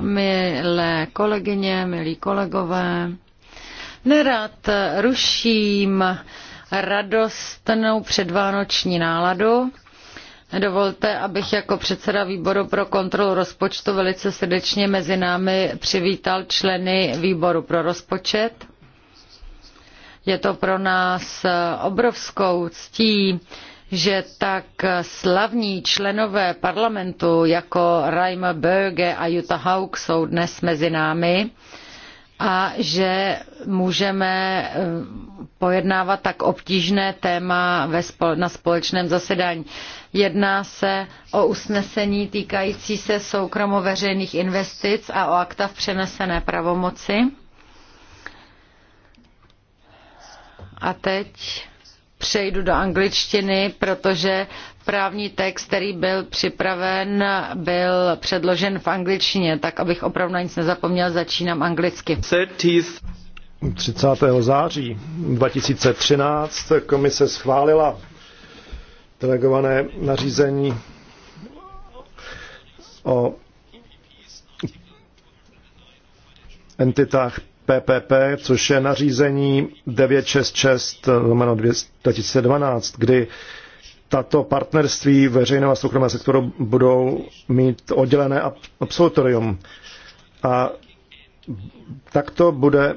Milé kolegyně, milí kolegové, nerad ruším radostnou předvánoční náladu. Dovolte, abych jako předseda výboru pro kontrolu rozpočtu velice srdečně mezi námi přivítal členy výboru pro rozpočet. Je to pro nás obrovskou ctí, že tak slavní členové parlamentu jako Reimer Berge a Jutta Haug jsou dnes mezi námi a že můžeme eh, pojednávat tak obtížné téma na společném zasedání. Jedná se o usnesení týkající se soukromo veřejných investic a o akta v přenesené pravomoci. A teď přejdu do angličtiny, protože právní text, který byl připraven, byl předložen v angličtině, tak abych opravdu nic nezapomněl, začínám anglicky. 30. září 2013 komise schválila delegované nařízení o entitách PPP, což je nařízení 966 2012, kdy tato partnerství veřejného a soukromého sektoru budou mít oddělené absolutorium. A takto bude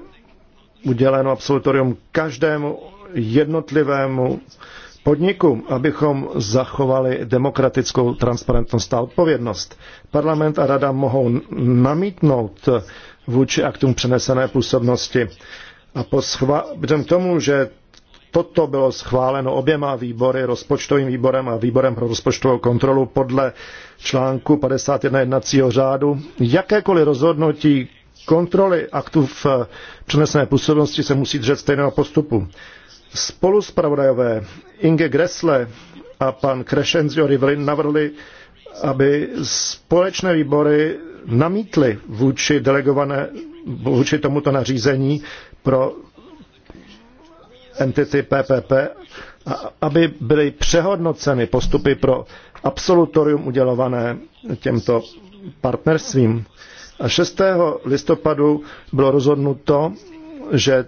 uděleno absolutorium každému jednotlivému podniku, abychom zachovali demokratickou transparentnost a odpovědnost. Parlament a rada mohou namítnout vůči aktům přenesené působnosti. A po schva- k tomu, že toto bylo schváleno oběma výbory, rozpočtovým výborem a výborem pro rozpočtovou kontrolu podle článku 51 jednacího řádu, jakékoliv rozhodnutí kontroly aktů v přenesené působnosti se musí držet stejného postupu. Spolu zpravodajové Inge Gressle a pan Crescenzio Rivlin navrhli, aby společné výbory namítli vůči delegované, vůči tomuto nařízení pro entity PPP, aby byly přehodnoceny postupy pro absolutorium udělované těmto partnerstvím. A 6. listopadu bylo rozhodnuto, že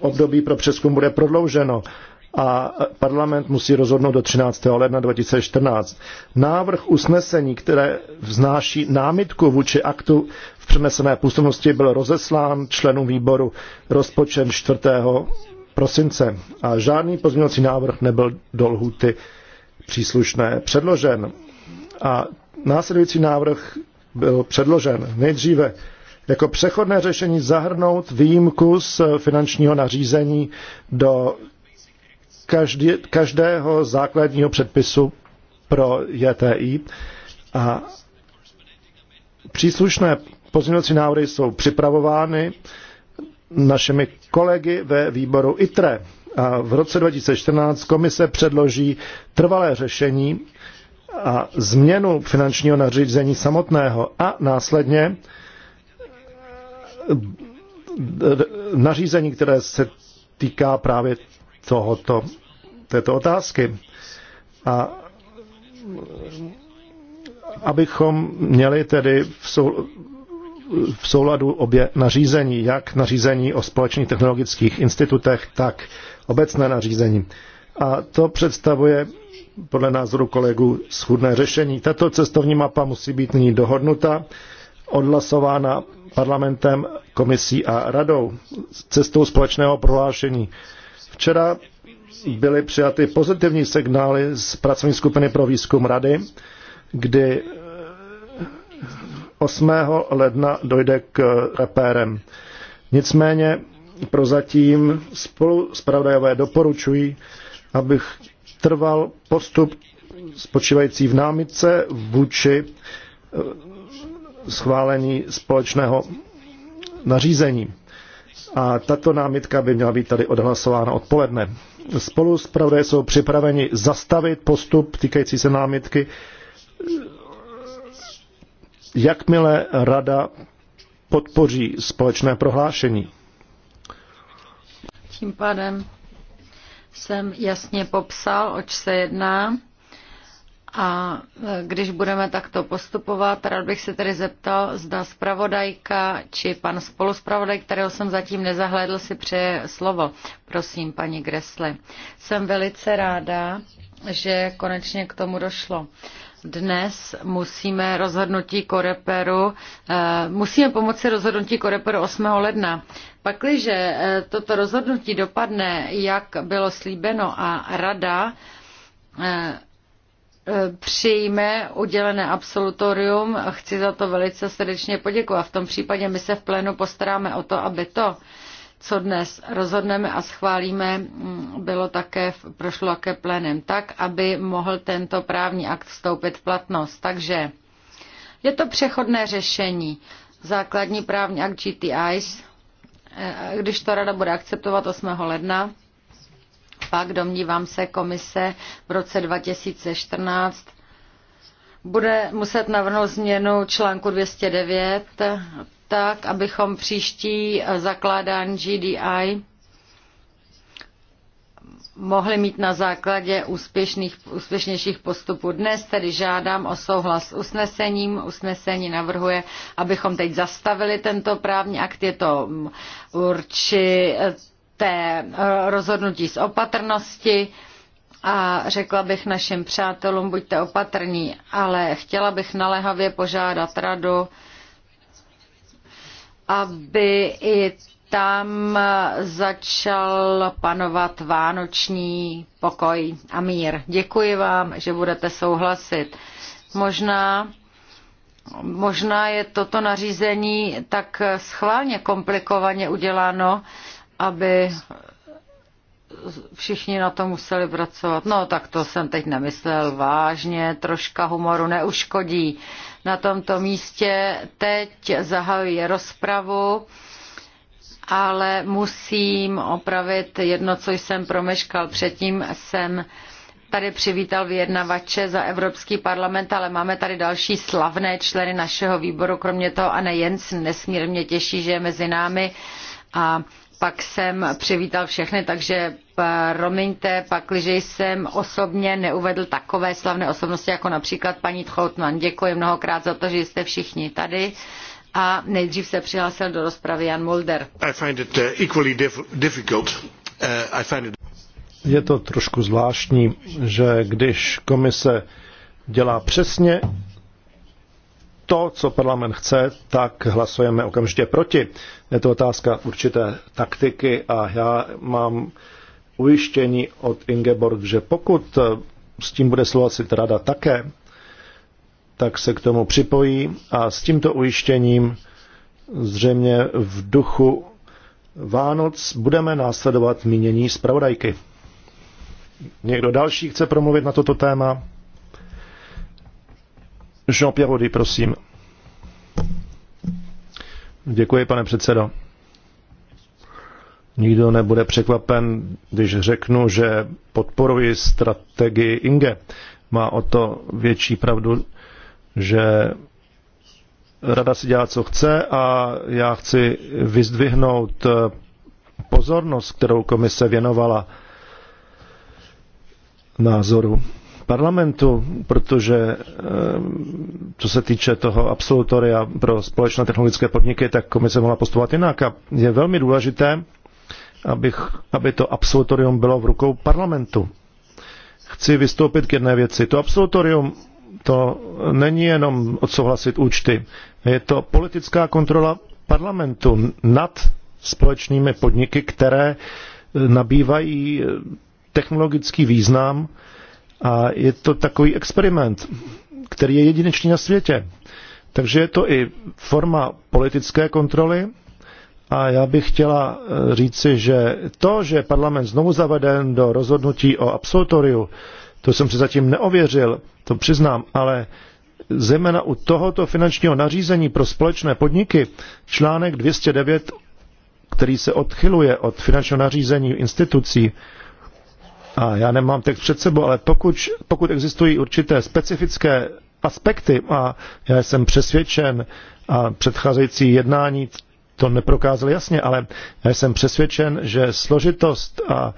období pro přeskum bude prodlouženo a parlament musí rozhodnout do 13. ledna 2014. Návrh usnesení, které vznáší námitku vůči aktu v přenesené působnosti, byl rozeslán členům výboru rozpočen 4. prosince a žádný pozměňovací návrh nebyl do lhuty příslušné předložen. A následující návrh byl předložen nejdříve jako přechodné řešení zahrnout výjimku z finančního nařízení do každý, každého základního předpisu pro JTI a příslušné pozměňovací návrhy jsou připravovány našimi kolegy ve výboru ITRE. A v roce 2014 komise předloží trvalé řešení a změnu finančního nařízení samotného a následně nařízení, které se týká právě tohoto této otázky. A abychom měli tedy v, sou, v souladu obě nařízení, jak nařízení o společných technologických institutech, tak obecné nařízení. A to představuje podle názoru kolegů schudné řešení. Tato cestovní mapa musí být nyní dohodnuta, odhlasována parlamentem, komisí a radou cestou společného prohlášení. Včera byly přijaty pozitivní signály z pracovní skupiny pro výzkum rady, kdy 8. Eh, ledna dojde k repérem. Nicméně prozatím spolu zpravodajové doporučují, abych trval postup spočívající v námitce vůči eh, schválení společného nařízení a tato námitka by měla být tady odhlasována odpoledne. Spolu s pravdou jsou připraveni zastavit postup týkající se námitky, jakmile rada podpoří společné prohlášení. Tím pádem jsem jasně popsal, oč se jedná. A e, když budeme takto postupovat, rád bych se tedy zeptal, zda zpravodajka či pan spoluspravodaj, kterého jsem zatím nezahledl, si přeje slovo. Prosím, paní Gresle. Jsem velice ráda, že konečně k tomu došlo. Dnes musíme rozhodnutí Koreperu, e, musíme pomoci rozhodnutí Koreperu 8. ledna. Pakliže e, toto rozhodnutí dopadne, jak bylo slíbeno a rada, E, přijme udělené absolutorium. Chci za to velice srdečně poděkovat. V tom případě my se v plénu postaráme o to, aby to, co dnes rozhodneme a schválíme, bylo také, prošlo také plénem tak, aby mohl tento právní akt vstoupit v platnost. Takže je to přechodné řešení. Základní právní akt GTIs, e, když to rada bude akceptovat 8. ledna, fakt, domnívám se, komise v roce 2014 bude muset navrhnout změnu článku 209 tak, abychom příští zakládání GDI mohli mít na základě úspěšných, úspěšnějších postupů. Dnes tedy žádám o souhlas s usnesením. Usnesení navrhuje, abychom teď zastavili tento právní akt. Je to mm, určitě té eh, rozhodnutí z opatrnosti a řekla bych našim přátelům, buďte opatrní, ale chtěla bych naléhavě požádat radu, aby i tam začal panovat vánoční pokoj a mír. Děkuji vám, že budete souhlasit. Možná, možná je toto nařízení tak schválně komplikovaně uděláno, aby všichni na to museli pracovat. No tak to jsem teď nemyslel vážně, troška humoru neuškodí. Na tomto místě teď zahajuji rozpravu, ale musím opravit jedno, co jsem promeškal. Předtím jsem tady přivítal vyjednavače za Evropský parlament, ale máme tady další slavné členy našeho výboru, kromě toho a nejen nesmírně těší, že je mezi námi a pak jsem přivítal všechny, takže eh, promiňte, pakliže jsem osobně neuvedl takové slavné osobnosti, jako například paní Tchoutman. Děkuji mnohokrát za to, že jste všichni tady. A nejdřív se přihlásil do rozpravy Jan Mulder. Eh, eh, Je to trošku zvláštní, že když komise dělá přesně to, co parlament chce, tak hlasujeme okamžitě proti. Je to otázka určité taktiky a já mám ujištění od Ingeborg, že pokud s tím bude souhlasit rada také, tak se k tomu připojí a s tímto ujištěním zřejmě v duchu Vánoc budeme následovat mínění zpravodajky. Někdo další chce promluvit na toto téma? Jean-Pierre Audy, prosím. Děkuji, pane předsedo. Nikdo nebude překvapen, když řeknu, že podporuji strategii Inge. Má o to větší pravdu, že rada si dělá, co chce a já chci vyzdvihnout pozornost, kterou komise věnovala názoru parlamentu, protože eh, co se týče toho absolutoria pro společné technologické podniky, tak komise mohla postupovat jinak. A je velmi důležité, abych, aby to absolutorium bylo v rukou parlamentu. Chci vystoupit k jedné věci. To absolutorium to není jenom odsouhlasit účty. Je to politická kontrola parlamentu nad společnými podniky, které nabývají technologický význam a je to takový experiment, který je jedinečný na světě. Takže je to i forma politické kontroly. A já bych chtěla eh, říci, že to, že parlament znovu zaveden do rozhodnutí o absolutoriu, to jsem si zatím neověřil, to přiznám, ale zejména u tohoto finančního nařízení pro společné podniky, článek 209, který se odchyluje od finančního nařízení institucí, a já nemám text před sebou, ale pokud, pokud existují určité specifické aspekty, a já jsem přesvědčen, a předcházející jednání to neprokázal jasně, ale já jsem přesvědčen, že složitost a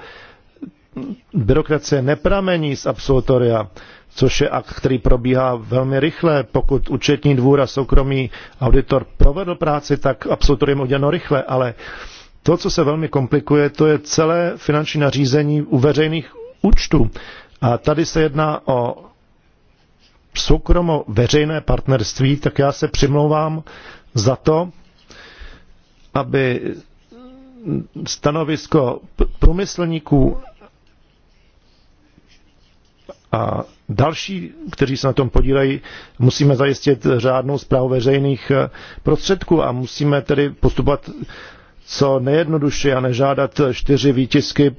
byrokracie nepramení z absolutoria, což je akt, který probíhá velmi rychle. Pokud účetní dvůr a soukromý auditor provedl práci, tak absolutorium uděleno rychle, ale uh, to, co se velmi komplikuje, to je celé finanční nařízení u veřejných účtů. A tady se jedná o soukromo veřejné partnerství, tak já se přimlouvám za to, aby stanovisko průmyslníků a další, kteří se na tom podílejí, musíme zajistit řádnou zprávu veřejných eh, prostředků a musíme tedy postupovat co nejjednodušší a nežádat čtyři výtisky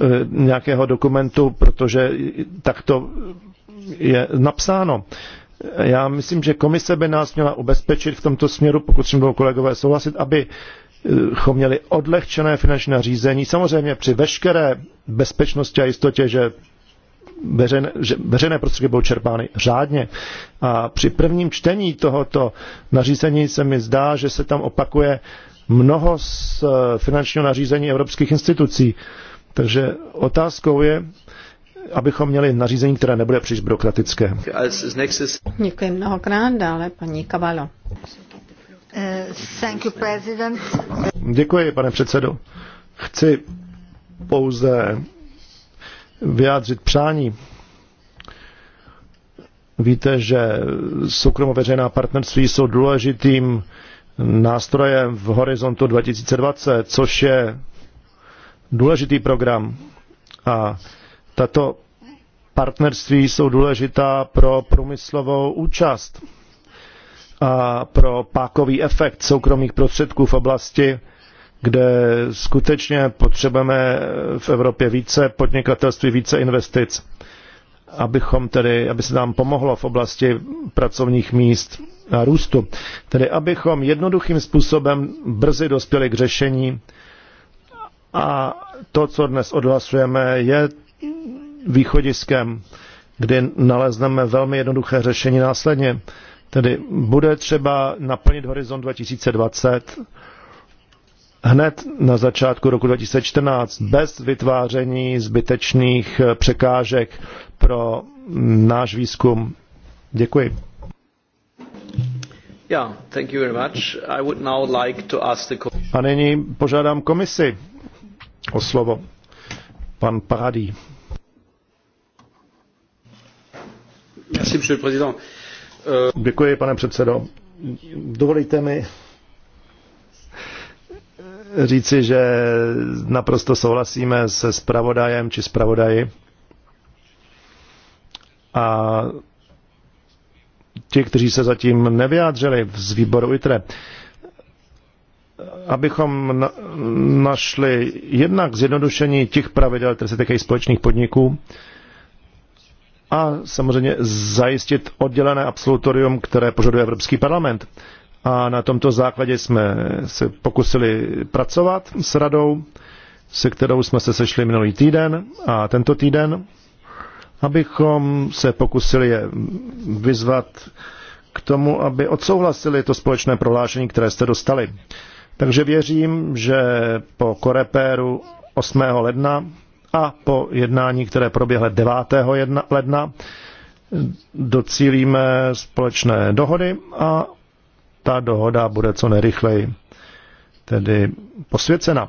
eh, nějakého dokumentu, protože tak to je napsáno. Já myslím, že komise by nás měla ubezpečit v tomto směru, pokud s tím budou kolegové souhlasit, aby eh, měli odlehčené finanční řízení. Samozřejmě při veškeré bezpečnosti a jistotě, že veřejné, že veřejné prostředky budou čerpány řádně. A při prvním čtení tohoto nařízení se mi zdá, že se tam opakuje mnoho z eh, finančního nařízení evropských institucí. Takže otázkou je, abychom měli nařízení, které nebude příliš byrokratické. Děkuji mnohokrát. Dále paní Kavalo. Děkuji, pane předsedo. Chci pouze vyjádřit přání. Víte, že soukromo-veřejná partnerství jsou důležitým nástrojem v horizontu 2020, což je důležitý program. A tato partnerství jsou důležitá pro průmyslovou účast a pro pákový efekt soukromých prostředků v oblasti, kde skutečně potřebujeme v Evropě více podnikatelství, více investic abychom tedy, aby se nám pomohlo v oblasti pracovních míst a růstu. Tedy abychom jednoduchým způsobem brzy dospěli k řešení a to, co dnes odhlasujeme, je východiskem, kdy nalezneme velmi jednoduché řešení následně. Tedy bude třeba naplnit horizont 2020 hned na začátku roku 2014 bez vytváření zbytečných překážek pro náš výzkum. Děkuji. Yeah, thank you very much. I would now like to ask the... A nyní požádám komisi o slovo. Pan Paradí. Merci, monsieur le président. Euh, Děkuji, pane předsedo. Dovolíte mi říci, že naprosto souhlasíme se spravodajem či zpravodaji a ti, kteří se zatím nevyjádřili z výboru ITRE, abychom na, našli jednak zjednodušení těch pravidel, které se týkají společných podniků, a samozřejmě zajistit oddělené absolutorium, které požaduje Evropský parlament. A na tomto základě jsme se pokusili pracovat s radou, se kterou jsme se sešli minulý týden a tento týden abychom se pokusili je vyzvat k tomu, aby odsouhlasili to společné prohlášení, které jste dostali. Takže věřím, že po korepéru 8. ledna a po jednání, které proběhle 9. ledna, docílíme společné dohody a ta dohoda bude co nejrychleji tedy posvěcena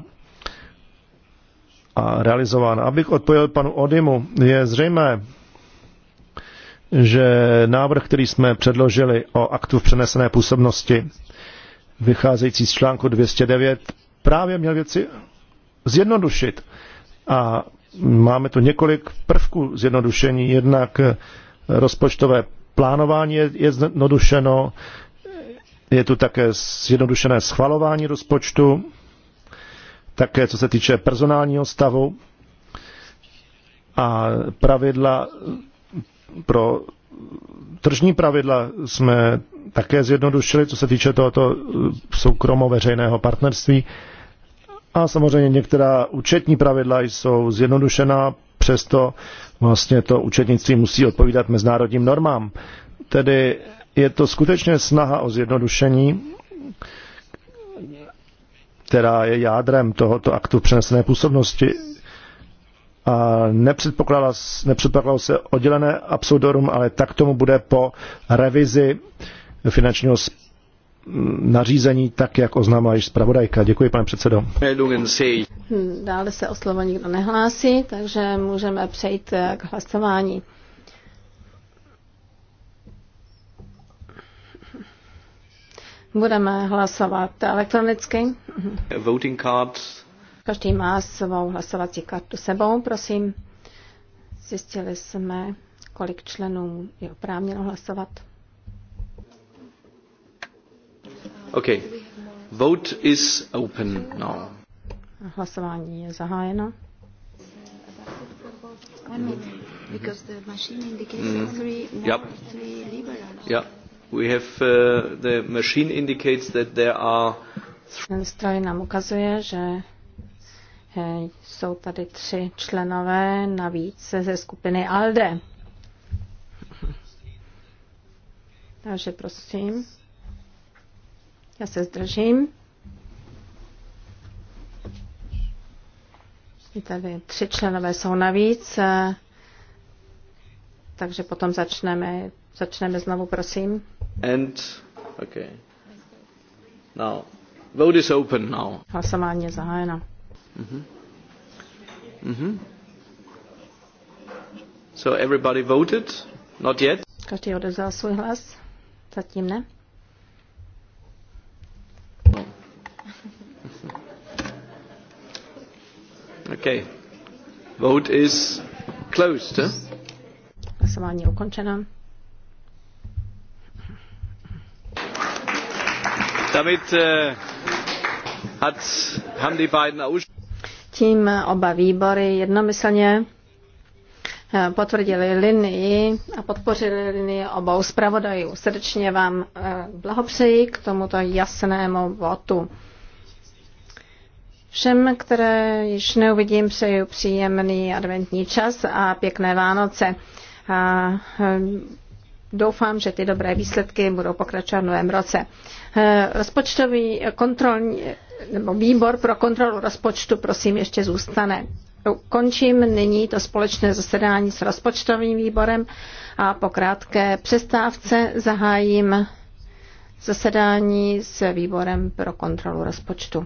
a realizován. Abych odpověděl panu Odimu, je zřejmé, že návrh, který jsme předložili o aktu v přenesené působnosti, vycházející z článku 209, právě měl věci zjednodušit. A máme tu několik prvků zjednodušení. Jednak rozpočtové plánování je, zjednodušeno, je tu také zjednodušené schvalování rozpočtu, také co se týče personálního stavu a pravidla pro tržní pravidla jsme také zjednodušili, co se týče tohoto soukromo-veřejného partnerství. A samozřejmě některá účetní pravidla jsou zjednodušená, přesto vlastně to účetnictví musí odpovídat mezinárodním normám. Tedy je to skutečně snaha o zjednodušení která je jádrem tohoto aktu přenesené působnosti. A nepředpokládalo, se oddělené absurdorum, ale tak tomu bude po revizi finančního nařízení, tak jak oznámila již zpravodajka. Děkuji, pane předsedo. Hm, dále se o slovo nikdo nehlásí, takže můžeme přejít eh, k hlasování. Budeme hlasovat elektronicky. Voting cards. Každý má svou hlasovací kartu sebou, prosím. Zjistili jsme, kolik členů je oprávněno hlasovat. Ok. Vote is open now. Hlasování je zahájeno. One minute, because the machine indicates mm. three, more, yep. three liberals. Yep. We have, uh, the machine indicates that there are... Stroj nám ukazuje, že eh, jsou tady tři členové navíc ze skupiny ALDE. Takže prosím, já se zdržím. I tady tři členové jsou navíc, eh, takže potom začneme, začneme znovu, prosím. And, okay. Now, vote is open now. Hlasování je zahájeno. Mm-hmm. mm-hmm. So everybody voted? Not yet? Každý odevzal svůj hlas? Zatím ne. No. okay. Vote is closed. eh? Hlasování je ukončeno. Damit äh, hat, haben die beiden Tím oba výbory jednomyslně äh, potvrdili linii a podpořili linii obou zpravodajů. Srdečně vám äh, blahopřeji k tomuto jasnému votu. Všem, které již neuvidím, přeju příjemný adventní čas a pěkné Vánoce. A hm, doufám, že ty dobré výsledky budou pokračovat v novém roce. Eh, rozpočtový kontrolní, nebo výbor pro kontrolu rozpočtu, prosím, ještě zůstane. Končím nyní to společné zasedání s rozpočtovým výborem a po krátké přestávce zahájím zasedání s výborem pro kontrolu rozpočtu.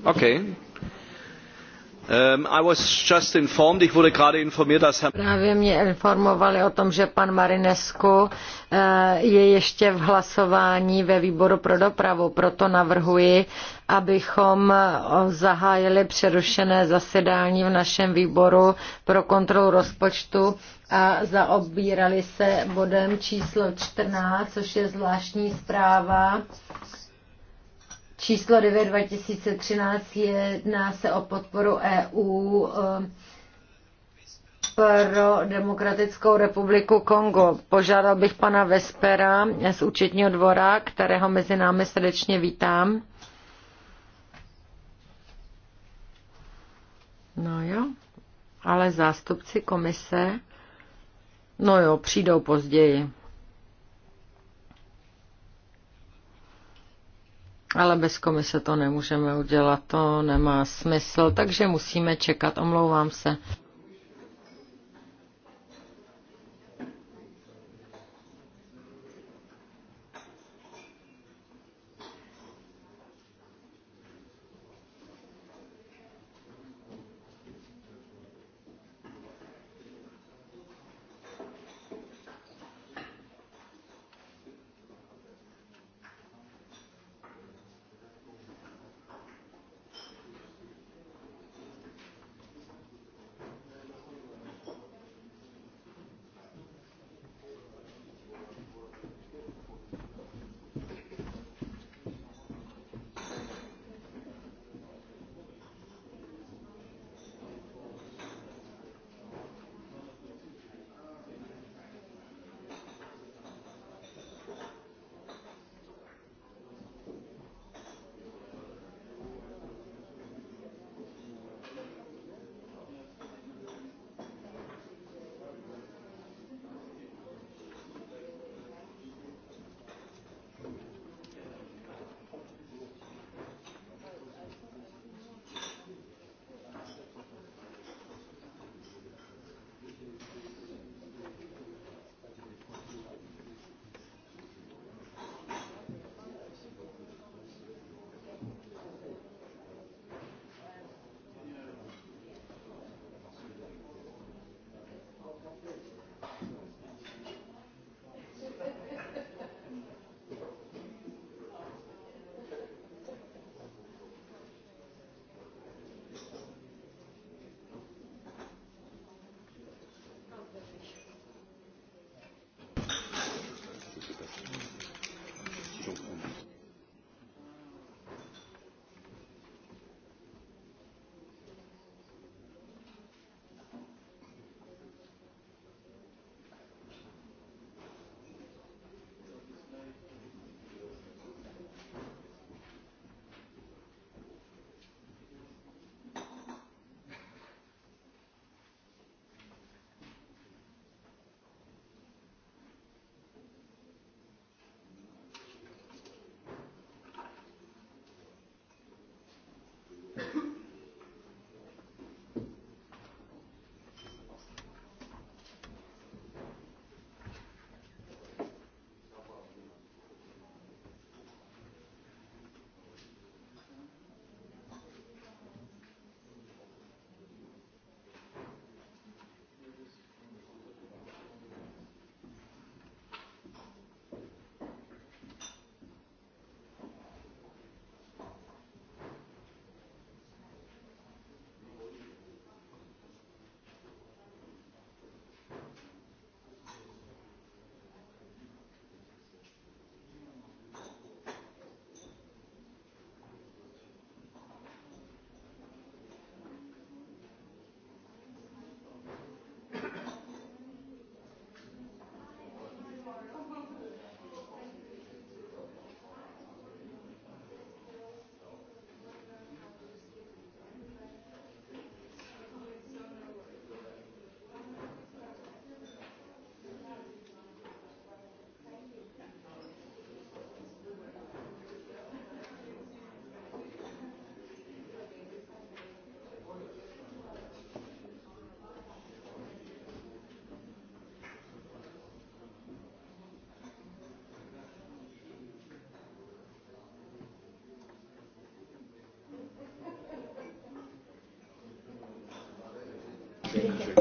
Um, Právě mě informovali o tom, že pan Marinescu eh, je ještě v hlasování ve výboru pro dopravu, proto navrhuji, abychom eh, zahájili přerušené zasedání v našem výboru pro kontrolu rozpočtu a zaobírali se bodem číslo 14, což je zvláštní zpráva číslo 9 2013 jedná se o podporu EU eh, pro Demokratickou republiku Kongo. Požádal bych pana Vespera z účetního dvora, kterého mezi námi srdečně vítám. No jo, ale zástupci komise, no jo, přijdou později. ale bez komise to nemůžeme udělat, to nemá smysl, takže musíme čekat, omlouvám se. Děkuji.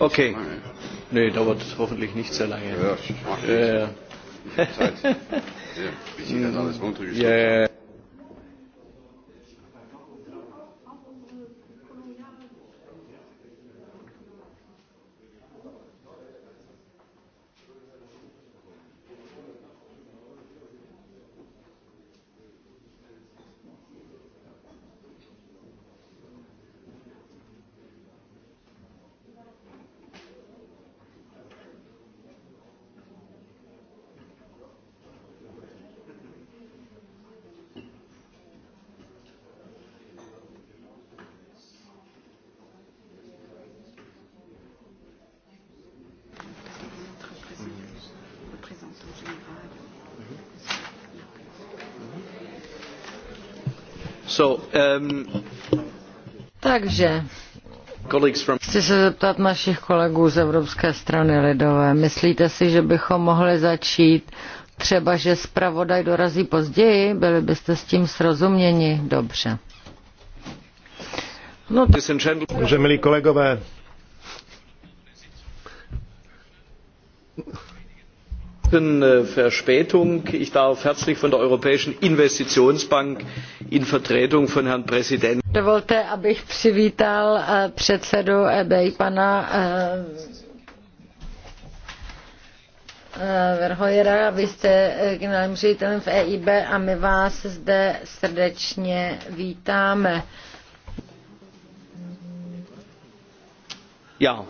okay. nicht Nee, dauert hoffentlich nicht sehr lange. Ja, ich mache ja, ja. Zeit. Ja, bis ich das alles mm, runtergeschrieben yeah. habe. Um, Takže Chci se zeptat našich kolegů z Evropské strany lidové. Myslíte si, že bychom mohli začít třeba, že zpravodaj dorazí později? Byli byste s tím srozuměni? Dobře. No tak... Že, milí kolegové, knappen äh, verspätung. ich darf herzlich von der europäischen investitionsbank in vertretung von herrn präsidenten. dovolte abych přivítal äh, předsedu eby pana äh, Verhojera, vy jste generálním ředitelem v EIB a my vás zde srdečně vítáme. Já.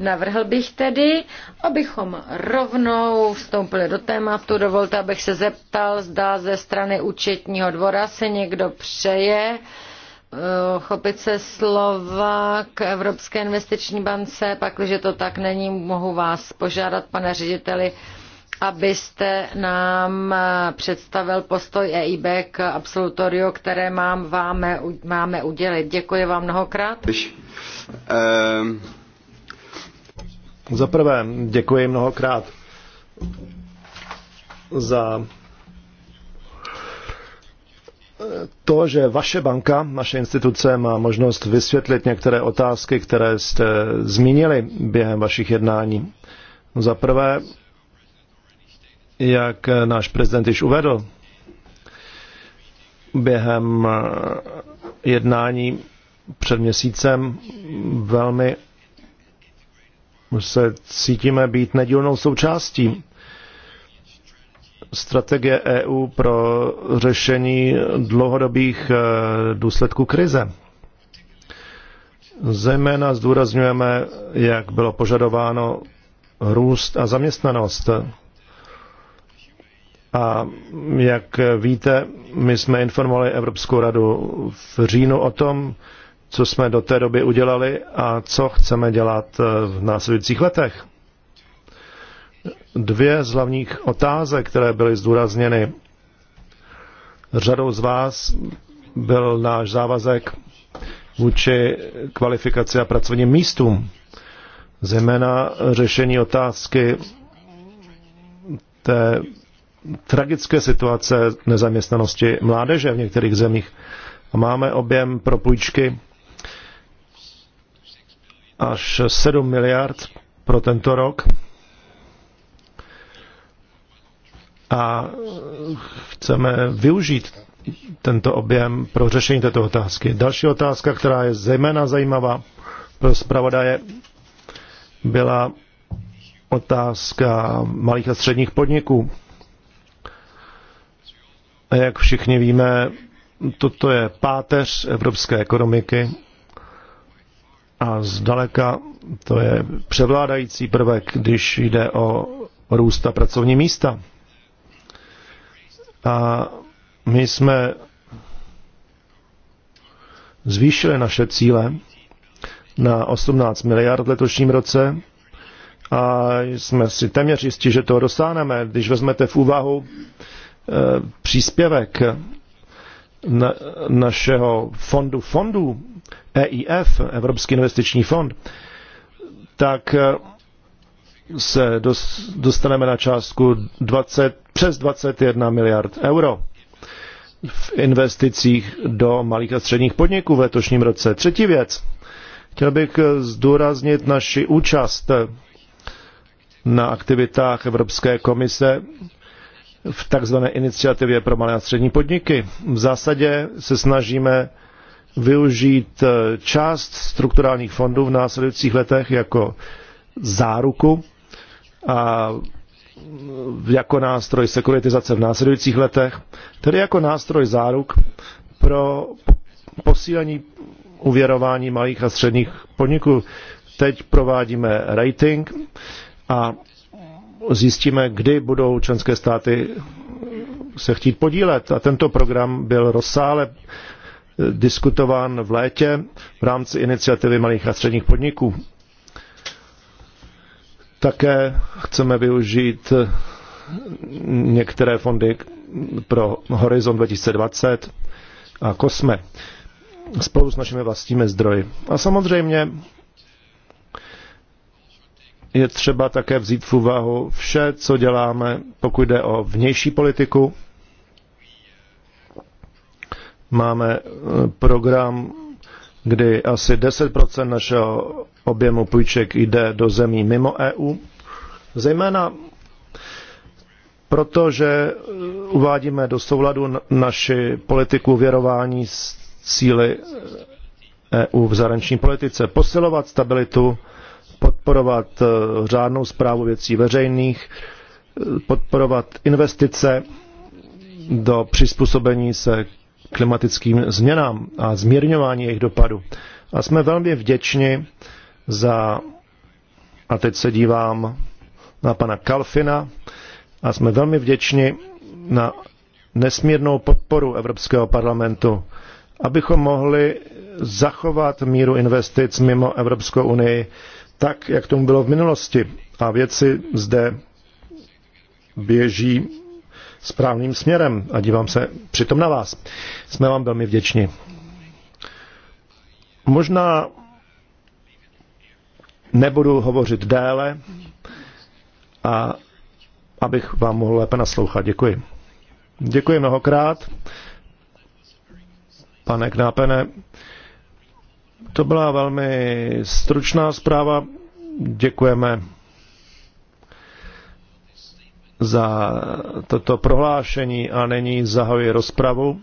Navrhl bych tedy, abychom rovnou vstoupili do tématu. Dovolte, abych se zeptal, zda ze strany účetního dvora se někdo přeje eh, chopit se slova k Evropské investiční bance, pakliže to tak není, mohu vás požádat, pane řediteli, abyste nám představil postoj EIB k absolutoriu, které mám, váme, máme udělit. Děkuji vám mnohokrát. Ehm, za prvé, děkuji mnohokrát za to, že vaše banka, naše instituce má možnost vysvětlit některé otázky, které jste zmínili během vašich jednání. Za prvé, jak náš prezident již uvedl, během jednání před měsícem velmi se cítíme být nedílnou součástí strategie EU pro řešení dlouhodobých eh, důsledků krize. Zejména zdůrazňujeme, jak bylo požadováno, růst a zaměstnanost. A jak víte, my jsme informovali Evropskou radu v říjnu o tom, co jsme do té doby udělali a co chceme dělat eh, v následujících letech. Dvě z hlavních otázek, které byly zdůrazněny řadou z vás, byl náš závazek vůči kvalifikaci a pracovním místům, zejména řešení otázky té tragické situace nezaměstnanosti mládeže v některých zemích. A máme objem pro půjčky až 7 miliard pro tento rok. A chceme využít tento objem pro řešení této otázky. Další otázka, která je zejména zajímavá pro zpravodaje, byla otázka malých a středních podniků. Jak všichni víme, toto je páteř evropské ekonomiky a zdaleka to je převládající prvek, když jde o růst a pracovní místa. A my jsme zvýšili naše cíle na 18 miliard v letošním roce a jsme si téměř jistí, že to dosáhneme. Když vezmete v úvahu Eh, příspěvek na, našeho fondu fondů EIF, Evropský investiční fond, tak eh, se dostaneme na částku 20, přes 21 miliard euro v investicích do malých a středních podniků v letošním roce. Třetí věc. Chtěl bych eh, zdůraznit naši účast na aktivitách Evropské komise v takzvané iniciativě pro malé a střední podniky. V zásadě se snažíme využít eh, část strukturálních fondů v následujících letech jako záruku a mm, jako nástroj sekuritizace v následujících letech, tedy jako nástroj záruk pro posílení uvěrování malých a středních podniků. Teď provádíme rating a zjistíme, kdy budou členské státy se chtít podílet. A tento program byl rozsále eh, diskutován v létě v rámci iniciativy malých a středních podniků. Také chceme využít eh, některé fondy pro Horizon 2020 a COSME spolu s našimi vlastními zdroji. A samozřejmě je třeba také vzít v úvahu vše, co děláme, pokud jde o vnější politiku. Máme e, program, kdy asi 10% našeho objemu půjček jde do zemí mimo EU. Zejména protože e, uvádíme do souladu naši politiku věrování s cíly EU v zahraniční politice. Posilovat stabilitu podporovat eh, řádnou zprávu věcí veřejných, eh, podporovat investice do přizpůsobení se klimatickým změnám a zmírňování jejich dopadu. A jsme velmi vděční za, a teď se dívám na pana Kalfina, a jsme velmi vděční na nesmírnou podporu Evropského parlamentu, abychom mohli zachovat míru investic mimo Evropskou unii tak, jak tomu bylo v minulosti. A věci zde běží správným směrem a dívám se přitom na vás. Jsme vám velmi vděční. Možná nebudu hovořit déle a abych vám mohl lépe naslouchat. Děkuji. Děkuji mnohokrát. Pane Knápene, to byla velmi stručná zpráva. Děkujeme za toto prohlášení a nyní zahoji rozpravu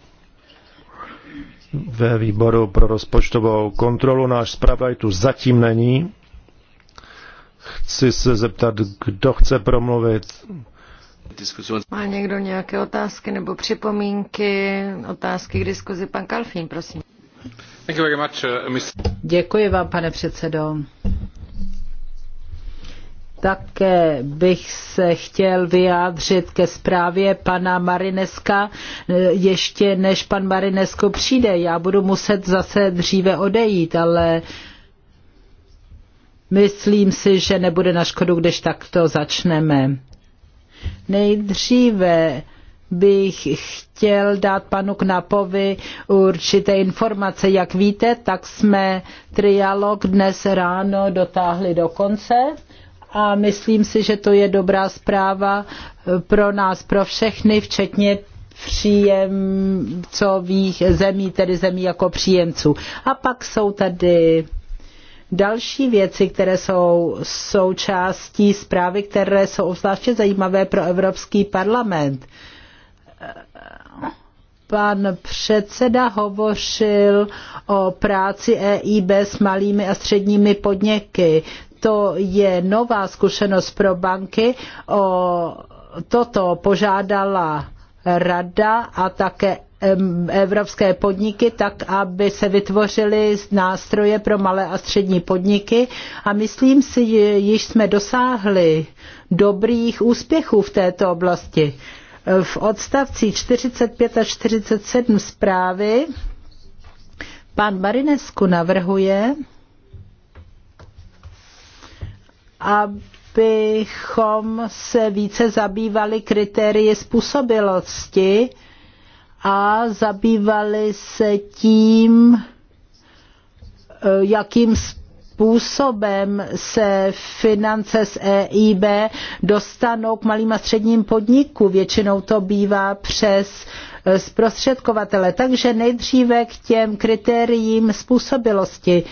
ve výboru pro rozpočtovou kontrolu. Náš zpravodaj tu zatím není. Chci se zeptat, kdo chce promluvit. Má někdo nějaké otázky nebo připomínky, otázky k diskuzi? Pan Kalfín, prosím. Uh, Děkuji vám, pane předsedo. Také bych se chtěl vyjádřit ke zprávě pana Marineska, ještě než pan Marinesko přijde. Já budu muset zase dříve odejít, ale myslím si, že nebude na škodu, když takto začneme. Nejdříve bych chtěl dát panu Knapovi určité informace. Jak víte, tak jsme trialog dnes ráno dotáhli do konce a myslím si, že to je dobrá zpráva pro nás, pro všechny, včetně příjemcových zemí, tedy zemí jako příjemců. A pak jsou tady další věci, které jsou součástí zprávy, které jsou obzvláště zajímavé pro Evropský parlament. Uh, pan předseda hovořil o práci EIB s malými a středními podniky. To je nová zkušenost pro banky. O toto požádala rada a také evropské podniky, tak aby se vytvořily nástroje pro malé a střední podniky. A myslím si, že již jsme dosáhli dobrých úspěchů v této oblasti. V odstavcích 45 a 47 zprávy pan Marinesku navrhuje, abychom se více zabývali kritérii způsobilosti a zabývali se tím, eh, jakým způsobem způsobem se finance z EIB dostanou k malým a středním podniku. Většinou to bývá přes eh, zprostředkovatele. Takže nejdříve k těm kritériím způsobilosti.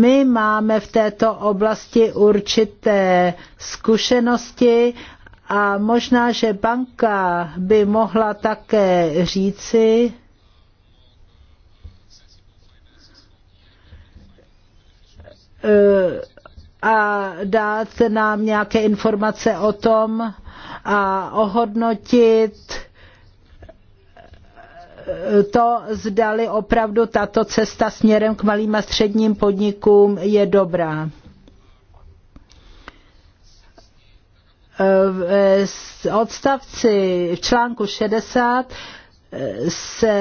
My máme v této oblasti určité zkušenosti a možná, že banka by mohla také říci, a dát nám nějaké informace o tom a ohodnotit to, zdali opravdu tato cesta směrem k malým a středním podnikům je dobrá. V odstavci v článku 60 se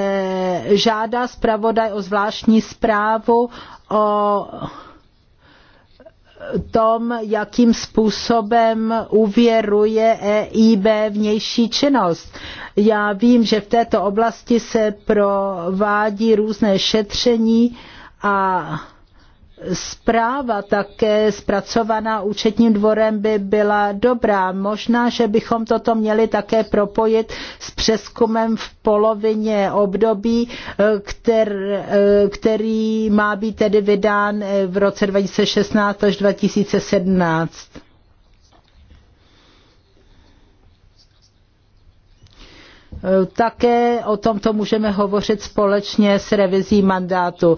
žádá zpravodaj o zvláštní zprávu o tom, jakým způsobem uvěruje EIB vnější činnost. Já vím, že v této oblasti se provádí různé šetření a zpráva také zpracovaná účetním dvorem by byla dobrá. Možná, že bychom toto měli také propojit s přeskumem v polovině období, eh, kter, eh, který má být tedy vydán eh, v roce 2016 až 2017. Také o tomto můžeme hovořit společně s revizí mandátu.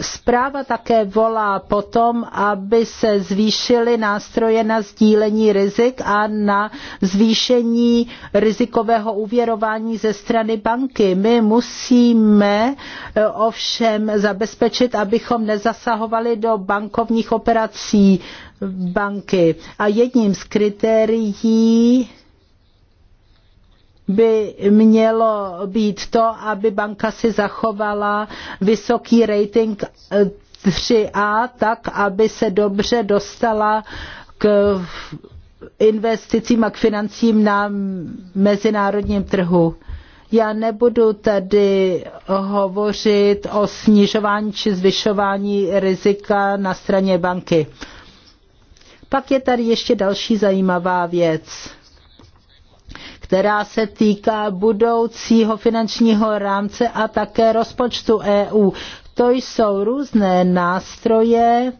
Zpráva také volá potom, aby se zvýšily nástroje na sdílení rizik a na zvýšení rizikového uvěrování ze strany banky. My musíme eh, ovšem zabezpečit, abychom nezasahovali do bankovních operací banky. A jedním z kritérií by mělo být to, aby banka si zachovala vysoký rating 3A, eh, tak aby se dobře dostala k investicím a k financím na mezinárodním trhu. Já nebudu tady hovořit o snižování či zvyšování rizika na straně banky. Pak je tady ještě další zajímavá věc která se týká budoucího finančního rámce a také rozpočtu EU. To jsou různé nástroje,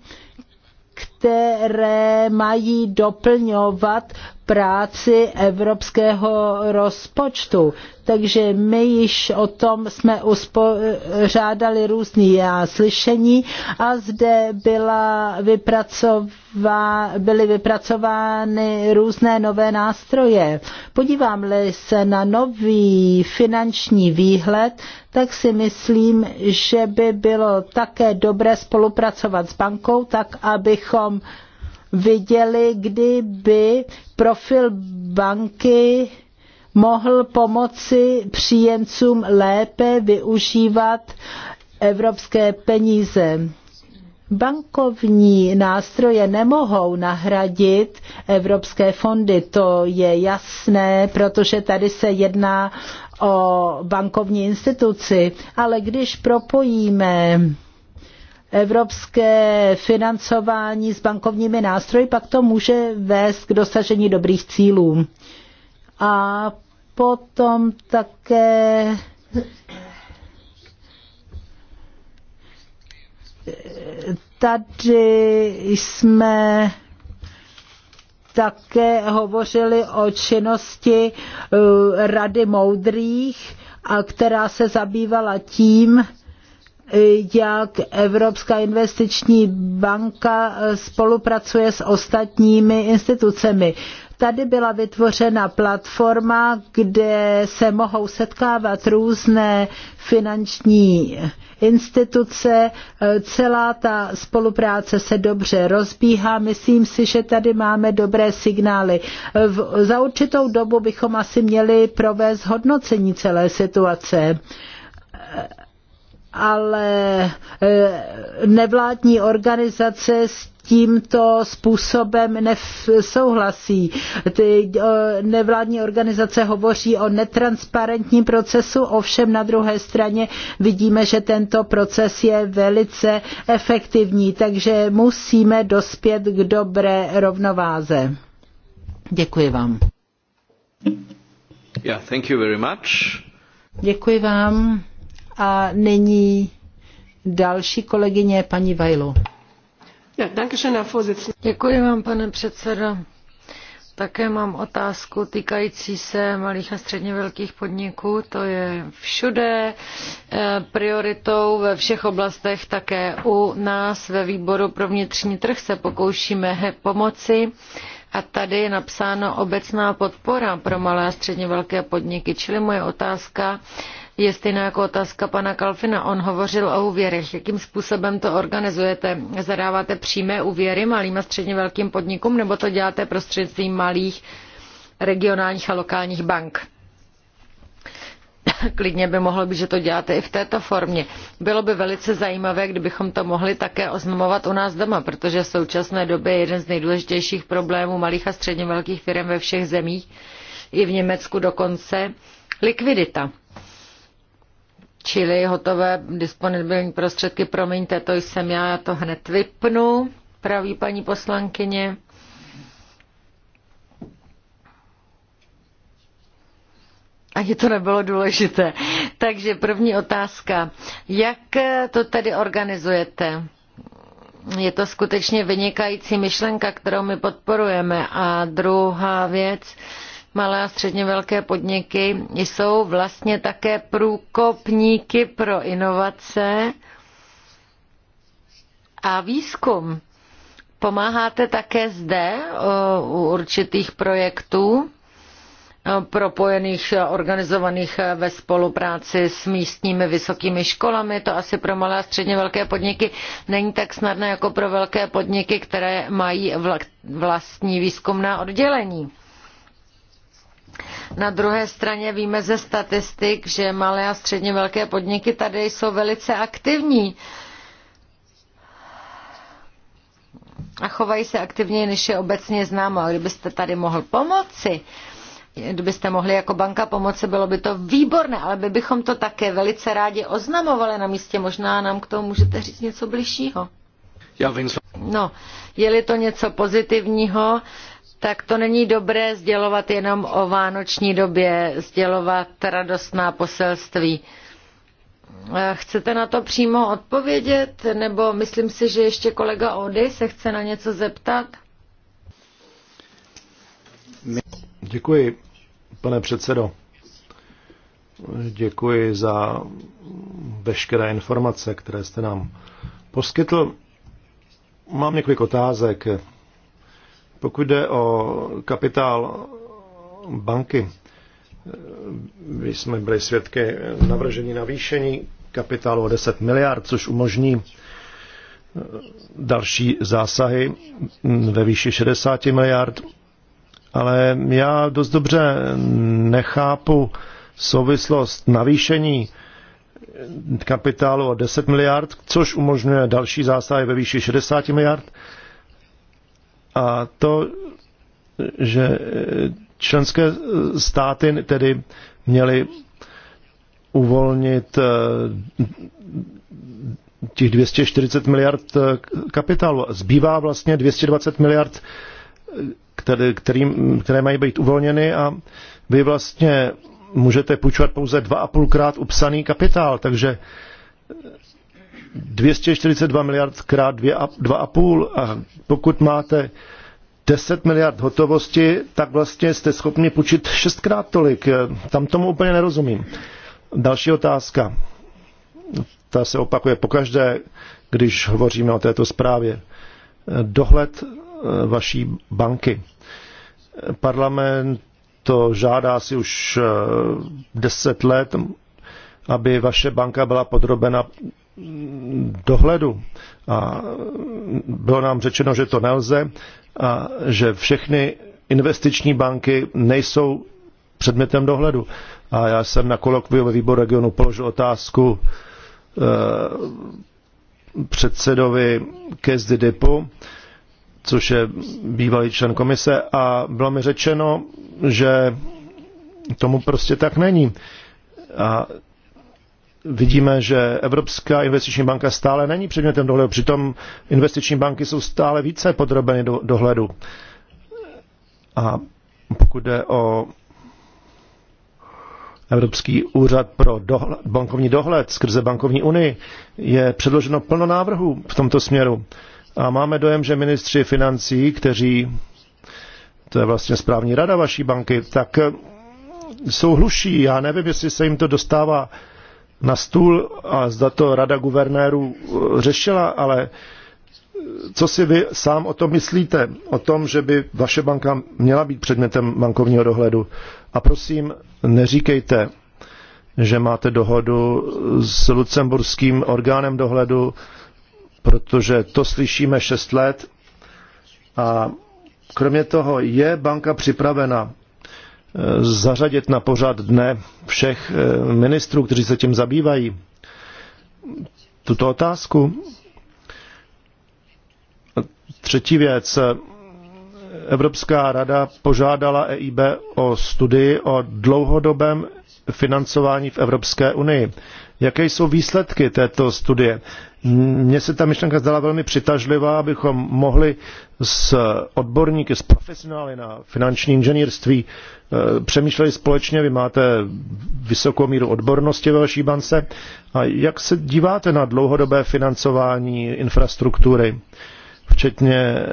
které které mají doplňovat práci evropského rozpočtu. Takže my již o tom jsme uspořádali různý slyšení a zde byla vypracová, byly vypracovány různé nové nástroje. Podívám-li se na nový finanční výhled, tak si myslím, že by bylo také dobré spolupracovat s bankou, tak abychom bychom viděli, kdyby profil banky mohl pomoci příjemcům lépe využívat evropské peníze. Bankovní nástroje nemohou nahradit evropské fondy, to je jasné, protože tady se jedná o bankovní instituci, ale když propojíme evropské financování s bankovními nástroji, pak to může vést k dosažení dobrých cílů. A potom také tady jsme také hovořili o činnosti eh, Rady moudrých, a která se zabývala tím, jak Evropská investiční banka spolupracuje s ostatními institucemi. Tady byla vytvořena platforma, kde se mohou setkávat různé finanční instituce. Celá ta spolupráce se dobře rozbíhá. Myslím si, že tady máme dobré signály. V, za určitou dobu bychom asi měli provést hodnocení celé situace ale e, nevládní organizace s tímto způsobem nesouhlasí. Ty e, nevládní organizace hovoří o netransparentním procesu, ovšem na druhé straně vidíme, že tento proces je velice efektivní, takže musíme dospět k dobré rovnováze. Děkuji vám. Yeah, thank you very much. Děkuji vám. A nyní další kolegyně, paní Vajlu. Děkuji vám, pane předsedo. Také mám otázku týkající se malých a středně velkých podniků. To je všude eh, prioritou ve všech oblastech. Také u nás ve výboru pro vnitřní trh se pokoušíme pomoci. A tady je napsáno obecná podpora pro malé a středně velké podniky. Čili moje otázka je stejná jako otázka pana Kalfina. On hovořil o úvěrech. Jakým způsobem to organizujete? Zadáváte přímé úvěry malým a středně velkým podnikům nebo to děláte prostřednictvím malých regionálních a lokálních bank? klidně by mohlo být, že to děláte i v této formě. Bylo by velice zajímavé, kdybychom to mohli také oznamovat u nás doma, protože v současné době je jeden z nejdůležitějších problémů malých a středně velkých firm ve všech zemích, i v Německu dokonce, likvidita čili hotové disponibilní prostředky. Promiňte, to jsem já, já to hned vypnu, praví paní poslankyně. Ani to nebylo důležité. Takže první otázka. Jak to tedy organizujete? Je to skutečně vynikající myšlenka, kterou my podporujeme. A druhá věc, malé a středně velké podniky jsou vlastně také průkopníky pro inovace a výzkum. Pomáháte také zde u určitých projektů propojených, organizovaných ve spolupráci s místními vysokými školami. To asi pro malé a středně velké podniky není tak snadné jako pro velké podniky, které mají vlastní výzkumná oddělení. Na druhé straně víme ze statistik, že malé a středně velké podniky tady jsou velice aktivní a chovají se aktivněji, než je obecně známo. A kdybyste tady mohl pomoci, kdybyste mohli jako banka pomoci, bylo by to výborné, ale by bychom to také velice rádi oznamovali na místě. Možná nám k tomu můžete říct něco bližšího. No, je-li to něco pozitivního, tak to není dobré sdělovat jenom o vánoční době, sdělovat radostná poselství. Eh, chcete na to přímo odpovědět, nebo myslím si, že ještě kolega Ody se chce na něco zeptat? Děkuji, pane předsedo. Děkuji za veškeré informace, které jste nám poskytl. Mám několik otázek pokud jde o kapitál banky, my jsme byli svědky navržení navýšení kapitálu o 10 miliard, což umožní další zásahy ve výši 60 miliard. Ale já dost dobře nechápu souvislost navýšení kapitálu o 10 miliard, což umožňuje další zásahy ve výši 60 miliard a to, že členské státy tedy měly uvolnit eh, těch 240 miliard eh, kapitálu. Zbývá vlastně 220 miliard, eh, který, kterým, které mají být uvolněny a vy vlastně můžete půjčovat pouze dva a půlkrát upsaný kapitál, takže 242 miliard krát 2,5 a pokud máte 10 miliard hotovosti, tak vlastně jste schopni půjčit šestkrát tolik. Tam tomu úplně nerozumím. Další otázka. Ta se opakuje pokaždé, když hovoříme o této zprávě. Dohled eh, vaší banky. Parlament to žádá si už 10 eh, let, aby vaše banka byla podrobena dohledu. A bylo nám řečeno, že to nelze a že všechny investiční banky nejsou předmětem dohledu. A já jsem na kolokviu ve výboru regionu položil otázku eh, předsedovi Kezdy Depu, což je bývalý člen komise, a bylo mi řečeno, že tomu prostě tak není. A vidíme, že Evropská investiční banka stále není předmětem dohledu, přitom investiční banky jsou stále více podrobeny do, dohledu. A pokud jde o Evropský úřad pro dohled, bankovní dohled skrze bankovní unii, je předloženo plno návrhů v tomto směru. A máme dojem, že ministři financí, kteří, to je vlastně správní rada vaší banky, tak jsou hluší. Já nevím, jestli se jim to dostává na stůl a zda to rada guvernérů eh, řešila, ale eh, co si vy sám o tom myslíte? O tom, že by vaše banka měla být předmětem bankovního dohledu? A prosím, neříkejte, že máte dohodu s lucemburským orgánem dohledu, protože to slyšíme šest let. A kromě toho, je banka připravena zařadit na pořad dne všech eh, ministrů, kteří se tím zabývají, tuto otázku. Třetí věc. Evropská rada požádala EIB o studii o dlouhodobém financování v Evropské unii. Jaké jsou výsledky této studie? Mně se ta myšlenka zdala velmi přitažlivá, abychom mohli s odborníky, s profesionály na finanční inženýrství eh, přemýšleli společně. Vy máte vysokou míru odbornosti ve vaší bance. A jak se díváte na dlouhodobé financování infrastruktury, včetně eh,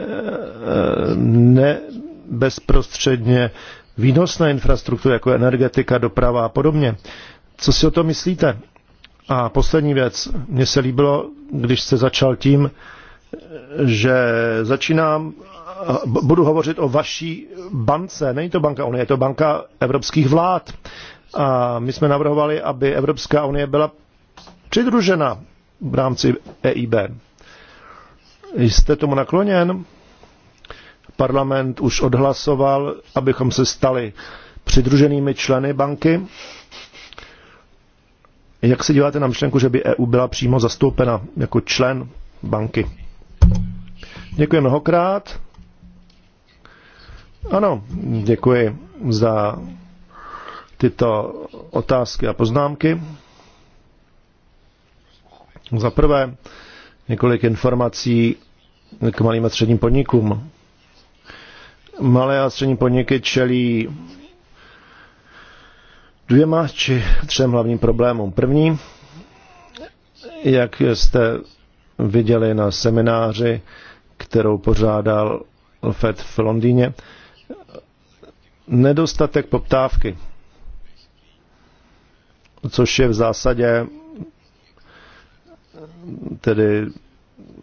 nebezprostředně výnosné infrastruktury, jako energetika, doprava a podobně? Co si o to myslíte? A poslední věc. Mně se líbilo, když se začal tím, že začínám, budu hovořit o vaší bance. Není to banka Unie, je to banka evropských vlád. A my jsme navrhovali, aby Evropská unie byla přidružena v rámci EIB. Jste tomu nakloněn? Parlament už odhlasoval, abychom se stali přidruženými členy banky jak se díváte na myšlenku, že by EU byla přímo zastoupena jako člen banky? Děkuji mnohokrát. Ano, děkuji za tyto otázky a poznámky. Za prvé, několik informací k malým a středním podnikům. Malé a střední podniky čelí dvěma či třem hlavním problémům. První, jak jste viděli na semináři, kterou pořádal FED v Londýně, nedostatek poptávky, což je v zásadě tedy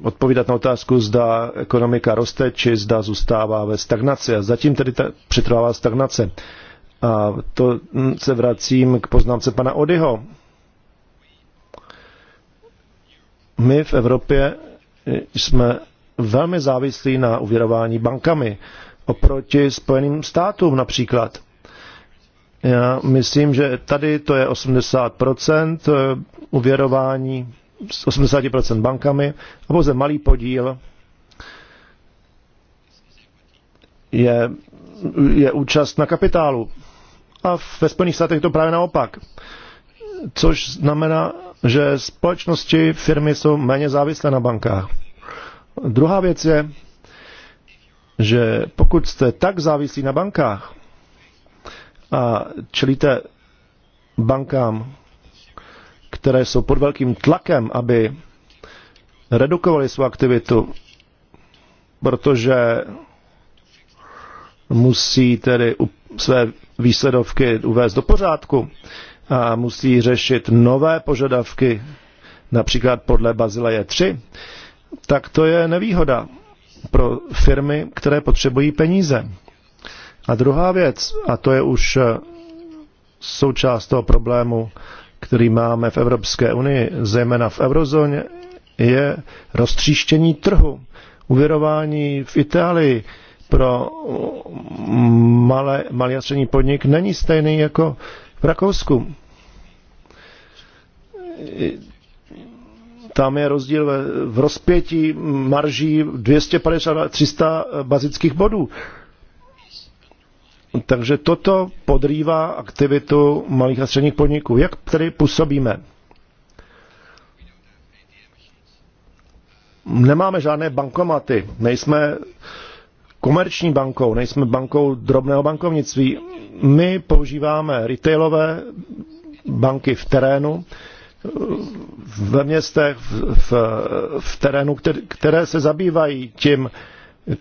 odpovídat na otázku, zda ekonomika roste, či zda zůstává ve stagnaci. A zatím tedy ta, přetrvává stagnace. Uh, a to se vracím k poznámce pana Odyho. My v Evropě jsme velmi závislí na uvěrování bankami oproti Spojeným státům například. Já myslím, že tady to je 80% uvěrování, 80% bankami a pouze malý podíl je, je účast na kapitálu a ve Spojených státech to právě naopak. Což znamená, že společnosti, firmy jsou méně závislé na bankách. Druhá věc je, že pokud jste tak závislí na bankách a čelíte bankám, které jsou pod velkým tlakem, aby redukovali svou aktivitu, protože musí tedy své výsledovky uvést do pořádku a musí řešit nové požadavky, například podle Bazileje 3, tak to je nevýhoda pro firmy, které potřebují peníze. A druhá věc, a to je už eh, součást toho problému, který máme v Evropské unii, zejména v eurozóně, je roztříštění trhu. Uvěrování v Itálii pro mm, malé, malý a střední podnik není stejný jako v Rakousku. Tam je rozdíl v rozpětí marží 250 300 bazických bodů. Takže toto podrývá aktivitu malých a středních podniků. Jak tedy působíme? Nemáme žádné bankomaty, nejsme komerční bankou, nejsme bankou drobného bankovnictví. My používáme retailové banky v terénu, ve městech, v, v terénu, které se zabývají tím,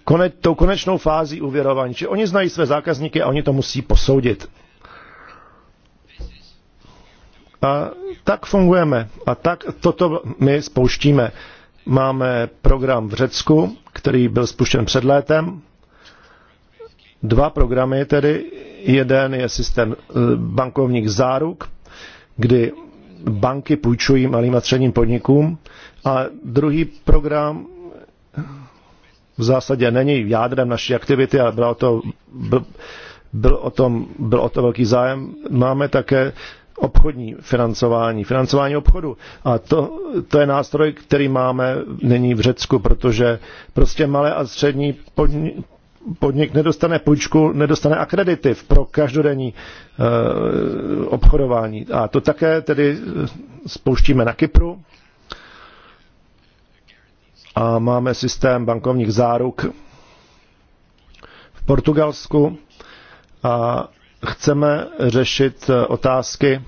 kone, tou konečnou fází uvěrování. Či oni znají své zákazníky a oni to musí posoudit. A tak fungujeme a tak toto my spouštíme. Máme program v Řecku, který byl spuštěn před létem. Dva programy tedy. Jeden je systém eh, bankovních záruk, kdy banky půjčují malým a středním podnikům. A druhý program v zásadě není jádrem naší aktivity, ale bylo to, byl, byl, o tom, byl o to velký zájem. Máme také obchodní financování, financování obchodu. A to, to je nástroj, který máme nyní v Řecku, protože prostě malé a střední podni, podnik nedostane půjčku, nedostane akreditiv pro každodenní e, obchodování. A to také tedy spouštíme na Kypru. A máme systém bankovních záruk v Portugalsku. A chceme řešit eh, otázky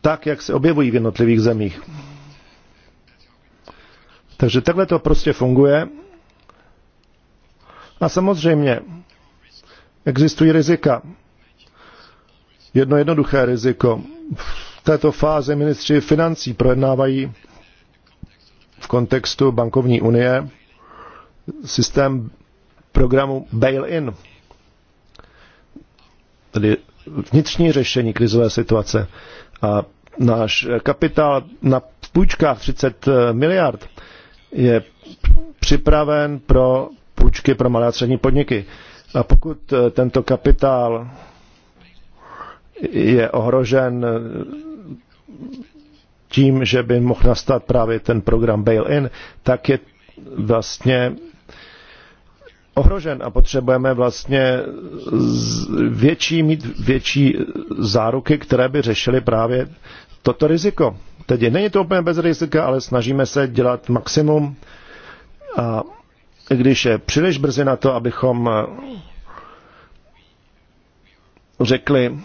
tak, jak se objevují v jednotlivých zemích. Takže takhle to prostě funguje. A samozřejmě existují rizika. Jedno jednoduché riziko. V této fázi ministři financí projednávají v kontextu bankovní unie systém programu bail-in tedy vnitřní řešení krizové situace. A náš kapitál na půjčkách 30 eh, miliard je připraven pro půjčky pro malé a střední podniky. A pokud eh, tento kapitál je ohrožen eh, tím, že by mohl nastat právě ten program bail-in, tak je vlastně ohrožen a potřebujeme vlastně větší, mít větší záruky, které by řešily právě toto riziko. Tedy není to úplně bez rizika, ale snažíme se dělat maximum a když je příliš brzy na to, abychom řekli,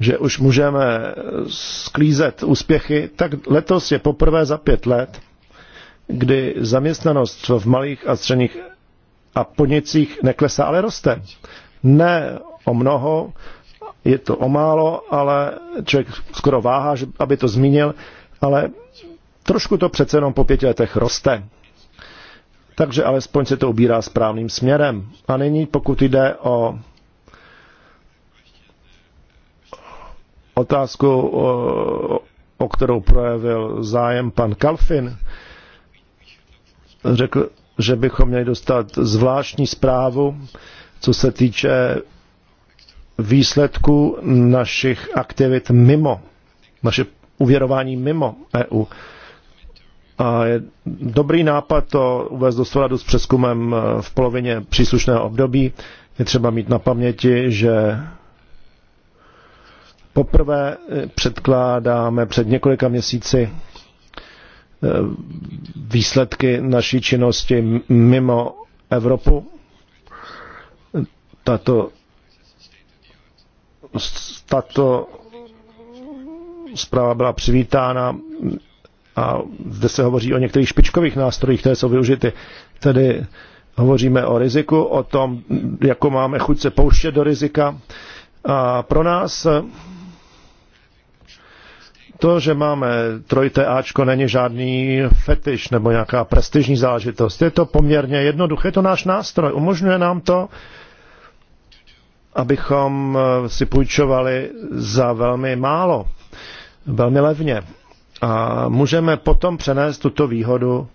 že už můžeme sklízet úspěchy, tak letos je poprvé za pět let, kdy zaměstnanost v malých a středních a podnicích neklesá, ale roste. Ne o mnoho, je to o málo, ale člověk skoro váhá, aby to zmínil, ale trošku to přece jenom po pěti letech roste. Takže alespoň se to ubírá správným směrem. A nyní, pokud jde o otázku, o, o kterou projevil zájem pan Kalfin, řekl, že bychom měli dostat zvláštní zprávu, co se týče výsledku našich aktivit mimo, naše uvěrování mimo EU. A je dobrý nápad to uvést do souladu s přeskumem eh, v polovině příslušného období. Je třeba mít na paměti, že poprvé eh, předkládáme před několika měsíci Eh, výsledky naší činnosti mimo Evropu. Tato, tato zpráva byla přivítána a zde se hovoří o některých špičkových nástrojích, které jsou využity. Tedy hovoříme o riziku, o tom, jako máme chuť se pouštět do rizika. A pro nás to, že máme trojité Ačko, není žádný fetiš nebo nějaká prestižní záležitost. Je to poměrně jednoduché, je to náš nástroj. Umožňuje nám to, abychom eh, si půjčovali za velmi málo, velmi levně. A můžeme potom přenést tuto výhodu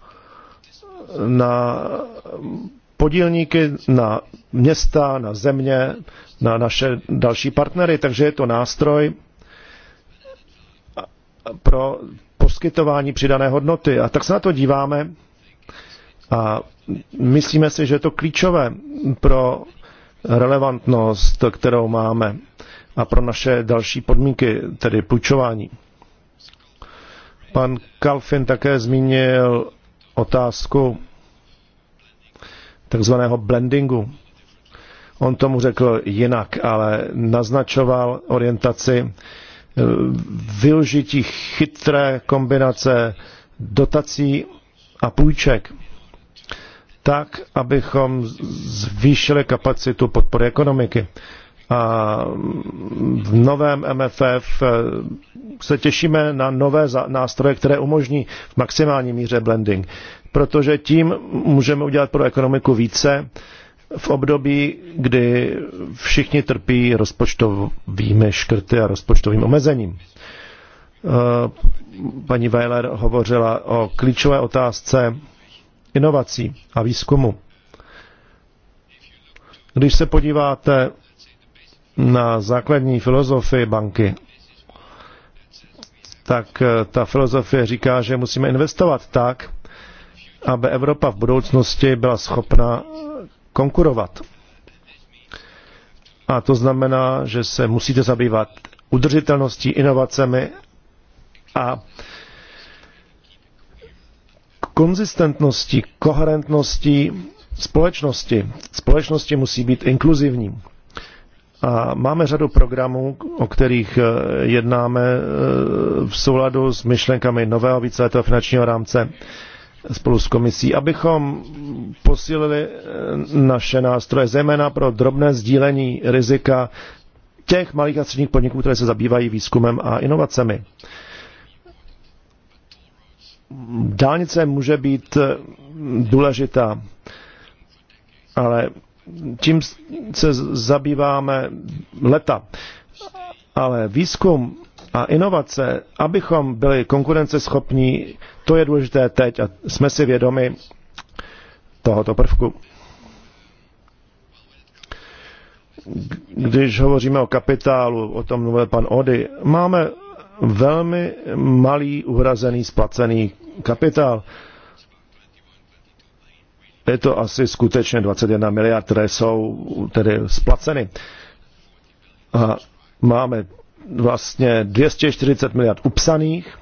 na podílníky, na města, na země, na naše další partnery. Takže je to nástroj, pro poskytování přidané hodnoty. A tak se na to díváme a myslíme si, že je to klíčové pro relevantnost, kterou máme a pro naše další podmínky, tedy půjčování. Pan Kalfin také zmínil otázku takzvaného blendingu. On tomu řekl jinak, ale naznačoval orientaci Eh, využití chytré kombinace dotací a půjček, tak, abychom zvýšili kapacitu podpory ekonomiky. A v novém MFF eh, se těšíme na nové nástroje, které umožní v maximální míře blending, protože tím můžeme udělat pro ekonomiku více, v období, kdy všichni trpí rozpočtovými škrty a rozpočtovým omezením. Eh, paní Weiler hovořila o klíčové otázce inovací a výzkumu. Když se podíváte na základní filozofii banky, tak eh, ta filozofie říká, že musíme investovat tak, aby Evropa v budoucnosti byla schopna konkurovat. A to znamená, že se musíte zabývat udržitelností, inovacemi a konzistentností, koherentností společnosti. Společnosti musí být inkluzivní. A máme řadu programů, o kterých eh, jednáme eh, v souladu s myšlenkami nového víceletého finančního rámce spolu s komisí, abychom posílili eh, naše nástroje, zejména pro drobné sdílení rizika těch malých a středních podniků, které se zabývají výzkumem a inovacemi. Dálnice může být eh, důležitá, ale tím se zabýváme leta. Ale výzkum a inovace, abychom byli konkurenceschopní, to je důležité teď a jsme si vědomi tohoto prvku. Když hovoříme o kapitálu, o tom mluvil pan Ody, máme velmi malý uhrazený splacený kapitál. Je to asi skutečně 21 miliard, které jsou tedy splaceny. A máme vlastně 240 miliard upsaných,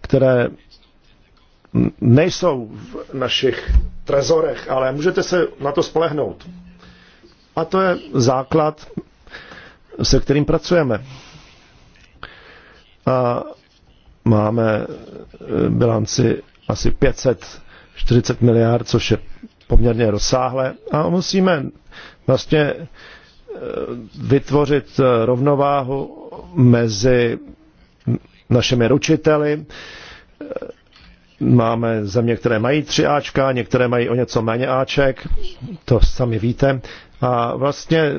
které nejsou v našich trezorech, ale můžete se na to spolehnout. A to je základ, se kterým pracujeme. A máme e, bilanci asi 540 miliard, což je poměrně rozsáhlé. A musíme vlastně e, vytvořit e, rovnováhu mezi našimi ručiteli. Máme země, které mají tři Ačka, některé mají o něco méně Aček, to sami víte. A vlastně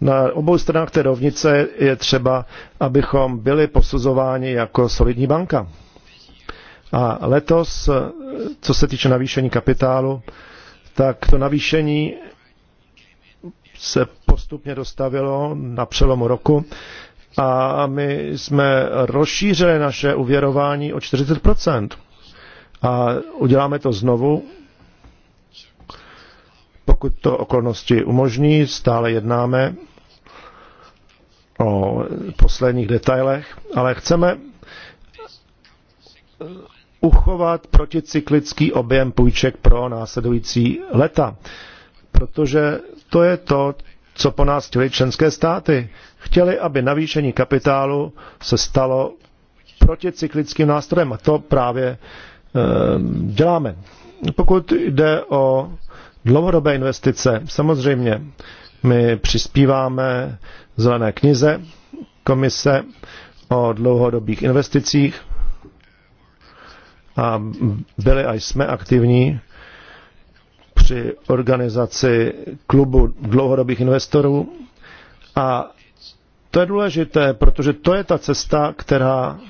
na obou stranách té rovnice je třeba, abychom byli posuzováni jako solidní banka. A letos, co se týče navýšení kapitálu, tak to navýšení se postupně dostavilo na přelomu roku a my jsme rozšířili naše uvěrování o 40%. A uděláme to znovu, pokud to okolnosti umožní, stále jednáme o posledních detailech, ale chceme uchovat proticyklický objem půjček pro následující leta, protože to je to, co po nás chtěli členské státy chtěli, aby navýšení kapitálu se stalo proticyklickým nástrojem a to právě eh, děláme. Pokud jde o dlouhodobé investice, samozřejmě my přispíváme zelené knize komise o dlouhodobých investicích a byli a jsme aktivní při organizaci klubu dlouhodobých investorů a to je důležité, protože to je ta cesta, která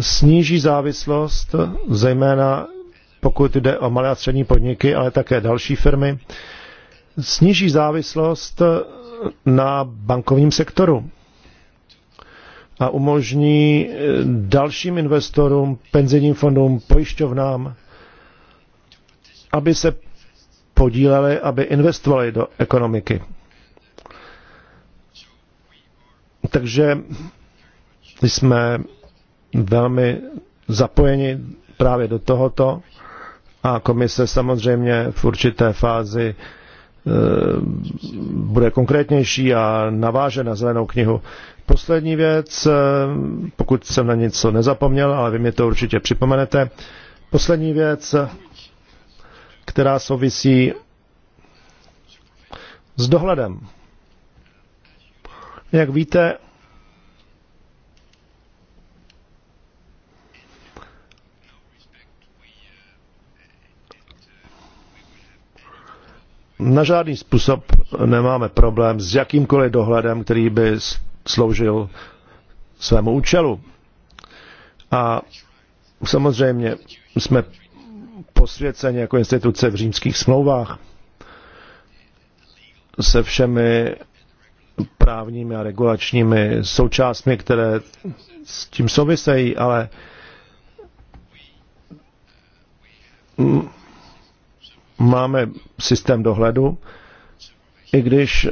sníží závislost, zejména pokud jde o malé a střední podniky, ale také další firmy, sníží závislost na bankovním sektoru a umožní dalším investorům, penzijním fondům, pojišťovnám, aby se podíleli, aby investovali do ekonomiky. Takže jsme velmi zapojeni právě do tohoto a komise samozřejmě v určité fázi e, bude konkrétnější a naváže na zelenou knihu. Poslední věc, e, pokud jsem na něco nezapomněl, ale vy mě to určitě připomenete. Poslední věc, která souvisí s dohledem jak víte, na žádný způsob nemáme problém s jakýmkoliv dohledem, který by sloužil svému účelu. A samozřejmě jsme posvěceni jako instituce v římských smlouvách se všemi právními a regulačními součástmi, které s tím souvisejí, ale máme systém dohledu, i když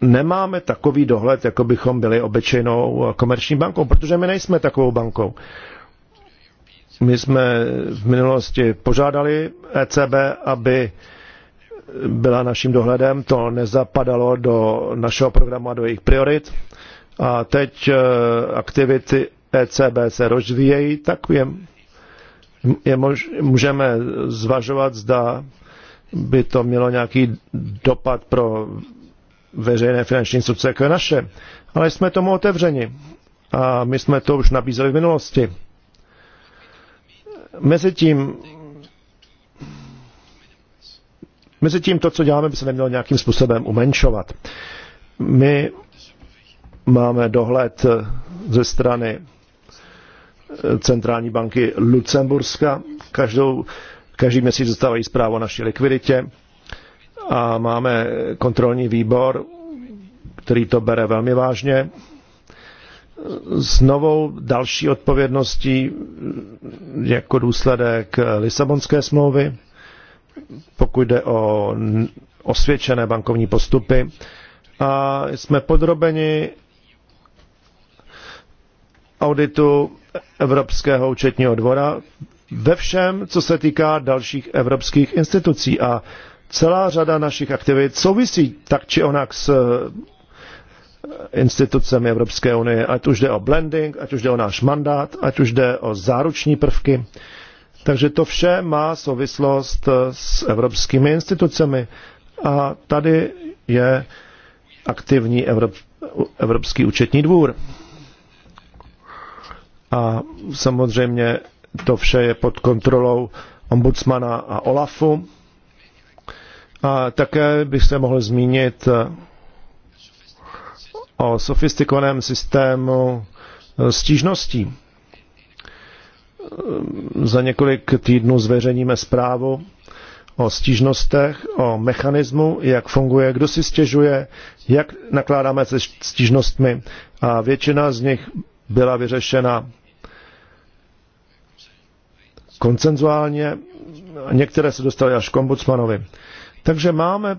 nemáme takový dohled, jako bychom byli obyčejnou komerční bankou, protože my nejsme takovou bankou. My jsme v minulosti požádali ECB, aby byla naším dohledem, to nezapadalo do našeho programu a do jejich priorit. A teď eh, aktivity ECB se rozvíjejí, tak je, je mož, můžeme zvažovat, zda by to mělo nějaký dopad pro veřejné finanční instituce, jako je naše. Ale jsme tomu otevřeni. A my jsme to už nabízeli v minulosti. Mezitím Mezitím to, co děláme, by se nemělo nějakým způsobem umenšovat. My máme dohled eh, ze strany eh, centrální banky Lucemburska. Každou, každý měsíc dostávají zprávu o naší likviditě a máme kontrolní výbor, který to bere velmi vážně. S novou další odpovědností eh, jako důsledek Lisabonské smlouvy pokud jde o osvědčené bankovní postupy. A jsme podrobeni auditu Evropského účetního dvora ve všem, co se týká dalších evropských institucí. A celá řada našich aktivit souvisí tak či onak s eh, institucemi Evropské unie, ať už jde o blending, ať už jde o náš mandát, ať už jde o záruční prvky. Takže to vše má souvislost eh, s evropskými institucemi. A tady je aktivní Evrop, Evropský účetní dvůr. A samozřejmě to vše je pod kontrolou ombudsmana a OLAFu. A také bych se mohl zmínit eh, o sofistikovaném systému eh, stížností. Ehm, za několik týdnů zveřejníme zprávu o stížnostech, o mechanismu, jak funguje, kdo si stěžuje, jak nakládáme se stížnostmi. A většina z nich byla vyřešena koncenzuálně, některé se dostaly až k ombudsmanovi. Takže máme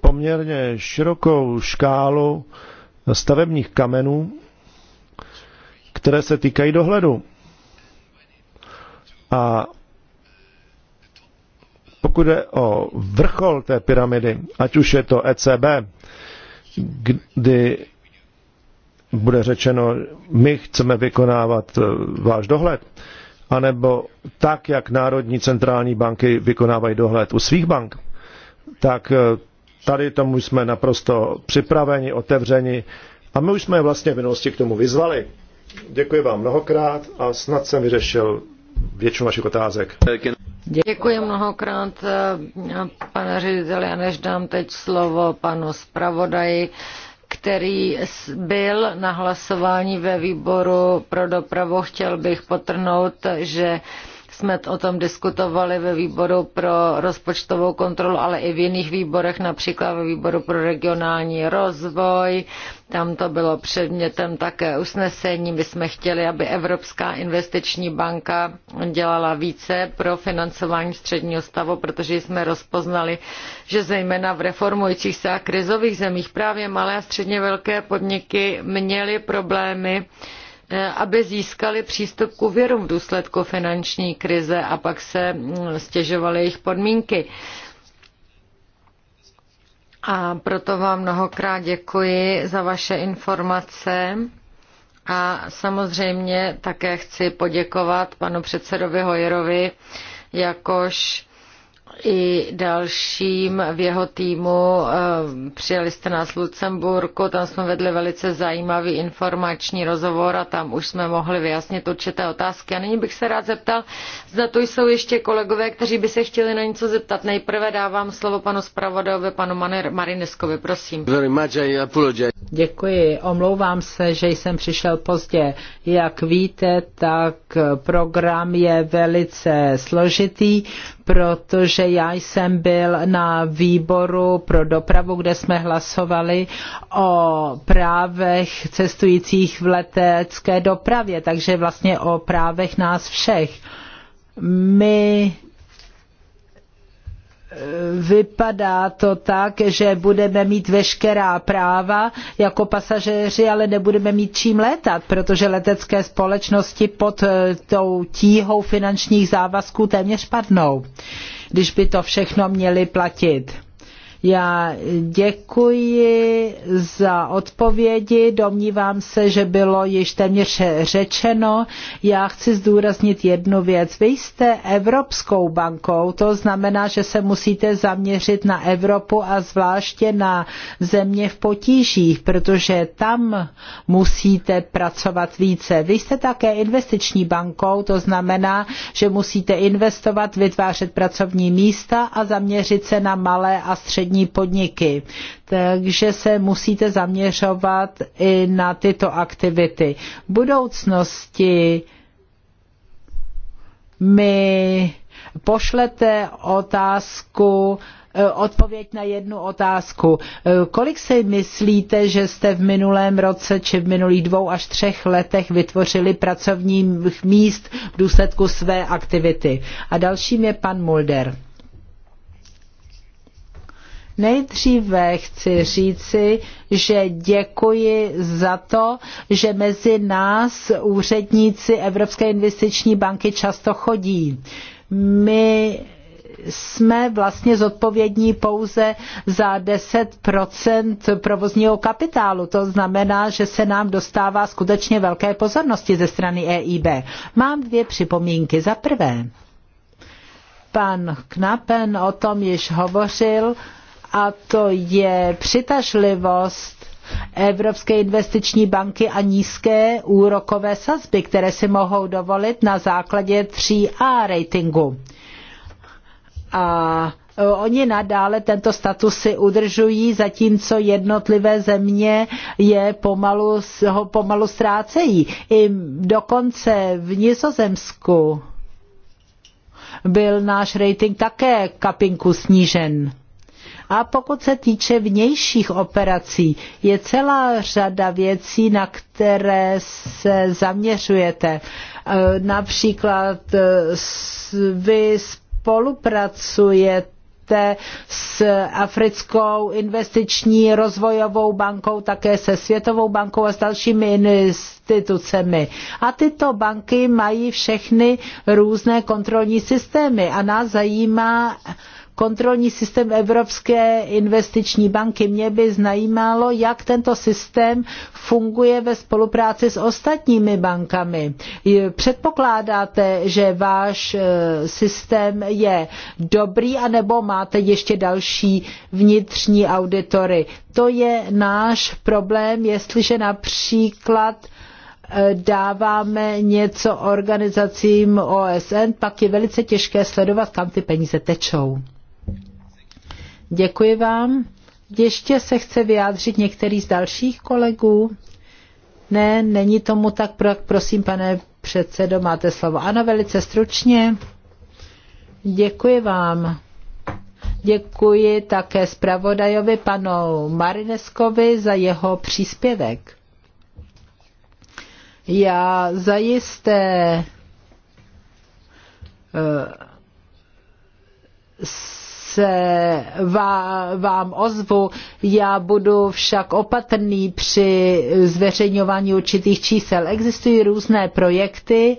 poměrně širokou škálu stavebních kamenů, které se týkají dohledu. A pokud jde o vrchol té pyramidy, ať už je to ECB, kdy bude řečeno, my chceme vykonávat e, váš dohled, anebo tak, jak národní centrální banky vykonávají dohled u svých bank, tak e, tady tomu jsme naprosto připraveni, otevřeni a my už jsme vlastně v minulosti k tomu vyzvali. Děkuji vám mnohokrát a snad jsem vyřešil většinu vašich otázek. Děkuji mnohokrát, pane řediteli, a než dám teď slovo panu zpravodaji, který byl na hlasování ve výboru pro dopravu, chtěl bych potrhnout, že jsme o tom diskutovali ve výboru pro rozpočtovou kontrolu, ale i v jiných výborech, například ve výboru pro regionální rozvoj. Tam to bylo předmětem také usnesení. My jsme chtěli, aby Evropská investiční banka dělala více pro financování středního stavu, protože jsme rozpoznali, že zejména v reformujících se a krizových zemích právě malé a středně velké podniky měly problémy, Eh, aby získali přístup k úvěrům v důsledku finanční krize a pak se mm, stěžovaly jejich podmínky. A proto vám mnohokrát děkuji za vaše informace. A samozřejmě také chci poděkovat panu předsedovi Hojerovi, jakož i dalším v jeho týmu. Eh, přijeli jste nás v Lucemburku, tam jsme vedli velice zajímavý informační rozhovor a tam už jsme mohli vyjasnit určité otázky. A nyní bych se rád zeptal, zda tu jsou ještě kolegové, kteří by se chtěli na něco zeptat. Nejprve dávám slovo panu zpravodajovi, panu Marineskovi, prosím. Děkuji, omlouvám se, že jsem přišel pozdě. Jak víte, tak program je velice složitý, protože že já jsem byl na výboru pro dopravu, kde jsme hlasovali o právech cestujících v letecké dopravě, takže vlastně o právech nás všech. My eh, vypadá to tak, že budeme mít veškerá práva jako pasažéři, ale nebudeme mít čím létat, protože letecké společnosti pod eh, tou tíhou finančních závazků téměř padnou. Uh, když by to všechno měli platit. Já děkuji za odpovědi. Domnívám se, že bylo již téměř řečeno. Já chci zdůraznit jednu věc. Vy jste Evropskou bankou, to znamená, že se musíte zaměřit na Evropu a zvláště na země v potížích, protože tam musíte pracovat více. Vy jste také investiční bankou, to znamená, že musíte investovat, vytvářet pracovní místa a zaměřit se na malé a střední střední podniky. Takže se musíte zaměřovat i na tyto aktivity. V budoucnosti mi pošlete otázku eh, odpověď na jednu otázku. Eh, kolik si myslíte, že jste v minulém roce či v minulých dvou až třech letech vytvořili pracovních míst v důsledku své aktivity? A dalším je pan Mulder. Nejdříve chci říci, že děkuji za to, že mezi nás úředníci Evropské investiční banky často chodí. My jsme vlastně zodpovědní pouze za 10 provozního kapitálu. To znamená, že se nám dostává skutečně velké pozornosti ze strany EIB. Mám dvě připomínky. Za prvé, pan Knapen o tom již hovořil a to je přitažlivost Evropské investiční banky a nízké úrokové sazby, které si mohou dovolit na základě 3A ratingu. A e, oni nadále tento status si udržují, zatímco jednotlivé země je pomalu, ho pomalu ztrácejí. I dokonce v Nizozemsku byl náš rating také kapinku snížen. A pokud se týče vnějších operací, je celá řada věcí, na které se zaměřujete. E, například e, vy spolupracujete s Africkou investiční rozvojovou bankou, také se Světovou bankou a s dalšími institucemi. A tyto banky mají všechny různé kontrolní systémy a nás zajímá, kontrolní systém Evropské investiční banky. Mě by zajímalo, jak tento systém funguje ve spolupráci s ostatními bankami. Předpokládáte, že váš e, systém je dobrý, anebo máte ještě další vnitřní auditory? To je náš problém, jestliže například e, dáváme něco organizacím OSN, pak je velice těžké sledovat, kam ty peníze tečou. Děkuji vám. Ještě se chce vyjádřit některý z dalších kolegů? Ne, není tomu tak, prosím, pane předsedo, máte slovo. Ano, velice stručně. Děkuji vám. Děkuji také zpravodajovi panu Marineskovi za jeho příspěvek. Já zajisté uh, se vám ozvu. Já budu však opatrný při zveřejňování určitých čísel. Existují různé projekty,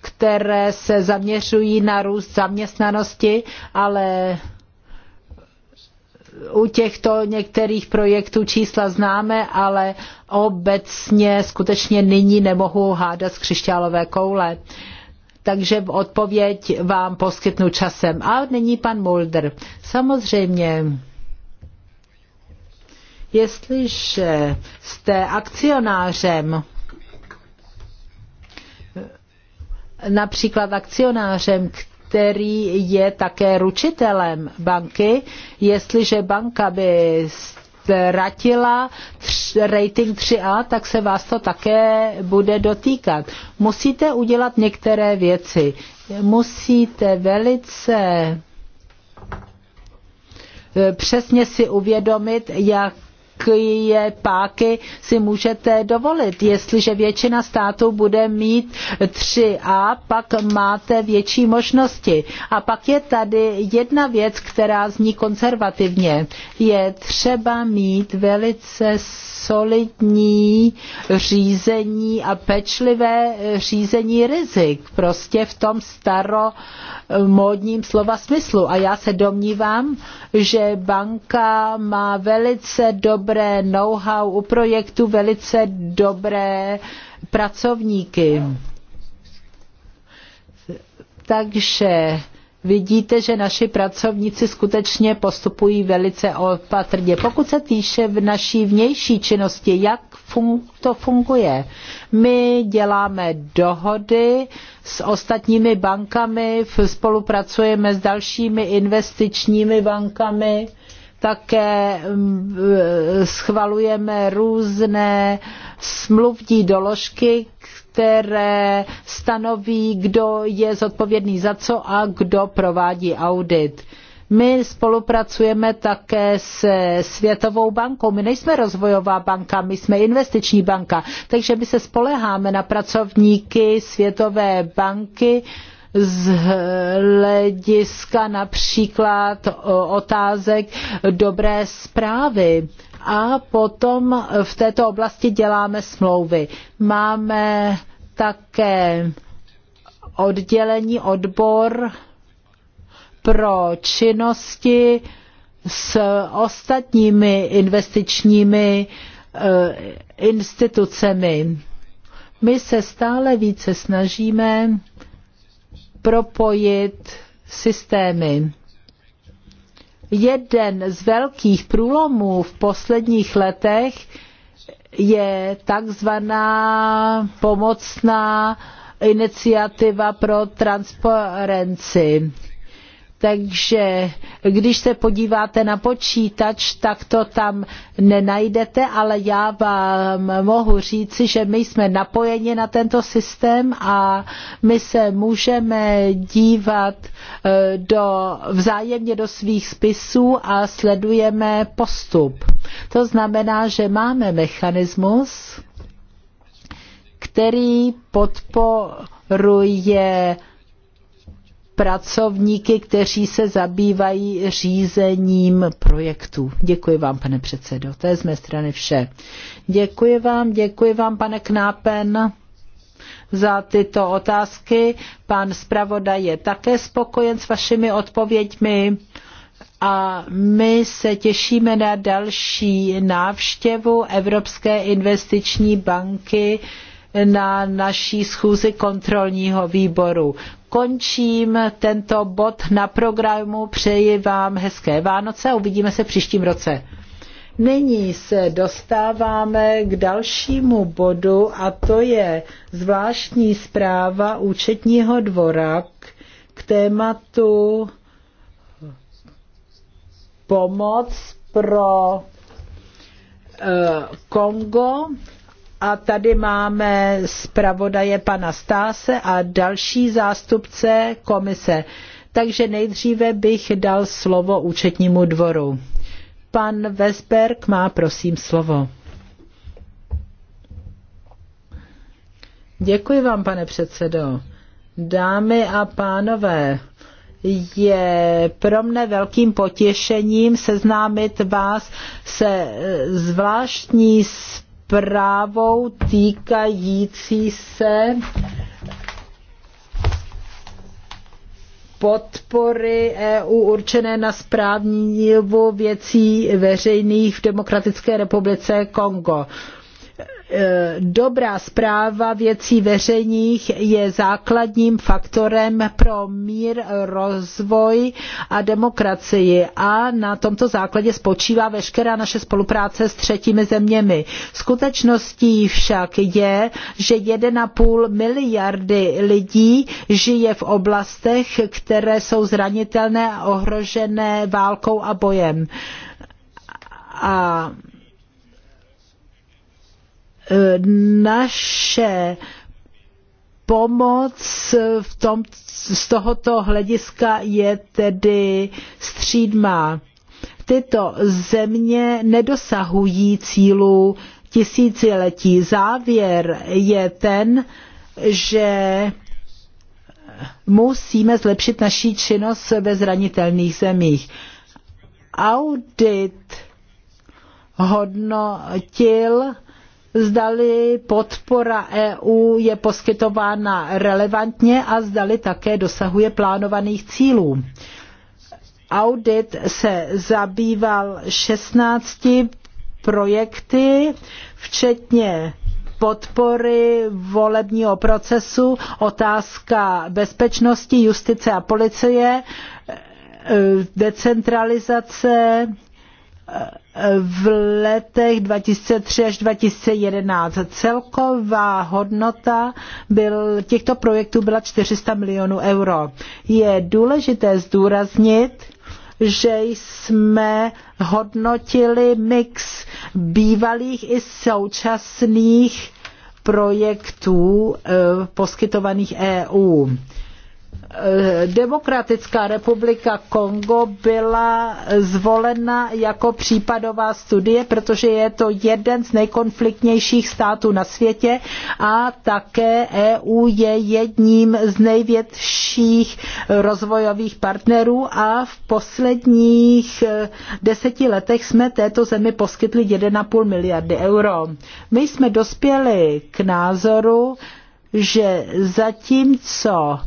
které se zaměřují na růst zaměstnanosti, ale u těchto některých projektů čísla známe, ale obecně skutečně nyní nemohu hádat z křišťálové koule. Uh, takže odpověď vám poskytnu časem. A nyní pan Mulder. Samozřejmě, jestliže jste akcionářem, například akcionářem, který je také ručitelem banky, jestliže banka by ztratila rating 3A, tak se vás to také bude dotýkat. Musíte udělat některé věci. Musíte velice eh, přesně si uvědomit, jak jaké páky si můžete dovolit. Jestliže většina států bude mít 3A, pak máte větší možnosti. A pak je tady jedna věc, která zní konzervativně. Je třeba mít velice solidní řízení a pečlivé eh, řízení rizik. Prostě v tom staromódním slova smyslu. A já se domnívám, že banka má velice dobré know-how u projektu, velice dobré pracovníky. Takže vidíte, že naši pracovníci skutečně postupují velice opatrně. Pokud se týče v naší vnější činnosti, jak fun- to funguje? My děláme dohody s ostatními bankami, spolupracujeme s dalšími investičními bankami, také mm, schvalujeme různé smluvní doložky, které stanoví, kdo je zodpovědný za co a kdo provádí audit. My spolupracujeme také s Světovou bankou. My nejsme rozvojová banka, my jsme investiční banka, takže my se spoleháme na pracovníky Světové banky z hlediska například otázek dobré zprávy a potom v této oblasti děláme smlouvy. Máme také oddělení odbor pro činnosti s ostatními investičními eh, institucemi. My se stále více snažíme propojit systémy jeden z velkých průlomů v posledních letech je takzvaná pomocná iniciativa pro transparenci takže když se podíváte na počítač, tak to tam nenajdete, ale já vám mohu říci, že my jsme napojeni na tento systém a my se můžeme dívat eh, do, vzájemně do svých spisů a sledujeme postup. To znamená, že máme mechanismus, který podporuje pracovníky, kteří se zabývají řízením projektů. Děkuji vám, pane předsedo. To je z mé strany vše. Děkuji vám, děkuji vám, pane Knápen za tyto otázky. Pan zpravodaj je také spokojen s vašimi odpověďmi a my se těšíme na další návštěvu Evropské investiční banky na naší schůzi kontrolního výboru končím tento bod na programu. Přeji vám hezké Vánoce a uvidíme se příštím roce. Nyní se dostáváme k dalšímu bodu a to je zvláštní zpráva účetního dvora k tématu pomoc pro eh, Kongo. A tady máme zpravodaje pana Stáse a další zástupce komise. Takže nejdříve bych dal slovo účetnímu dvoru. Pan Vesberg má prosím slovo. Děkuji vám, pane předsedo. Dámy a pánové, je pro mne velkým potěšením seznámit vás se zvláštní zprávou týkající se podpory EU určené na správní věcí veřejných v Demokratické republice Kongo. Eh, dobrá zpráva věcí veřejných je základním faktorem pro mír, rozvoj a demokracii a na tomto základě spočívá veškerá naše spolupráce s třetími zeměmi. Skutečností však je, že 1,5 miliardy lidí žije v oblastech, které jsou zranitelné a ohrožené válkou a bojem. A naše pomoc v tom, z tohoto hlediska je tedy střídmá. Tyto země nedosahují cílu tisíciletí. Závěr je ten, že musíme zlepšit naší činnost ve zranitelných zemích. Audit hodnotil zdali podpora EU je poskytována relevantně a zdali také dosahuje plánovaných cílů. Audit se zabýval 16 projekty, včetně podpory volebního procesu, otázka bezpečnosti, justice a policie, e, decentralizace, v letech 2003 až 2011. Celková hodnota byl, těchto projektů byla 400 milionů euro. Je důležité zdůraznit, že jsme hodnotili mix bývalých i současných projektů eh, poskytovaných EU. Eh, Demokratická republika Kongo byla zvolena jako případová studie, protože je to jeden z nejkonfliktnějších států na světě a také EU je jedním z největších rozvojových partnerů a v posledních eh, deseti letech jsme této zemi poskytli 1,5 miliardy euro. My jsme dospěli k názoru, že zatímco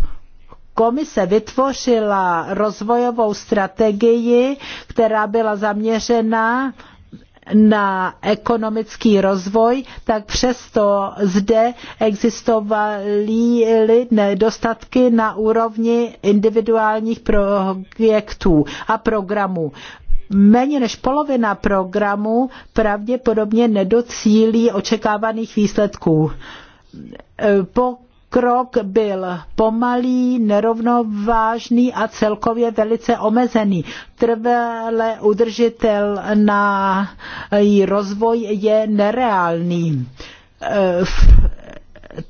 komise vytvořila rozvojovou strategii, která byla zaměřena na ekonomický rozvoj, tak přesto zde existovaly nedostatky na úrovni individuálních projektů a programů. Méně než polovina programů pravděpodobně nedocílí očekávaných výsledků. Po krok byl pomalý, nerovnovážný a celkově velice omezený. Trvale její rozvoj je nereálný. Ehm,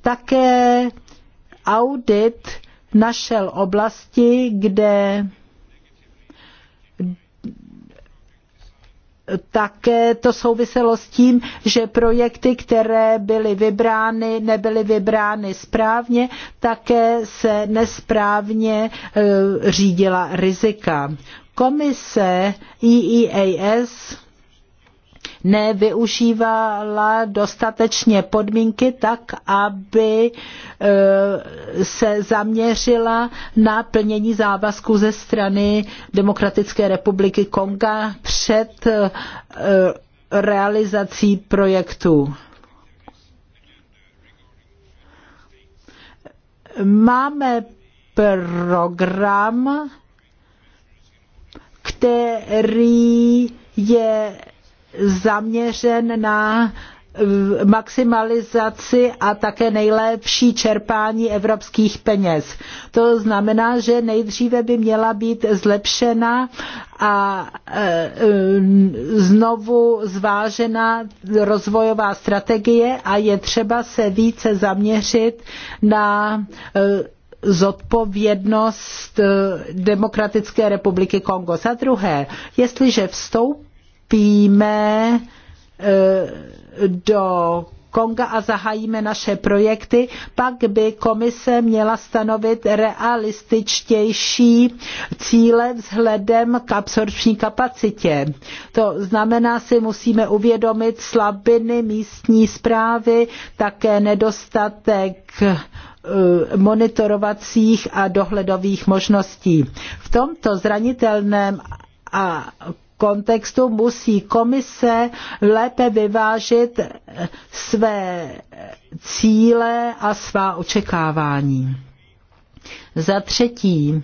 také audit našel oblasti, kde také to souviselo s tím, že projekty, které byly vybrány, nebyly vybrány správně, také se nesprávně e, řídila rizika. Komise EEAS nevyužívala dostatečně podmínky tak, aby eh, se zaměřila na plnění závazků ze strany Demokratické republiky Konga před eh, realizací projektů. Máme program, který je zaměřen na eh, maximalizaci a také nejlepší čerpání evropských peněz. To znamená, že nejdříve by měla být zlepšena a eh, eh, znovu zvážena rozvojová strategie a je třeba se více zaměřit na zodpovědnost Demokratické republiky Kongo. Za druhé, jestliže vstoupí vstoupíme eh, do Konga a zahájíme naše projekty, pak by komise měla stanovit realističtější cíle vzhledem k absorpční kapacitě. To znamená, si musíme uvědomit slabiny místní zprávy, také nedostatek eh, monitorovacích a dohledových možností. V tomto zranitelném a kontextu musí komise lépe vyvážit své cíle a svá očekávání. Za třetí,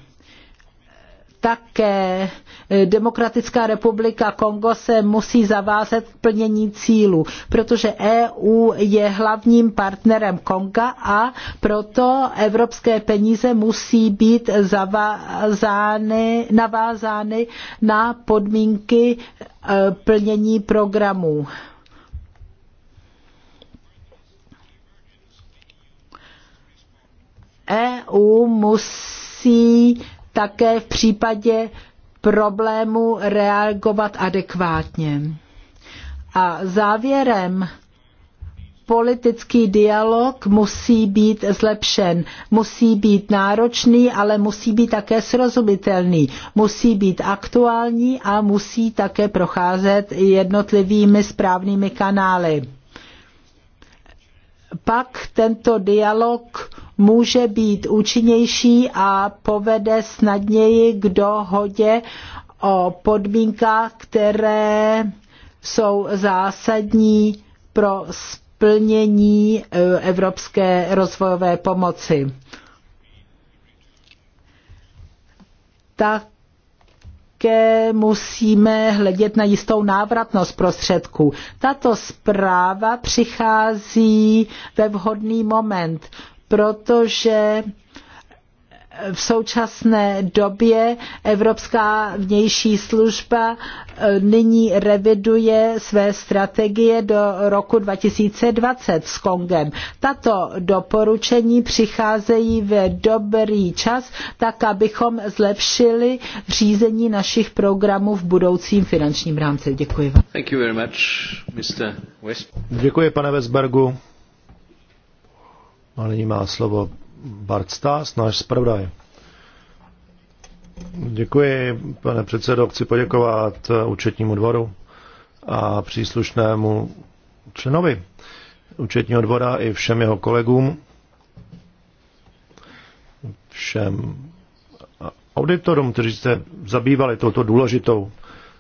také eh, Demokratická republika Kongo se musí zavázat k plnění cílů, protože EU je hlavním partnerem Konga a proto evropské peníze musí být zavázány, navázány na podmínky eh, plnění programů. EU musí také v případě problému reagovat adekvátně. A závěrem politický dialog musí být zlepšen. Musí být náročný, ale musí být také srozumitelný. Musí být aktuální a musí také procházet jednotlivými správnými kanály. Pak tento dialog může být účinnější a povede snadněji k dohodě o podmínkách, které jsou zásadní pro splnění e, evropské rozvojové pomoci. Také musíme hledět na jistou návratnost prostředků. Tato zpráva přichází ve vhodný moment, protože v současné době Evropská vnější služba e, nyní reviduje své strategie do roku 2020 s Kongem. Tato doporučení přicházejí ve dobrý čas, tak abychom zlepšili řízení našich programů v budoucím finančním rámci. Děkuji vám. Thank you very much, Mr. West. Děkuji, pane Westbergu. A nyní má slovo Bart Stas, náš zpravodaj. Děkuji, pane předsedo. Chci poděkovat eh, účetnímu dvoru a příslušnému členovi účetního dvora i všem jeho kolegům, všem auditorům, kteří se zabývali touto důležitou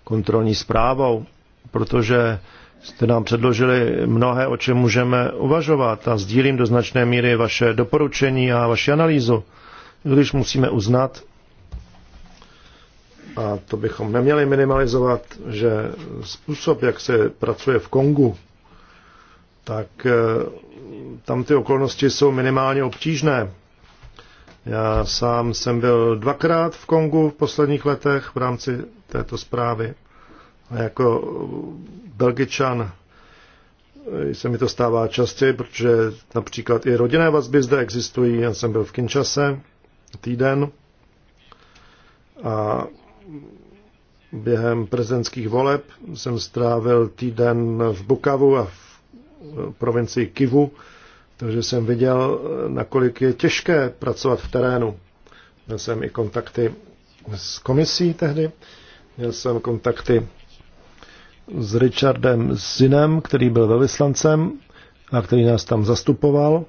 kontrolní zprávou, protože jste nám předložili mnohé, o čem můžeme uvažovat a sdílím do značné míry vaše doporučení a vaši analýzu, když musíme uznat, a to bychom neměli minimalizovat, že způsob, jak se pracuje v Kongu, tak eh, tam ty okolnosti jsou minimálně obtížné. Já sám jsem byl dvakrát v Kongu v posledních letech v rámci této zprávy a jako belgičan se mi to stává častěji, protože například i rodinné vazby zde existují. Já jsem byl v Kinčase týden a během prezidentských voleb jsem strávil týden v Bukavu a v provincii Kivu, takže jsem viděl, nakolik je těžké pracovat v terénu. Měl jsem i kontakty s komisí tehdy, měl jsem kontakty s Richardem Zinem, který byl velvyslancem a který nás tam zastupoval.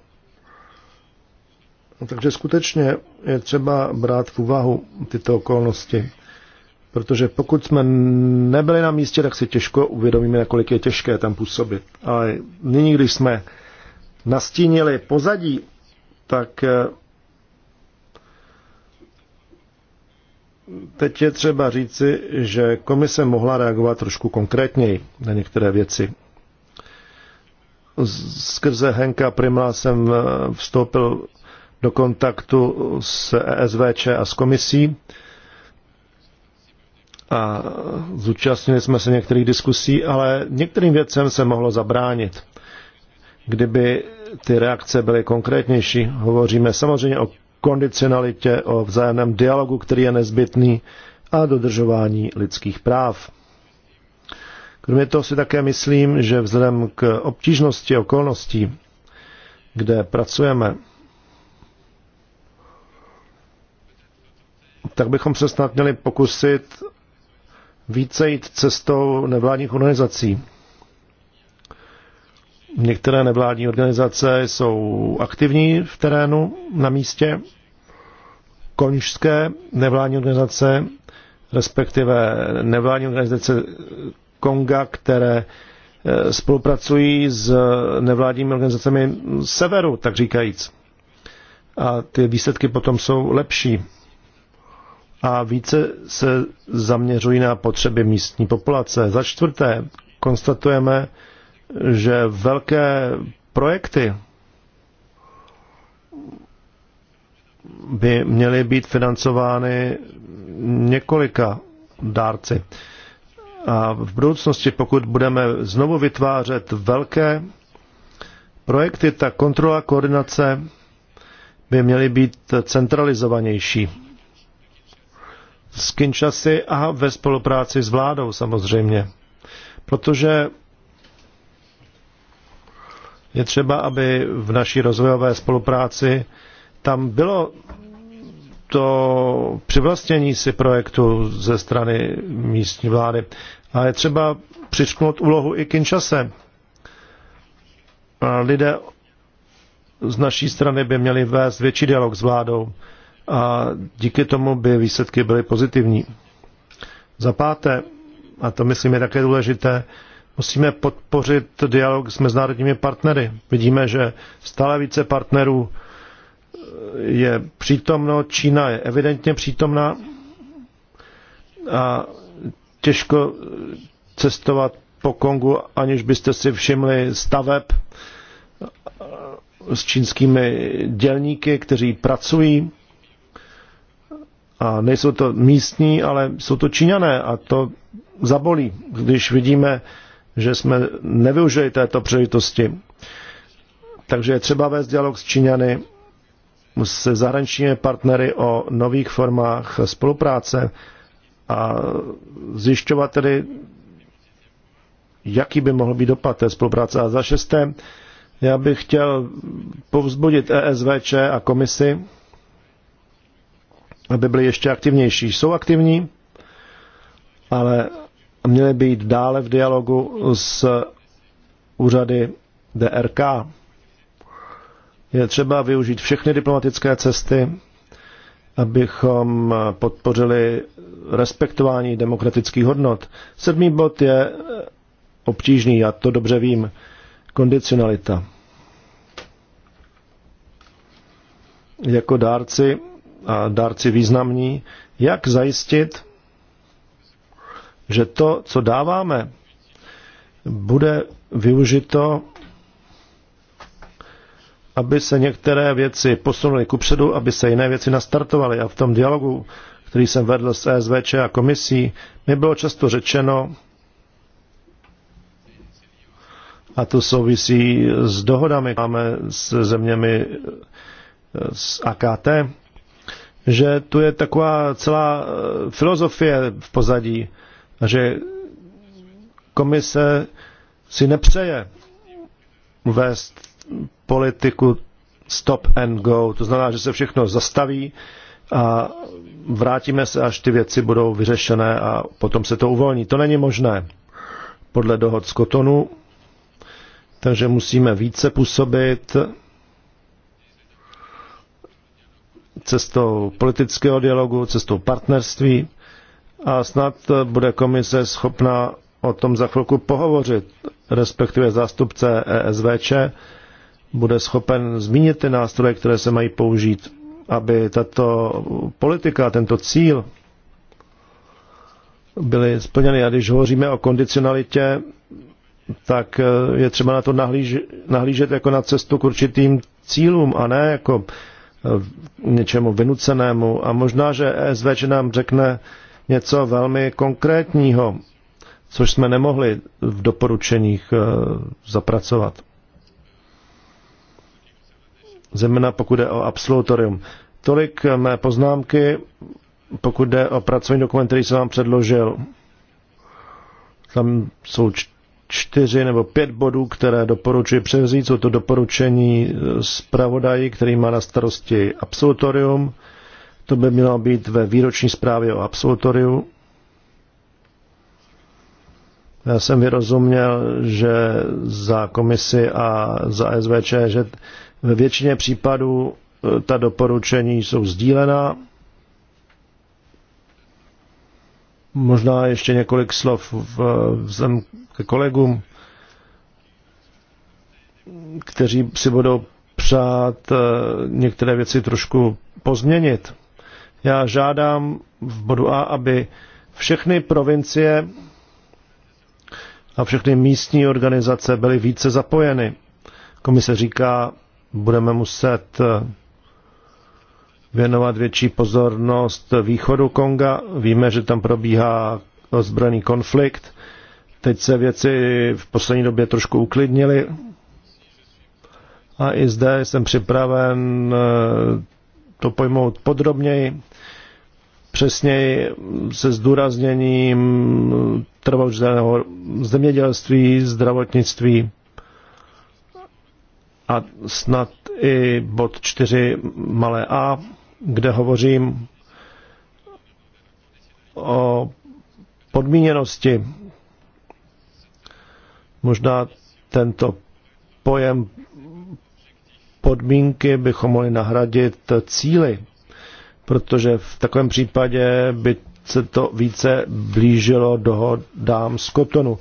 No, takže skutečně je třeba brát v úvahu tyto okolnosti, protože pokud jsme nebyli na místě, tak si těžko uvědomíme, kolik je těžké tam působit. Ale nyní, když jsme nastínili pozadí, tak eh, Teď je třeba říci, že komise mohla reagovat trošku konkrétněji na některé věci. Skrze Henka Primla jsem eh, vstoupil do kontaktu s ESVČ a s komisí a zúčastnili jsme se některých diskusí, ale některým věcem se mohlo zabránit. Kdyby ty reakce byly konkrétnější, hovoříme samozřejmě o kondicionalitě, o vzájemném dialogu, který je nezbytný a dodržování lidských práv. Kromě toho si také myslím, že vzhledem k obtížnosti okolností, kde pracujeme, tak bychom se snad měli pokusit více jít cestou nevládních organizací. Některé nevládní organizace jsou aktivní v terénu, na místě konžské nevládní organizace, respektive nevládní organizace Konga, které eh, spolupracují s nevládními organizacemi severu, tak říkajíc. A ty výsledky potom jsou lepší. A více se zaměřují na potřeby místní populace. Za čtvrté, konstatujeme, že velké projekty by měly být financovány několika dárci. A v budoucnosti, pokud budeme znovu vytvářet velké projekty, tak kontrola koordinace by měly být centralizovanější. S Kinshasy a ve spolupráci s vládou samozřejmě. Protože je třeba, aby v naší rozvojové spolupráci tam bylo to přivlastnění si projektu ze strany místní vlády. A je třeba přičknout úlohu i Kinshase. A lidé z naší strany by měli vést větší dialog s vládou a díky tomu by výsledky byly pozitivní. Za páté, a to myslím je také důležité, musíme podpořit dialog s mezinárodními partnery. Vidíme, že stále více partnerů je přítomno, Čína je evidentně přítomná a těžko cestovat po Kongu, aniž byste si všimli staveb s čínskými dělníky, kteří pracují. A nejsou to místní, ale jsou to Číňané a to zabolí, když vidíme, že jsme nevyužili této příležitosti. Takže je třeba vést dialog s Číňany se zahraničními partnery o nových formách spolupráce a zjišťovat tedy, jaký by mohl být dopad té spolupráce. A za šesté, já bych chtěl povzbudit ESVČ a komisi, aby byly ještě aktivnější. Jsou aktivní, ale měly být dále v dialogu s úřady DRK. Je třeba využít všechny diplomatické cesty, abychom podpořili respektování demokratických hodnot. Sedmý bod je obtížný, já to dobře vím, kondicionalita. Jako dárci a dárci významní, jak zajistit, že to, co dáváme, bude využito aby se některé věci posunuly kupředu, aby se jiné věci nastartovaly. A v tom dialogu, který jsem vedl s ESVČ a komisí, mi bylo často řečeno, a to souvisí s dohodami, máme s zeměmi z AKT, že tu je taková celá eh, filozofie v pozadí, že komise si nepřeje vést politiku stop and go, to znamená, že se všechno zastaví a vrátíme se, až ty věci budou vyřešené a potom se to uvolní. To není možné podle dohod z Kotonu, takže musíme více působit cestou politického dialogu, cestou partnerství a snad bude komise schopna o tom za chvilku pohovořit, respektive zástupce ESVČ bude schopen zmínit ty nástroje, které se mají použít, aby tato politika, tento cíl byly splněny. A když hovoříme o kondicionalitě, tak je třeba na to nahlíž, nahlížet jako na cestu k určitým cílům a ne jako něčemu vynucenému. A možná, že ESVČ nám řekne něco velmi konkrétního, což jsme nemohli v doporučeních eh, zapracovat zejména pokud jde o absolutorium. Tolik mé poznámky, pokud jde o pracovní dokument, který jsem vám předložil. Tam jsou čtyři nebo pět bodů, které doporučuji převzít. Jsou to doporučení zpravodaji, který má na starosti absolutorium. To by mělo být ve výroční zprávě o absolutoriu. Já jsem vyrozuměl, že za komisi a za SVČ, že ve většině případů e, ta doporučení jsou sdílená. Možná ještě několik slov vzem ke kolegům, kteří si budou přát e, některé věci trošku pozměnit. Já žádám v bodu A, aby všechny provincie a všechny místní organizace byly více zapojeny. Komise říká, budeme muset eh, věnovat větší pozornost východu Konga. Víme, že tam probíhá ozbrojený konflikt. Teď se věci v poslední době trošku uklidnily. A i zde jsem připraven eh, to pojmout podrobněji, přesněji se zdůrazněním trvalého zemědělství, zdravotnictví, a snad i bod 4 malé a, kde hovořím o podmíněnosti. Možná tento pojem podmínky bychom mohli nahradit cíly, protože v takovém případě by se to více blížilo dohodám z Kotonu.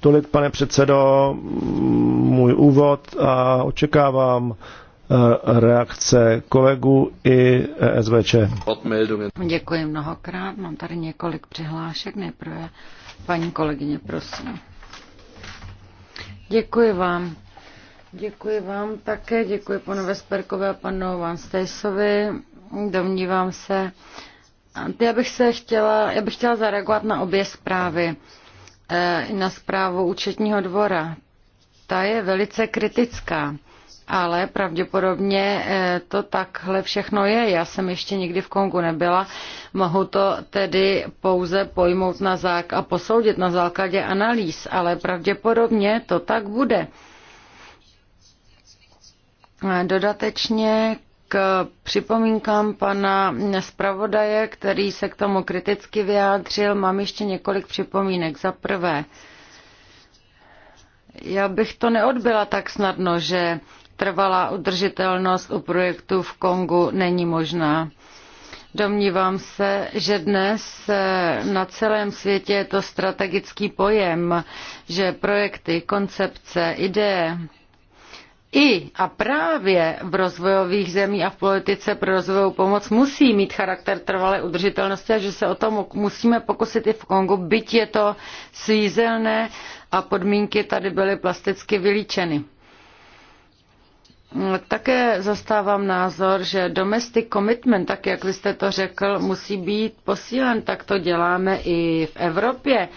Tolik, pane předsedo, můj úvod a očekávám eh, reakce kolegů i eh, SVČ. Děkuji mnohokrát. Mám tady několik přihlášek. Nejprve paní kolegyně, prosím. Děkuji vám. Děkuji vám také. Děkuji panu Vesperkovi a panu Van Stejsovi. Domnívám se, já bych se chtěla, já bych chtěla zareagovat na obě zprávy. Eh, na zprávu účetního dvora. Ta je velice kritická, ale pravděpodobně eh, to takhle všechno je. Já jsem ještě nikdy v Kongu nebyla, mohu to tedy pouze pojmout na zák a posoudit na základě analýz, ale pravděpodobně to tak bude. Dodatečně k připomínkám pana zpravodaje, který se k tomu kriticky vyjádřil. Mám ještě několik připomínek. Za prvé, já bych to neodbyla tak snadno, že trvalá udržitelnost u projektu v Kongu není možná. Domnívám se, že dnes eh, na celém světě je to strategický pojem, že projekty, koncepce, ideje, i a právě v rozvojových zemích a v politice pro rozvojovou pomoc musí mít charakter trvalé udržitelnosti a že se o tom musíme pokusit i v Kongu, byť je to svízelné a podmínky tady byly plasticky vylíčeny. Mm, také zastávám názor, že domestic commitment, tak jak vy jste to řekl, musí být posílen. Tak to děláme i v Evropě.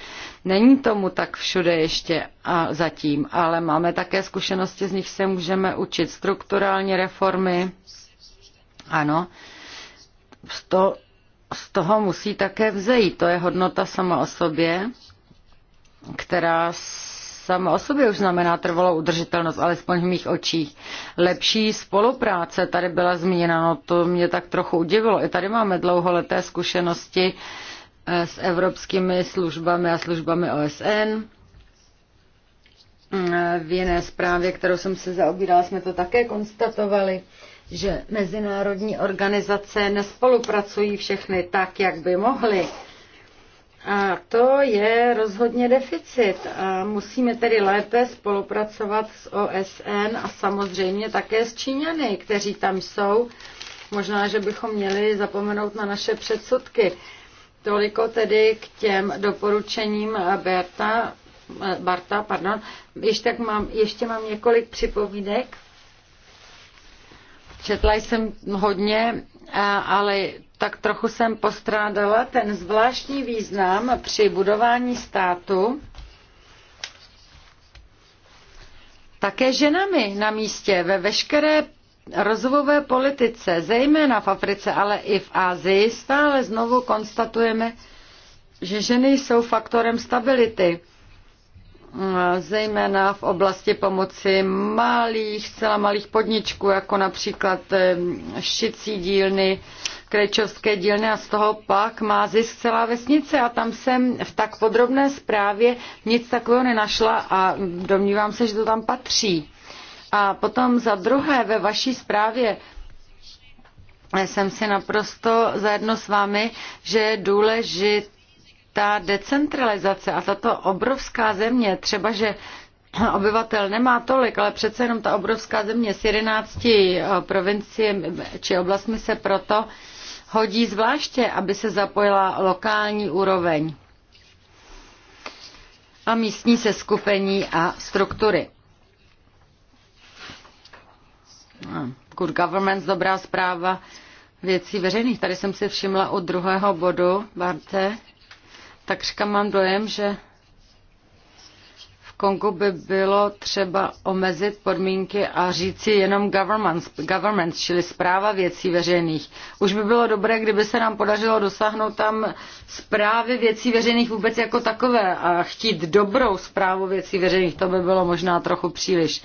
Není tomu tak všude ještě a zatím, ale máme také zkušenosti, z nich se můžeme učit. Strukturální reformy, ano, to, z toho musí také vzejít. To je hodnota sama o sobě, která sama o sobě už znamená trvalou udržitelnost, alespoň v mých očích. Lepší spolupráce tady byla zmíněna, no to mě tak trochu udivilo. I tady máme dlouholeté zkušenosti Eh, s evropskými službami a službami OSN. Mm, v jiné zprávě, kterou jsem se zaobírala, jsme to také konstatovali, že mezinárodní organizace nespolupracují všechny tak, jak by mohly. A to je rozhodně deficit. A musíme tedy lépe spolupracovat s OSN a samozřejmě také s Číňany, kteří tam jsou. Možná, že bychom měli zapomenout na naše předsudky Toliko tedy k těm doporučením eh, Berta, eh, Barta. Pardon. Ještě, tak mám, ještě mám několik připovídek. Četla jsem hodně, eh, ale tak trochu jsem postrádala ten zvláštní význam při budování státu také ženami na místě ve veškeré rozvojové politice, zejména v Africe, ale i v Ázii, stále znovu konstatujeme, že ženy jsou faktorem stability, zejména v oblasti pomoci malých, zcela malých podničků, jako například šicí dílny, krečovské dílny a z toho pak má zisk celá vesnice a tam jsem v tak podrobné zprávě nic takového nenašla a domnívám se, že to tam patří. A potom za druhé ve vaší zprávě jsem si naprosto zajedno s vámi, že je důležitá decentralizace a tato obrovská země, třeba že obyvatel nemá tolik, ale přece jenom ta obrovská země s 11 eh, provinciemi či oblastmi se proto hodí zvláště, aby se zapojila lokální úroveň a místní seskupení a struktury. good governance, dobrá zpráva věcí veřejných. Tady jsem si všimla od druhého bodu, Barte, takřka mám dojem, že v Kongu by bylo třeba omezit podmínky a říci jenom governance, governance, čili zpráva věcí veřejných. Už by bylo dobré, kdyby se nám podařilo dosáhnout tam zprávy věcí veřejných vůbec jako takové a chtít dobrou zprávu věcí veřejných, to by bylo možná trochu příliš.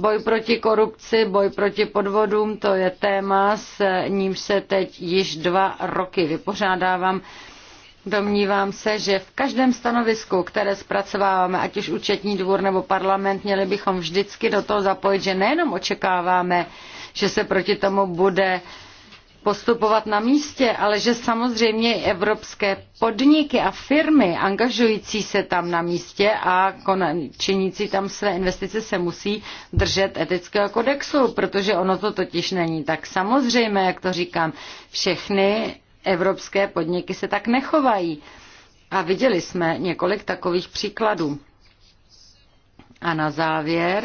Boj proti korupci, boj proti podvodům, to je téma, s nímž se teď již dva roky vypořádávám. Domnívám se, že v každém stanovisku, které zpracováváme, ať už účetní dvůr nebo parlament, měli bychom vždycky do toho zapojit, že nejenom očekáváme, že se proti tomu bude postupovat na místě, ale že samozřejmě i evropské podniky a firmy angažující se tam na místě a činící tam své investice se musí držet etického kodexu, protože ono to totiž není tak samozřejmé, jak to říkám. Všechny evropské podniky se tak nechovají. A viděli jsme několik takových příkladů. A na závěr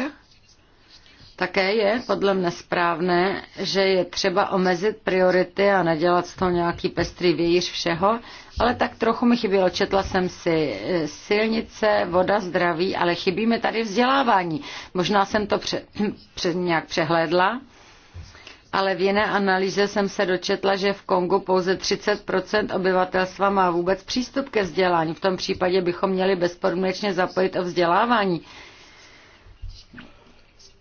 také je podle mne správné, že je třeba omezit priority a nedělat z toho nějaký pestrý vějíř všeho, ale tak trochu mi chybělo. Četla jsem si eh, silnice, voda, zdraví, ale chybí mi tady vzdělávání. Možná jsem to pře- pře- nějak přehlédla, ale v jiné analýze jsem se dočetla, že v Kongu pouze 30 obyvatelstva má vůbec přístup ke vzdělání. V tom případě bychom měli bezpodmínečně zapojit o vzdělávání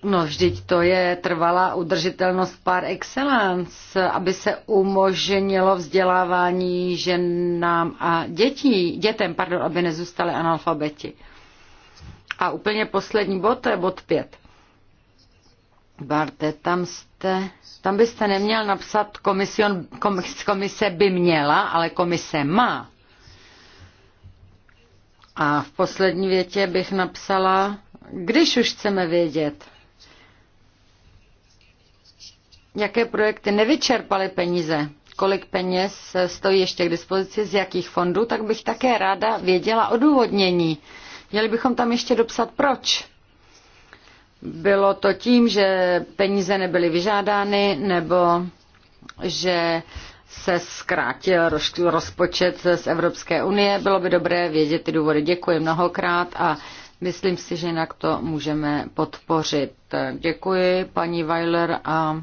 No vždyť to je trvalá udržitelnost par excellence, aby se umožnilo vzdělávání ženám a dětí, dětem, pardon, aby nezůstaly analfabeti. A úplně poslední bod, to je bod pět. Barte, tam jste, tam byste neměl napsat komision, komis, komise by měla, ale komise má. A v poslední větě bych napsala, když už chceme vědět, jaké projekty nevyčerpaly peníze, kolik peněz stojí ještě k dispozici, z jakých fondů, tak bych také ráda věděla odůvodnění. Měli bychom tam ještě dopsat proč. Bylo to tím, že peníze nebyly vyžádány, nebo že se zkrátil rozpočet z Evropské unie. Bylo by dobré vědět ty důvody. Děkuji mnohokrát a myslím si, že jinak to můžeme podpořit. Děkuji paní Weiler a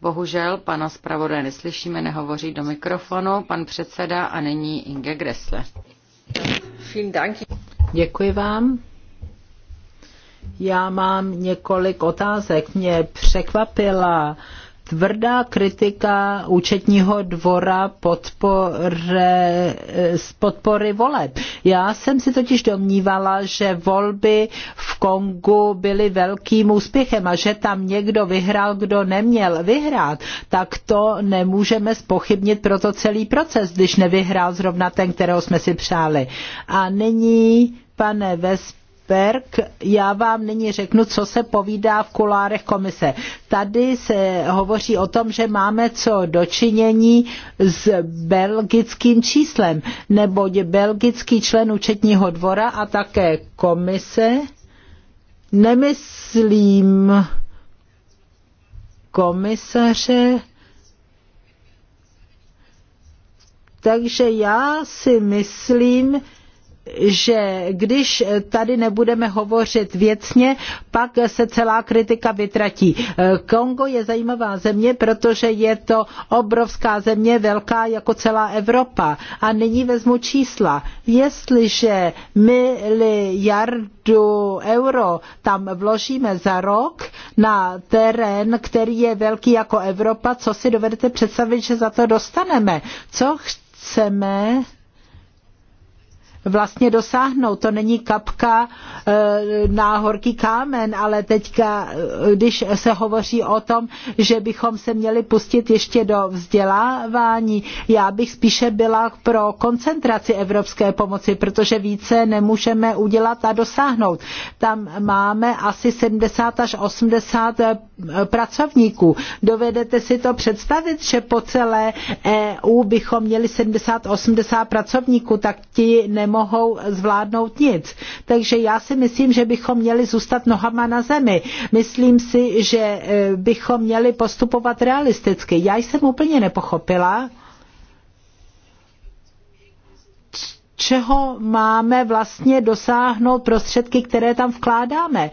Bohužel pana zpravodaje neslyšíme, nehovoří do mikrofonu. Pan předseda a nyní Inge Gressle. Děkuji vám. Já mám několik otázek. Mě překvapila tvrdá kritika účetního dvora podpore, z podpory voleb. Já jsem si totiž domnívala, že volby v Kongu byly velkým úspěchem a že tam někdo vyhrál, kdo neměl vyhrát, tak to nemůžeme spochybnit proto celý proces, když nevyhrál zrovna ten, kterého jsme si přáli. A nyní, pane Vesp, Berg, já vám nyní řeknu, co se povídá v kulárech komise. Tady se hovoří o tom, že máme co dočinění s belgickým číslem, neboť belgický člen účetního dvora a také komise, nemyslím komisaře, takže já si myslím, že když tady nebudeme hovořit věcně, pak se celá kritika vytratí. Kongo je zajímavá země, protože je to obrovská země, velká jako celá Evropa. A nyní vezmu čísla. Jestliže miliardu euro tam vložíme za rok na terén, který je velký jako Evropa, co si dovedete představit, že za to dostaneme? Co chceme? vlastně dosáhnout. To není kapka eh, na horký kámen, ale teďka, eh, když se hovoří o tom, že bychom se měli pustit ještě do vzdělávání, já bych spíše byla pro koncentraci evropské pomoci, protože více nemůžeme udělat a dosáhnout. Tam máme asi 70 až 80 eh, pracovníků. Dovedete si to představit, že po celé EU bychom měli 70-80 pracovníků, tak ti nemohou nemohou zvládnout nic. Takže já si myslím, že bychom měli zůstat nohama na zemi. Myslím si, že eh, bychom měli postupovat realisticky. Já jsem úplně nepochopila, čeho máme vlastně dosáhnout prostředky, které tam vkládáme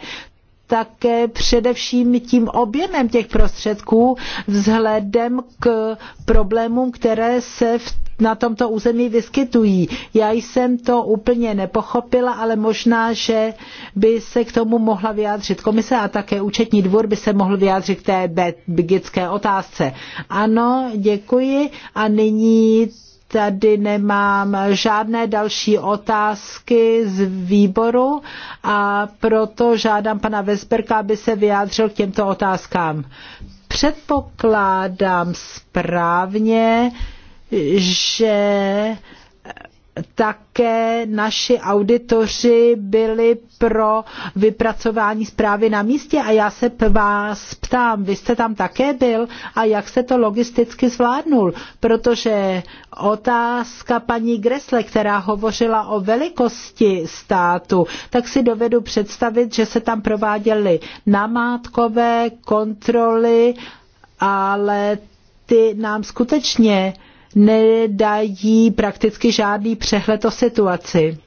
také především tím objemem těch prostředků vzhledem k problémům, které se v na tomto území vyskytují. Já jsem to úplně nepochopila, ale možná, že by se k tomu mohla vyjádřit komise a také účetní dvůr by se mohl vyjádřit k té bigické otázce. Ano, děkuji a nyní tady nemám žádné další otázky z výboru a proto žádám pana Vesberka, aby se vyjádřil k těmto otázkám. Předpokládám správně, že také naši auditoři byli pro vypracování zprávy na místě a já se vás ptám, vy jste tam také byl a jak se to logisticky zvládnul, protože otázka paní Gresle, která hovořila o velikosti státu, tak si dovedu představit, že se tam prováděly namátkové kontroly, ale ty nám skutečně nedají prakticky žádný přehled o situaci.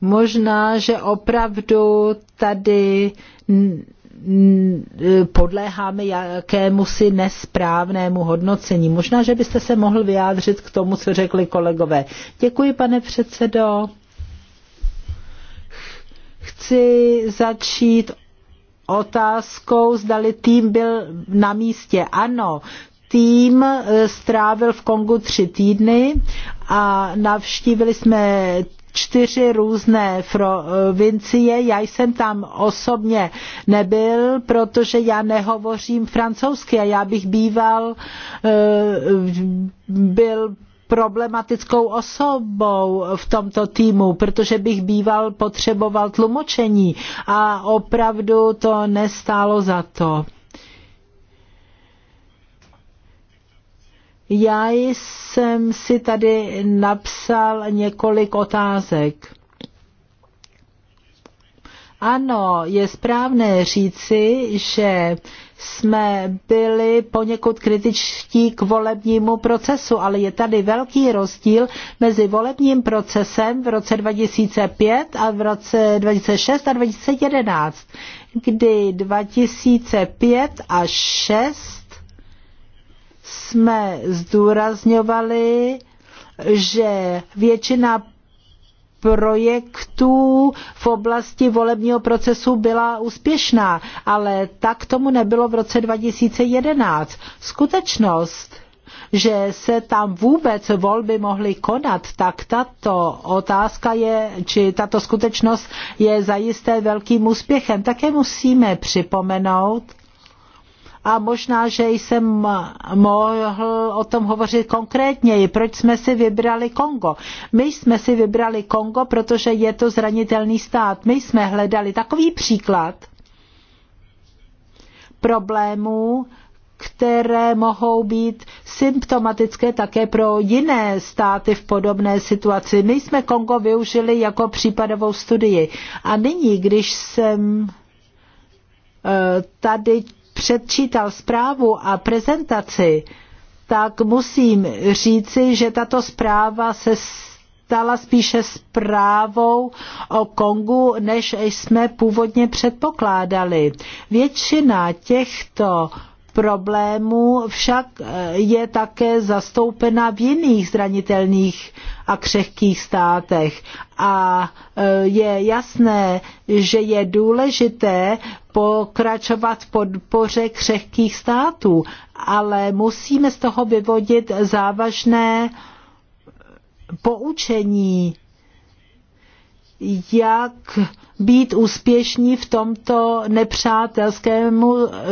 Možná, že opravdu tady podléháme jakému si nesprávnému hodnocení. Možná, že byste se mohl vyjádřit k tomu, co řekli kolegové. Děkuji, pane předsedo. Chci začít otázkou, zdali tým byl na místě. Ano, tým eh, strávil v Kongu tři týdny a navštívili jsme čtyři různé provincie. Já jsem tam osobně nebyl, protože já nehovořím francouzsky a já bych býval eh, byl problematickou osobou v tomto týmu, protože bych býval potřeboval tlumočení a opravdu to nestálo za to. Já jsem si tady napsal několik otázek. Ano, je správné říci, že jsme byli poněkud kritičtí k volebnímu procesu, ale je tady velký rozdíl mezi volebním procesem v roce 2005 a v roce 2006 a 2011, kdy 2005 a 6 jsme zdůrazňovali, že většina projektů v oblasti volebního procesu byla úspěšná, ale tak tomu nebylo v roce 2011. Skutečnost, že se tam vůbec volby mohly konat, tak tato otázka je, či tato skutečnost je zajisté velkým úspěchem. Také musíme připomenout, a možná, že jsem mohl o tom hovořit konkrétněji. Proč jsme si vybrali Kongo? My jsme si vybrali Kongo, protože je to zranitelný stát. My jsme hledali takový příklad problémů, které mohou být symptomatické také pro jiné státy v podobné situaci. My jsme Kongo využili jako případovou studii. A nyní, když jsem eh, tady předčítal zprávu a prezentaci, tak musím říci, že tato zpráva se stala spíše zprávou o Kongu, než jsme původně předpokládali. Většina těchto problémů však eh, je také zastoupena v jiných zranitelných a křehkých státech. A eh, je jasné, že je důležité pokračovat v podpoře křehkých států, ale musíme z toho vyvodit závažné poučení jak být úspěšní v tomto nepřátelském,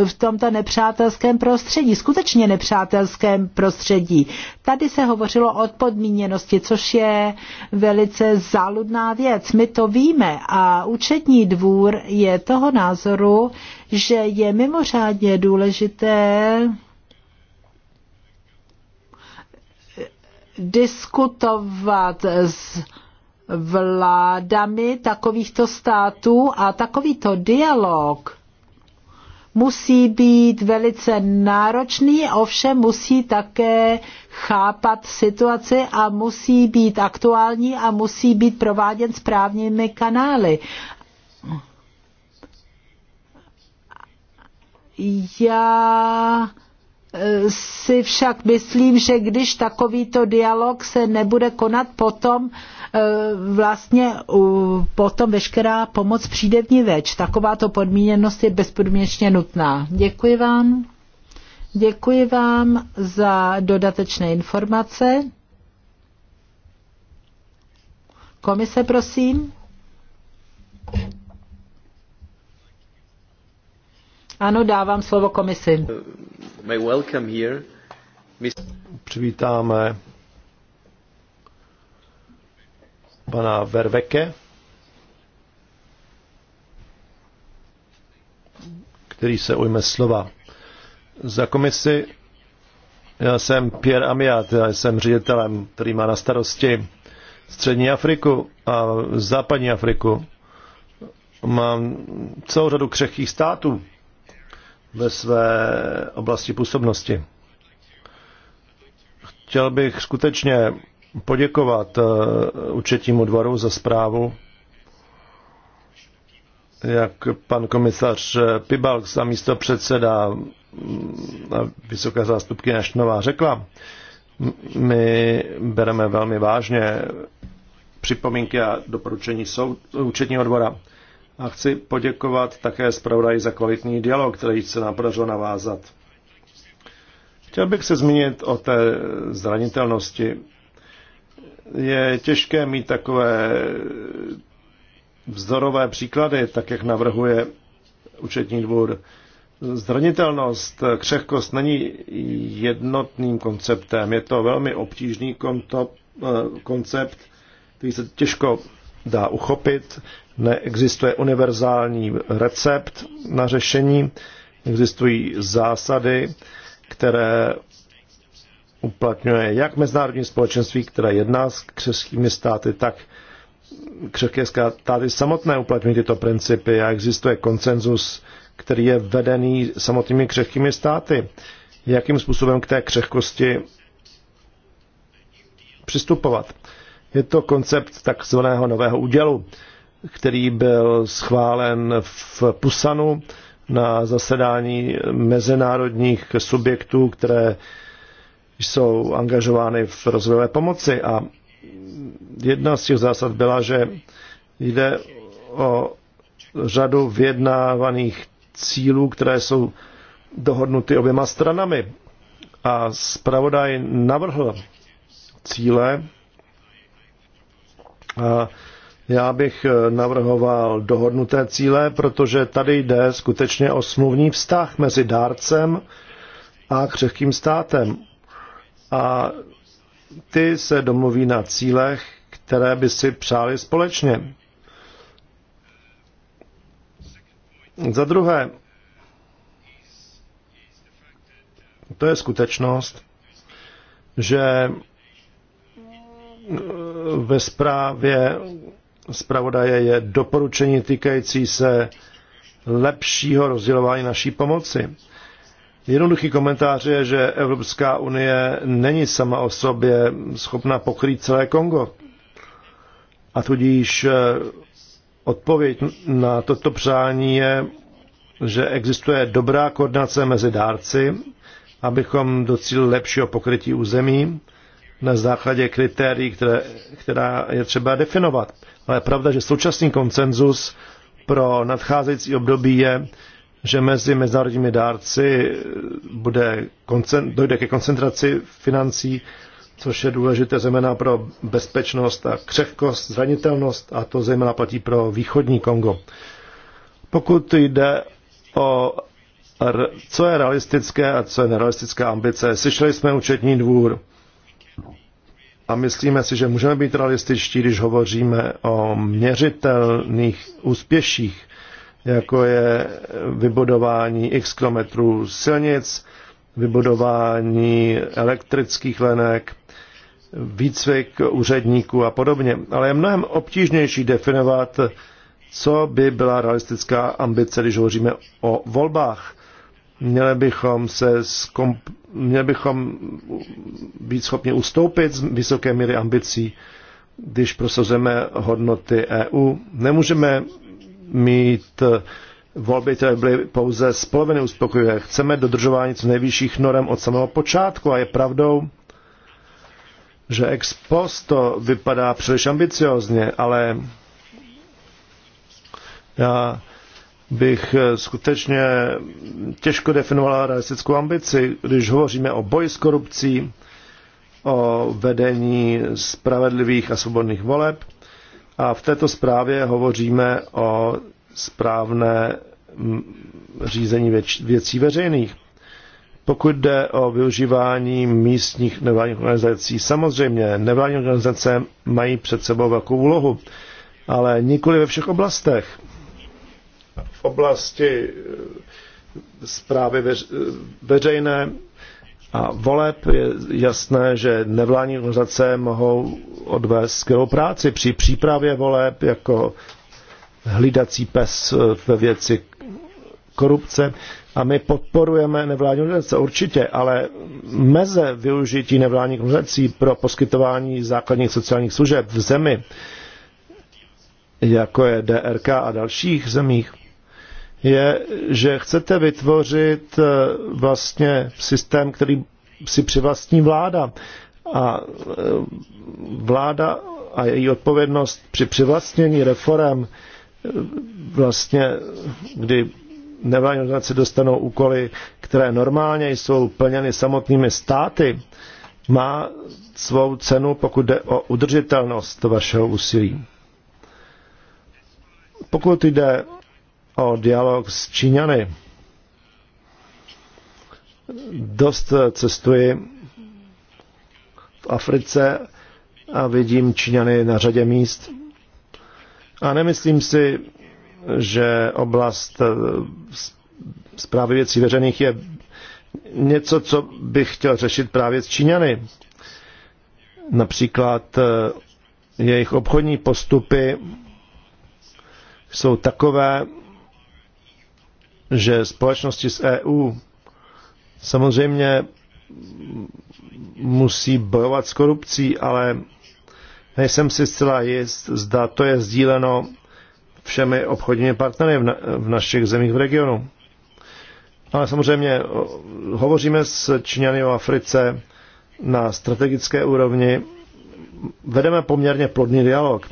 v tomto nepřátelském prostředí, skutečně nepřátelském prostředí. Tady se hovořilo o podmíněnosti, což je velice záludná věc. My to víme a účetní dvůr je toho názoru, že je mimořádně důležité diskutovat s vládami takovýchto států a takovýto dialog musí být velice náročný, ovšem musí také chápat situaci a musí být aktuální a musí být prováděn správnými kanály. Já si však myslím, že když takovýto dialog se nebude konat potom, eh, vlastně potom veškerá pomoc přijde v ní več. Takováto podmíněnost je bezpodmínečně nutná. Děkuji vám. Děkuji vám za dodatečné informace. Komise, prosím. Ano, dávám slovo komisi. welcome here Přivítáme pana Verveke, který se ujme slova. Za komisi já jsem Pierre Amiat, já jsem ředitelem, který má na starosti Střední Afriku a Západní Afriku. Mám celou řadu křehkých států ve své oblasti působnosti. Chtěl bych skutečně poděkovat eh, účetnímu dvoru za zprávu. Jak pan komisař eh, Pibalk a místo předseda mm, a vysoká zástupky Naštnová řekla, my bereme velmi vážně připomínky a doporučení soud, účetního dvora. A chci poděkovat také zpravodaji za kvalitní dialog, který se nám podařilo navázat. Chtěl bych se zmínit o té zranitelnosti. Je těžké mít takové vzorové příklady, tak jak navrhuje účetní dvůr. Zranitelnost, křehkost není jednotným konceptem. Je to velmi obtížný konto, eh, koncept, který se těžko dá uchopit. Neexistuje univerzální recept na řešení, existují zásady, které uplatňuje jak mezinárodní společenství, které jedná s křeskými státy, tak křeské státy samotné uplatňují tyto principy a existuje konsenzus, který je vedený samotnými křehkými státy. Jakým způsobem k té křehkosti přistupovat? Je to koncept takzvaného nového údělu, který byl schválen v Pusanu na zasedání mezinárodních subjektů, které jsou angažovány v rozvojové pomoci. A jedna z těch zásad byla, že jde o řadu vyjednávaných cílů, které jsou dohodnuty oběma stranami. A zpravodaj navrhl cíle a já bych eh, navrhoval dohodnuté cíle, protože tady jde skutečně o smluvní vztah mezi dárcem a křehkým státem. A ty se domluví na cílech, které by si přáli společně. Za druhé, to je skutečnost, že eh, ve zprávě zpravodaje je doporučení týkající se lepšího rozdělování naší pomoci. Jednoduchý komentář je, že Evropská unie není sama o sobě schopna pokrýt celé Kongo. A tudíž eh, odpověď na toto přání je, že existuje dobrá koordinace mezi dárci, abychom docílili lepšího pokrytí území na základě kritérií, které, která je třeba definovat ale je pravda, že současný koncenzus pro nadcházející období je, že mezi mezinárodními dárci eh, bude, dojde ke koncentraci financí, což je důležité zejména pro bezpečnost a křehkost, zranitelnost a to zejména platí pro východní Kongo. Pokud jde o co je realistické a co je nerealistické ambice, slyšeli jsme účetní dvůr a myslíme si, že můžeme být realističtí, když hovoříme o měřitelných úspěších, jako je vybudování x kilometrů silnic, vybudování elektrických lenek, výcvik úředníků a podobně. Ale je mnohem obtížnější definovat, co by byla realistická ambice, když hovoříme o volbách. Měli bychom, se skomp- měli bychom být schopni ustoupit z vysoké míry ambicí, když prosazujeme hodnoty EU. Nemůžeme mít volby, které byly pouze z poloviny uspokojivé. Chceme dodržování co nejvyšších norem od samého počátku a je pravdou, že ex posto vypadá příliš ambiciozně, ale já bych eh, skutečně těžko definovala realistickou ambici, když hovoříme o boji s korupcí, o vedení spravedlivých a svobodných voleb. A v této zprávě hovoříme o správné řízení věcí veřejných. Pokud jde o využívání místních nevládních organizací, samozřejmě nevládní organizace mají před sebou velkou úlohu, ale nikoli ve všech oblastech v oblasti eh, zprávy eh, veřejné a voleb je jasné, že nevládní organizace mohou odvést skvělou práci při přípravě voleb jako hlídací pes eh, ve věci korupce a my podporujeme nevládní organizace určitě, ale meze využití nevládních organizací pro poskytování základních sociálních služeb v zemi, jako je DRK a dalších zemích, je, že chcete vytvořit eh, vlastně systém, který si přivlastní vláda. A eh, vláda a její odpovědnost při přivlastnění reform, eh, vlastně, kdy nevládní organizace dostanou úkoly, které normálně jsou plněny samotnými státy, má svou cenu, pokud jde o udržitelnost vašeho úsilí. Pokud jde o dialog s Číňany. Dost cestuji v Africe a vidím Číňany na řadě míst. A nemyslím si, že oblast eh, zprávy věcí veřejných je něco, co bych chtěl řešit právě s Číňany. Například eh, jejich obchodní postupy jsou takové, že společnosti z EU samozřejmě musí bojovat s korupcí, ale nejsem si zcela jist, zda to je sdíleno všemi obchodními partnery v, na, v našich zemích v regionu. Ale samozřejmě hovoříme s Číňany o Africe na strategické úrovni, vedeme poměrně plodný dialog,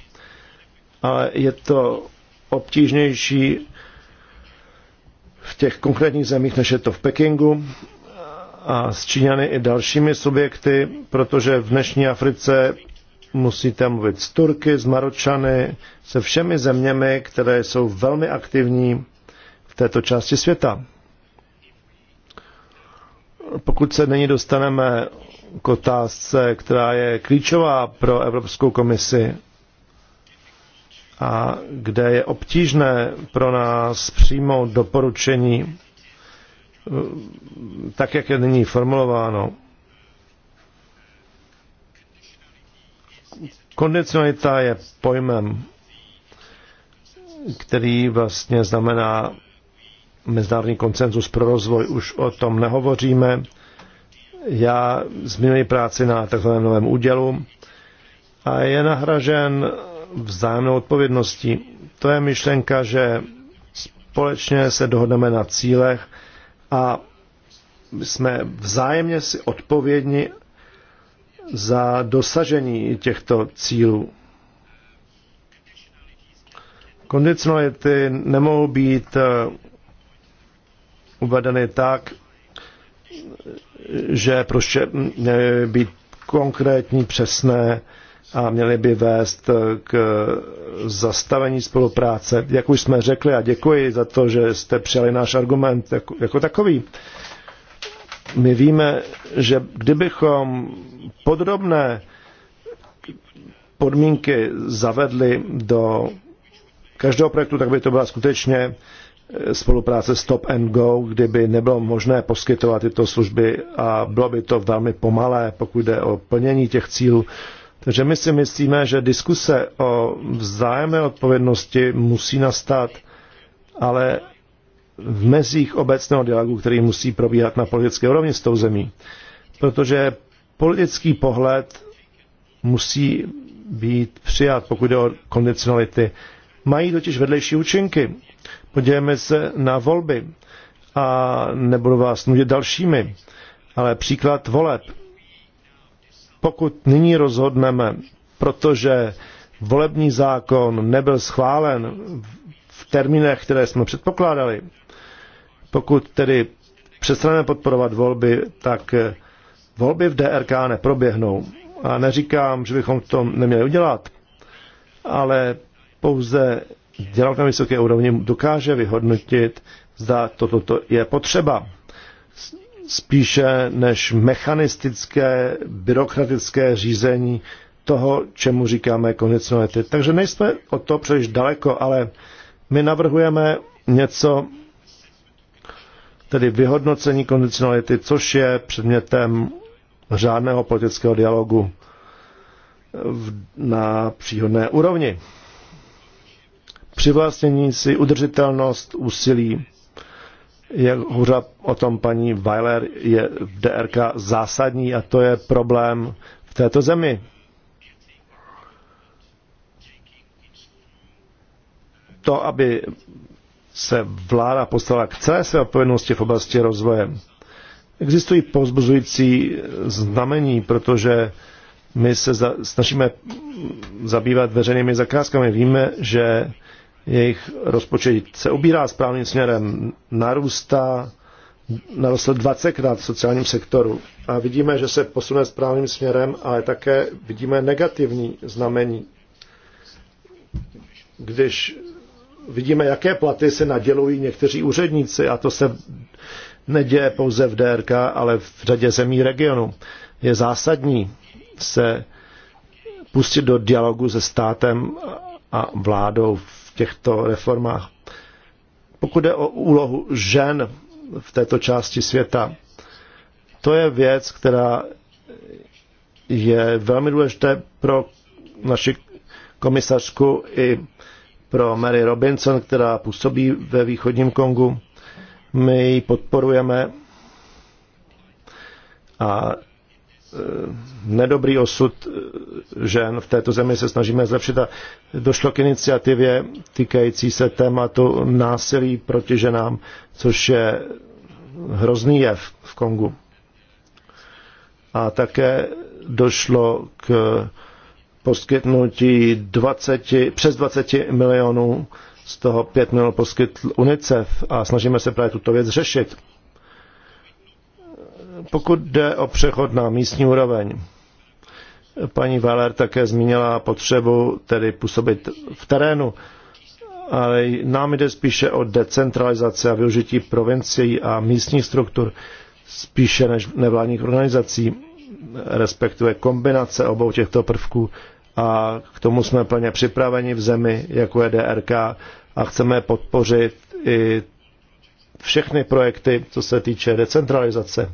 ale je to obtížnější v těch konkrétních zemích, než je to v Pekingu a s Číňany i dalšími subjekty, protože v dnešní Africe musíte mluvit s Turky, s Maročany, se všemi zeměmi, které jsou velmi aktivní v této části světa. Pokud se nyní dostaneme k otázce, která je klíčová pro Evropskou komisi, a kde je obtížné pro nás přijmout doporučení eh, tak, jak je nyní formulováno. Kondicionalita je pojmem, který vlastně znamená mezinárodní koncenzus pro rozvoj. Už o tom nehovoříme. Já zmiňuji práci na takzvaném novém údělu a je nahražen vzájemnou odpovědností. To je myšlenka, že společně se dohodneme na cílech a jsme vzájemně si odpovědni za dosažení těchto cílů. Kondicionality nemohou být eh, uvedeny tak, že prostě hm, eh, být konkrétní, přesné, a měly by vést k zastavení spolupráce. Jak už jsme řekli, a děkuji za to, že jste přijali náš argument jako, jako takový. My víme, že kdybychom podrobné podmínky zavedli do každého projektu, tak by to byla skutečně eh, spolupráce stop and go, kdyby nebylo možné poskytovat tyto služby a bylo by to velmi pomalé, pokud jde o plnění těch cílů. Takže my si myslíme, že diskuse o vzájemné odpovědnosti musí nastat, ale v mezích obecného dialogu, který musí probíhat na politické úrovni s tou zemí. Protože politický pohled musí být přijat, pokud jde o kondicionality. Mají totiž vedlejší účinky. Podívejme se na volby a nebudu vás nudit dalšími. Ale příklad voleb pokud nyní rozhodneme, protože volební zákon nebyl schválen v termínech, které jsme předpokládali, pokud tedy přestaneme podporovat volby, tak volby v DRK neproběhnou. A neříkám, že bychom to neměli udělat, ale pouze dělat na vysoké úrovni dokáže vyhodnotit, zda toto to je potřeba spíše než mechanistické, byrokratické řízení toho, čemu říkáme kondicionality. Takže nejsme o to příliš daleko, ale my navrhujeme něco, tedy vyhodnocení kondicionality, což je předmětem řádného politického dialogu na příhodné úrovni. Přivlastnění si udržitelnost úsilí jak hovořila o tom paní Weiler, je v DRK zásadní a to je problém v této zemi. To, aby se vláda postavila k celé své odpovědnosti v oblasti rozvoje. Existují pozbuzující znamení, protože my se za, snažíme zabývat veřejnými zakázkami. Víme, že jejich rozpočet se ubírá správným směrem, narůstá, narostl 20krát v sociálním sektoru. A vidíme, že se posune správným směrem, ale také vidíme negativní znamení. Když vidíme, jaké platy se nadělují někteří úředníci, a to se neděje pouze v DRK, ale v řadě zemí regionu. Je zásadní se pustit do dialogu se státem a vládou v těchto reformách. Pokud jde o úlohu žen v této části světa, to je věc, která je velmi důležité pro naši komisařku i pro Mary Robinson, která působí ve východním Kongu. My ji podporujeme a Eh, nedobrý osud eh, žen v této zemi se snažíme zlepšit a došlo k iniciativě týkající se tématu násilí proti ženám, což je hrozný jev v Kongu. A také došlo k poskytnutí 20, přes 20 milionů, z toho 5 milionů poskytl UNICEF a snažíme se právě tuto věc řešit. Pokud jde o přechod na místní úroveň, paní Valer také zmínila potřebu tedy působit v terénu, ale nám jde spíše o decentralizaci a využití provincií a místních struktur spíše než nevládních organizací, respektive kombinace obou těchto prvků a k tomu jsme plně připraveni v zemi, jako je DRK a chceme podpořit i všechny projekty, co se týče decentralizace.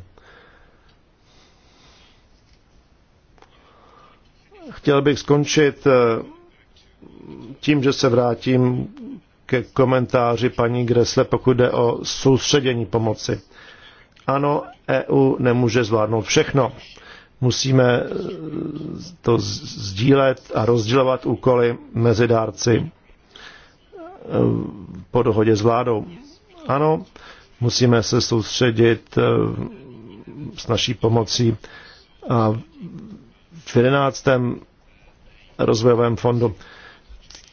Chtěl bych skončit eh, tím, že se vrátím ke komentáři paní Gresle, pokud jde o soustředění pomoci. Ano, EU nemůže zvládnout všechno. Musíme eh, to sdílet a rozdělovat úkoly mezi dárci eh, po dohodě s vládou. Ano, musíme se soustředit s naší pomocí a v jedenáctém rozvojovém fondu.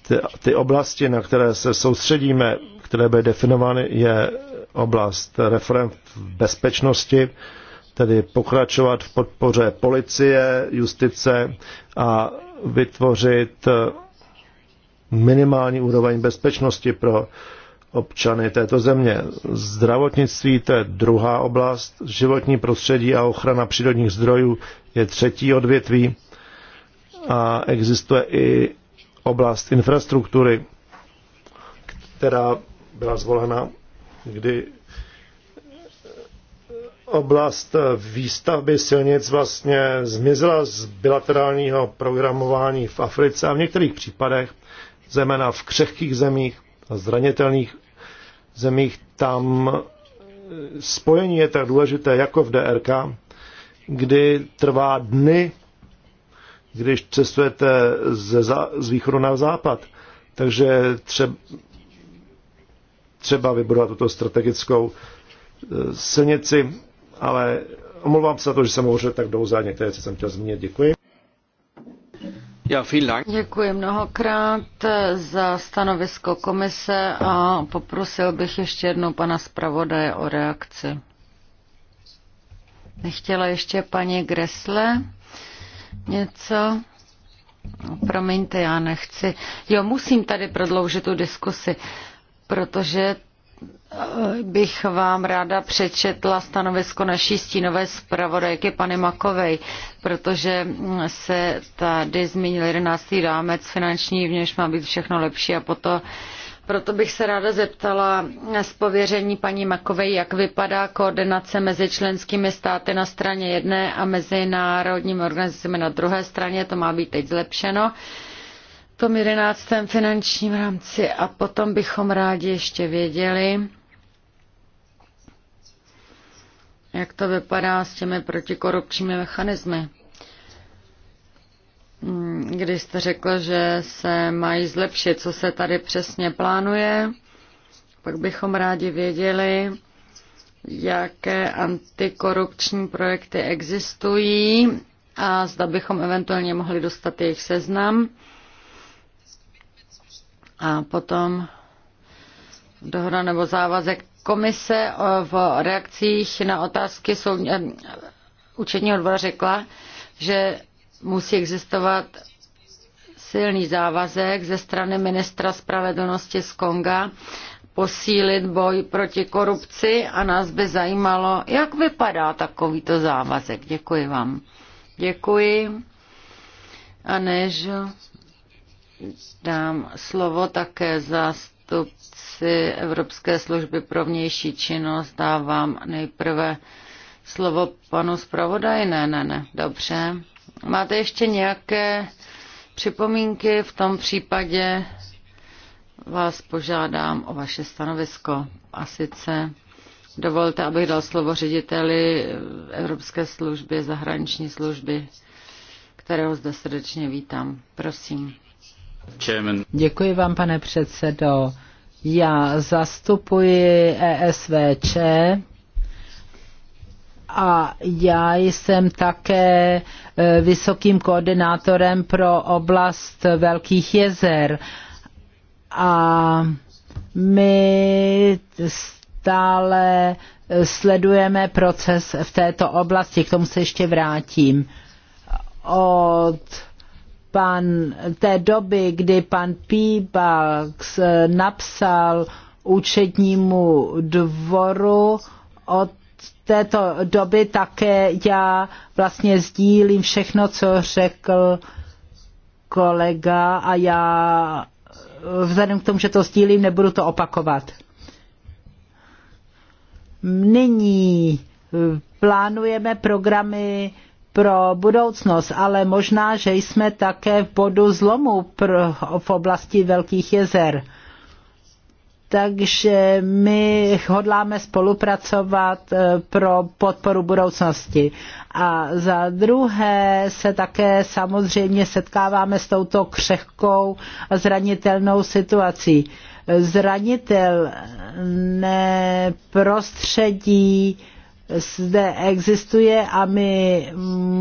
Ty, ty oblasti, na které se soustředíme, které byly definovány, je oblast reform v bezpečnosti, tedy pokračovat v podpoře policie, justice a vytvořit eh, minimální úroveň bezpečnosti pro občany této země. Zdravotnictví to je druhá oblast, životní prostředí a ochrana přírodních zdrojů je třetí odvětví a existuje i oblast infrastruktury, která byla zvolena, kdy oblast výstavby silnic vlastně zmizela z bilaterálního programování v Africe a v některých případech, zejména v křehkých zemích a zranitelných zemích, tam spojení je tak důležité jako v DRK, kdy trvá dny když cestujete ze zá, z východu na západ. Takže třeba, třeba vybudovat tuto strategickou e, silnici, ale omlouvám se za to, že jsem hovořil tak dlouho a některé věci jsem chtěl zmínit. Děkuji. Děkuji mnohokrát za stanovisko komise a poprosil bych ještě jednou pana zpravodaje o reakci. Nechtěla ještě paní Gresle něco? Promiňte, já nechci. Jo, musím tady prodloužit tu diskusi, protože eh, bych vám ráda přečetla stanovisko naší stínové zpravodajky pany Makovej, protože mm, se tady zmínil 11. rámec finanční, v něž má být všechno lepší a potom proto bych se ráda zeptala z pověření paní Makovej, jak vypadá koordinace mezi členskými státy na straně jedné a mezinárodními organizacemi na druhé straně. To má být teď zlepšeno v tom jedenáctém finančním rámci a potom bychom rádi ještě věděli, jak to vypadá s těmi protikorupčními mechanismy. Mm, když jste řekl, že se mají zlepšit, co se tady přesně plánuje, pak bychom rádi věděli, jaké antikorupční projekty existují a zda bychom eventuálně mohli dostat jejich seznam. A potom dohoda nebo závazek komise v reakcích na otázky eh, účetního dvora řekla, že musí existovat silný závazek ze strany ministra spravedlnosti z Konga posílit boj proti korupci a nás by zajímalo, jak vypadá takovýto závazek. Děkuji vám. Děkuji. A než dám slovo také zástupci Evropské služby pro vnější činnost, dávám nejprve slovo panu zpravodaji. Ne, ne, ne, dobře. Máte ještě nějaké připomínky? V tom případě vás požádám o vaše stanovisko. A sice dovolte, abych dal slovo řediteli eh, Evropské služby, zahraniční služby, kterého zde srdečně vítám. Prosím. Děkuji vám, pane předsedo. Já zastupuji ESVČ a já jsem také e, vysokým koordinátorem pro oblast Velkých jezer. A my stále sledujeme proces v této oblasti, k tomu se ještě vrátím. Od pan, té doby, kdy pan Píbax e, napsal účetnímu dvoru o této doby také já vlastně sdílím všechno, co řekl kolega a já vzhledem k tomu, že to sdílím, nebudu to opakovat. Nyní eh, plánujeme programy pro budoucnost, ale možná, že jsme také v bodu zlomu pro v oblasti Velkých jezer takže my hodláme spolupracovat eh, pro podporu budoucnosti. A za druhé se také samozřejmě setkáváme s touto křehkou a zranitelnou situací. Zranitelné prostředí zde existuje a my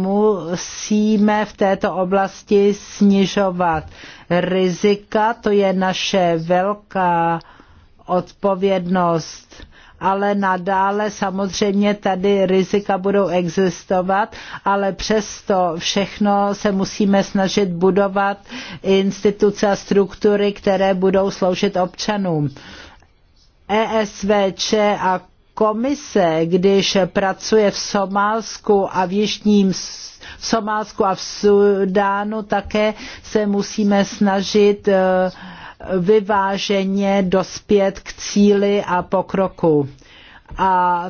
musíme v této oblasti snižovat rizika. To je naše velká odpovědnost ale nadále samozřejmě tady rizika budou existovat, ale přesto všechno se musíme snažit budovat instituce a struktury, které budou sloužit občanům. ESVČ a komise, když pracuje v Somálsku a v Jižním v Somálsku a v Sudánu také se musíme snažit uh, vyváženě dospět k cíli a pokroku. A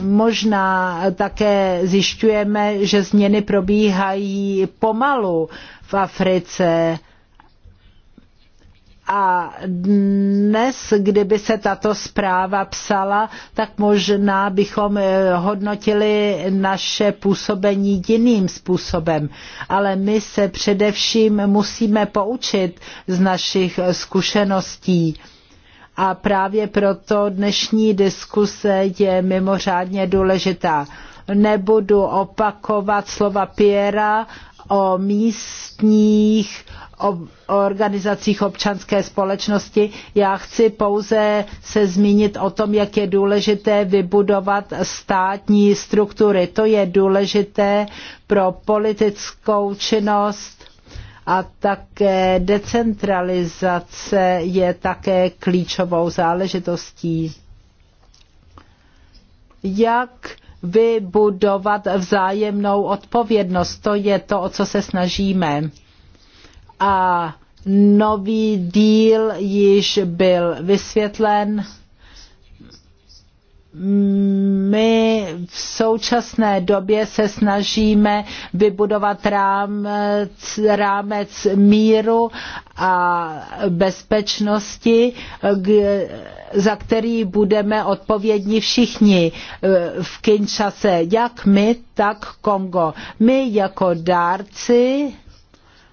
možná také zjišťujeme, že změny probíhají pomalu v Africe a dnes, kdyby se tato zpráva psala, tak možná bychom eh, hodnotili naše působení jiným způsobem. Ale my se především musíme poučit z našich zkušeností. A právě proto dnešní diskuse je mimořádně důležitá. Nebudu opakovat slova Piera o místních organizacích občanské společnosti. Já chci pouze se zmínit o tom, jak je důležité vybudovat státní struktury. To je důležité pro politickou činnost a také decentralizace je také klíčovou záležitostí. Jak vybudovat vzájemnou odpovědnost, to je to, o co se snažíme a nový díl již byl vysvětlen. My v současné době se snažíme vybudovat rámec, rámec míru a bezpečnosti, za který budeme odpovědní všichni e, v Kinčase, jak my, tak Kongo. My jako dárci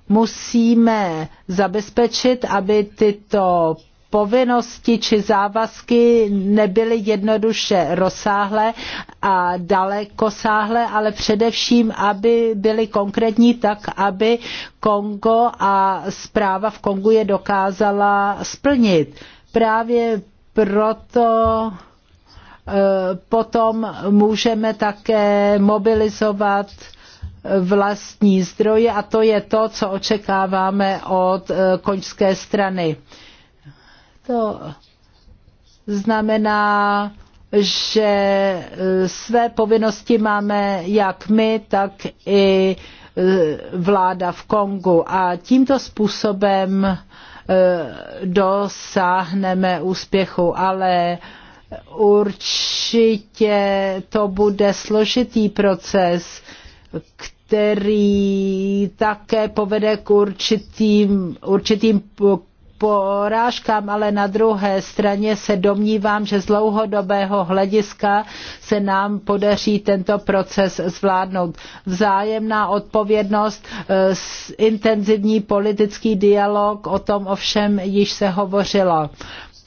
musíme zabezpečit, aby tyto povinnosti či závazky nebyly jednoduše rozsáhlé a dalekosáhlé, ale především, aby byly konkrétní tak, aby Kongo a zpráva v Kongu je dokázala splnit. Právě proto eh, potom můžeme také mobilizovat vlastní zdroje a to je to, co očekáváme od eh, koňské strany. To znamená, že eh, své povinnosti máme jak my, tak i eh, vláda v Kongu a tímto způsobem dosáhneme úspěchu, ale určitě to bude složitý proces který také povede k určitým, určitým porážkám, ale na druhé straně se domnívám, že z dlouhodobého hlediska se nám podaří tento proces zvládnout. Vzájemná odpovědnost, eh, intenzivní politický dialog, o tom ovšem již se hovořilo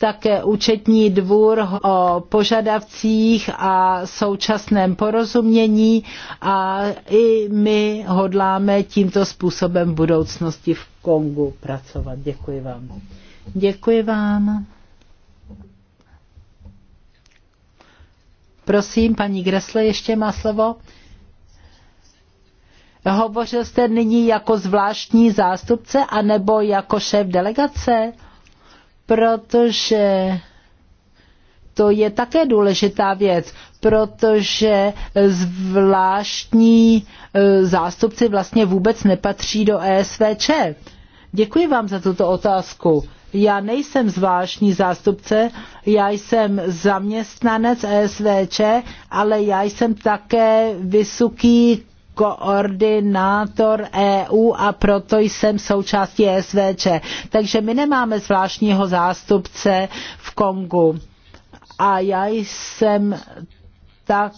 také účetní dvůr o požadavcích a současném porozumění a i my hodláme tímto způsobem v budoucnosti v Kongu pracovat. Děkuji vám. Děkuji vám. Prosím, paní Gresle ještě má slovo. Hovořil jste nyní jako zvláštní zástupce anebo jako šéf delegace? protože to je také důležitá věc, protože zvláštní eh, zástupci vlastně vůbec nepatří do ESVČ. Děkuji vám za tuto otázku. Já nejsem zvláštní zástupce, já jsem zaměstnanec ESVČ, ale já jsem také vysoký koordinátor EU a proto jsem součástí SVČ. Takže my nemáme zvláštního zástupce v Kongu. A já jsem tak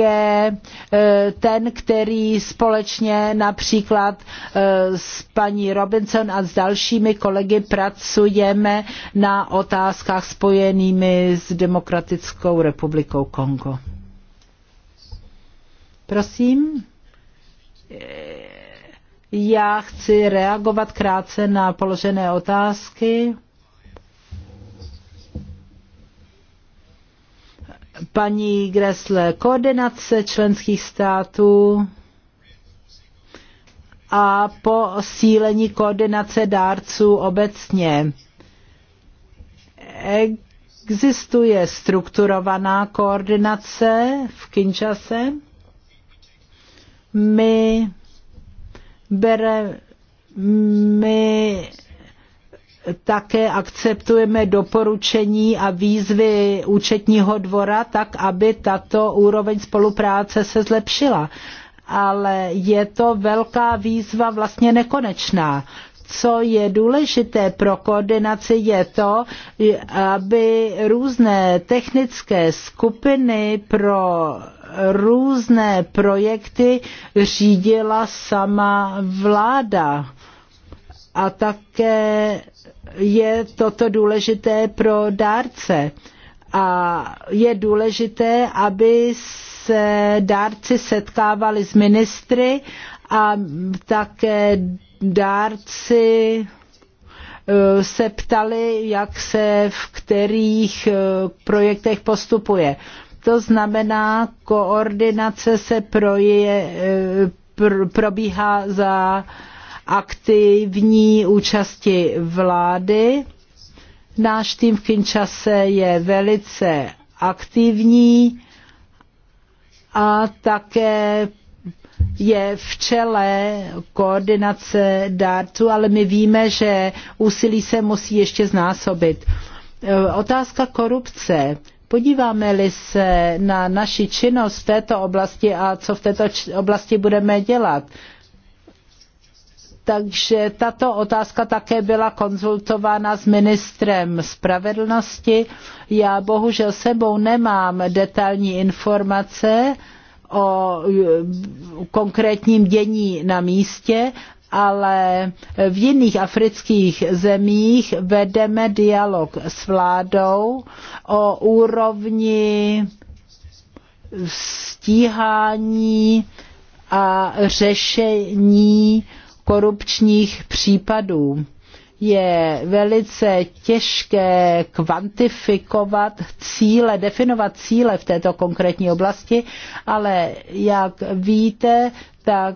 také e, ten, který společně například e, s paní Robinson a s dalšími kolegy pracujeme na otázkách spojenými s Demokratickou republikou Kongo. Prosím. Já chci reagovat krátce na položené otázky. Paní Gresle, koordinace členských států a posílení koordinace dárců obecně. Existuje strukturovaná koordinace v Kinshase my bere, my také akceptujeme doporučení a výzvy účetního dvora tak, aby tato úroveň spolupráce se zlepšila. Ale je to velká výzva vlastně nekonečná co je důležité pro koordinaci, je to, aby různé technické skupiny pro různé projekty řídila sama vláda. A také je toto důležité pro dárce. A je důležité, aby se dárci setkávali s ministry a také dárci eh, se ptali, jak se v kterých eh, projektech postupuje. To znamená, koordinace se proje, eh, pr, probíhá za aktivní účasti vlády. Náš tým v Kinčase je velice aktivní a také je v čele koordinace dárců, ale my víme, že úsilí se musí ještě znásobit. Eh, otázka korupce Podíváme-li se na naši činnost v této oblasti a co v této oblasti budeme dělat, takže tato otázka také byla konzultována s ministrem spravedlnosti. Já bohužel sebou nemám detailní informace o e, konkrétním dění na místě, ale v jiných afrických zemích vedeme dialog s vládou o úrovni stíhání a řešení korupčních případů je velice těžké kvantifikovat cíle, definovat cíle v této konkrétní oblasti, ale jak víte, tak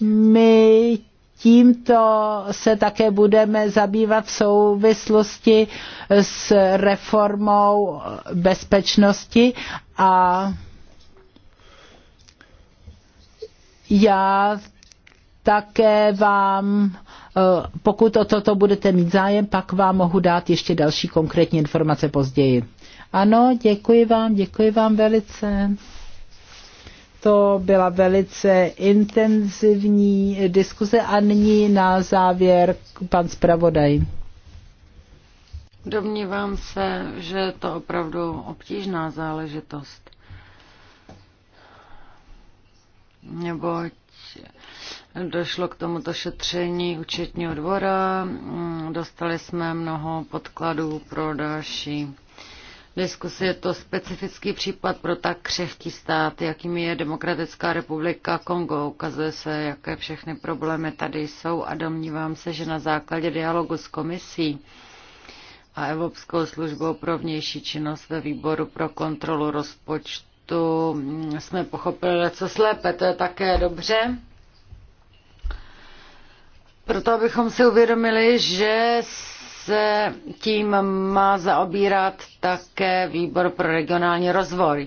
my tímto se také budeme zabývat v souvislosti s reformou bezpečnosti a já také vám, eh, pokud o toto budete mít zájem, pak vám mohu dát ještě další konkrétní informace později. Ano, děkuji vám, děkuji vám velice to byla velice intenzivní diskuze a nyní na závěr pan zpravodaj. Domnívám se, že je to opravdu obtížná záležitost. Neboť došlo k tomuto šetření účetního dvora, dostali jsme mnoho podkladů pro další diskusi. Je to specifický případ pro tak křehký stát, jakým je Demokratická republika Kongo. Ukazuje se, jaké všechny problémy tady jsou a domnívám se, že na základě dialogu s komisí a Evropskou službou pro vnější činnost ve výboru pro kontrolu rozpočtu jsme pochopili, co slépe, to je také dobře. Proto abychom si uvědomili, že se tím má zaobírat také výbor pro regionální rozvoj.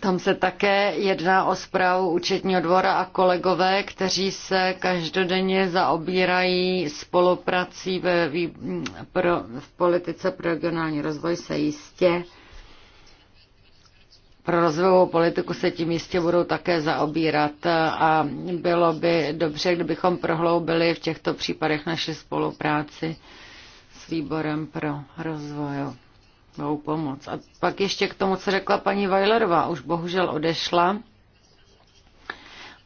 Tam se také jedná o zprávu účetního dvora a kolegové, kteří se každodenně zaobírají spoluprací ve, pro, v politice pro regionální rozvoj, se jistě pro rozvojovou politiku se tím jistě budou také zaobírat a bylo by dobře, kdybychom prohloubili v těchto případech naši spolupráci s výborem pro rozvojovou pomoc. A pak ještě k tomu, co řekla paní Vajlerová, už bohužel odešla.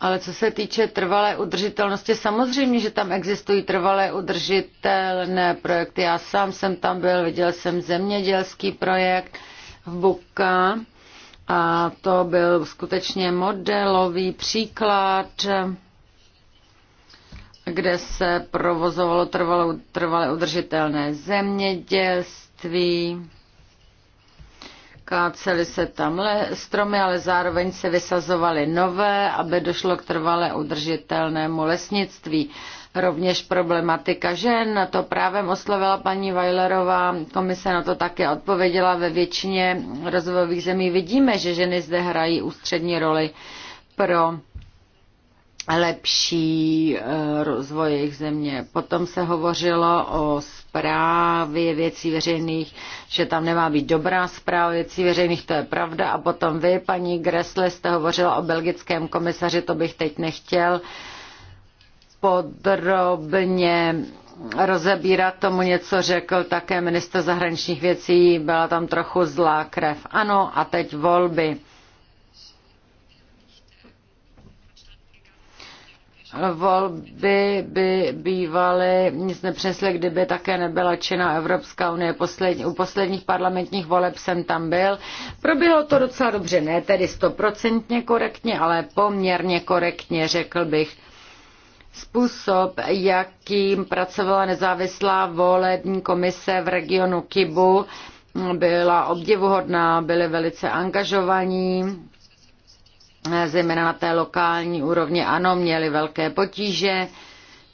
Ale co se týče trvalé udržitelnosti, samozřejmě, že tam existují trvalé udržitelné projekty. Já sám jsem tam byl, viděl jsem zemědělský projekt v Bukka, a to byl skutečně modelový příklad, kde se provozovalo trvalo, trvale udržitelné zemědělství. Kácely se tam stromy, ale zároveň se vysazovaly nové, aby došlo k trvale udržitelnému lesnictví. Rovněž problematika žen, to právě oslovila paní Weilerová, komise na to také odpověděla, ve většině rozvojových zemí vidíme, že ženy zde hrají ústřední roli pro lepší eh, rozvoj jejich země. Potom se hovořilo o zprávě věcí veřejných, že tam nemá být dobrá zpráva věcí veřejných, to je pravda. A potom vy, paní Gressle, jste hovořila o belgickém komisaři, to bych teď nechtěl. Uh, podrobně rozebírat, tomu něco řekl také minister zahraničních věcí, byla tam trochu zlá krev. Ano, a teď volby. Volby by bývaly nic nepřesly, kdyby také nebyla činná Evropská unie. Poslední, u posledních parlamentních voleb jsem tam byl. Probělo to docela dobře, ne tedy stoprocentně korektně, ale poměrně korektně, řekl bych Způsob, jakým pracovala nezávislá volební komise v regionu Kibu, byla obdivuhodná, byli velice angažovaní, zejména na té lokální úrovni. Ano, měli velké potíže,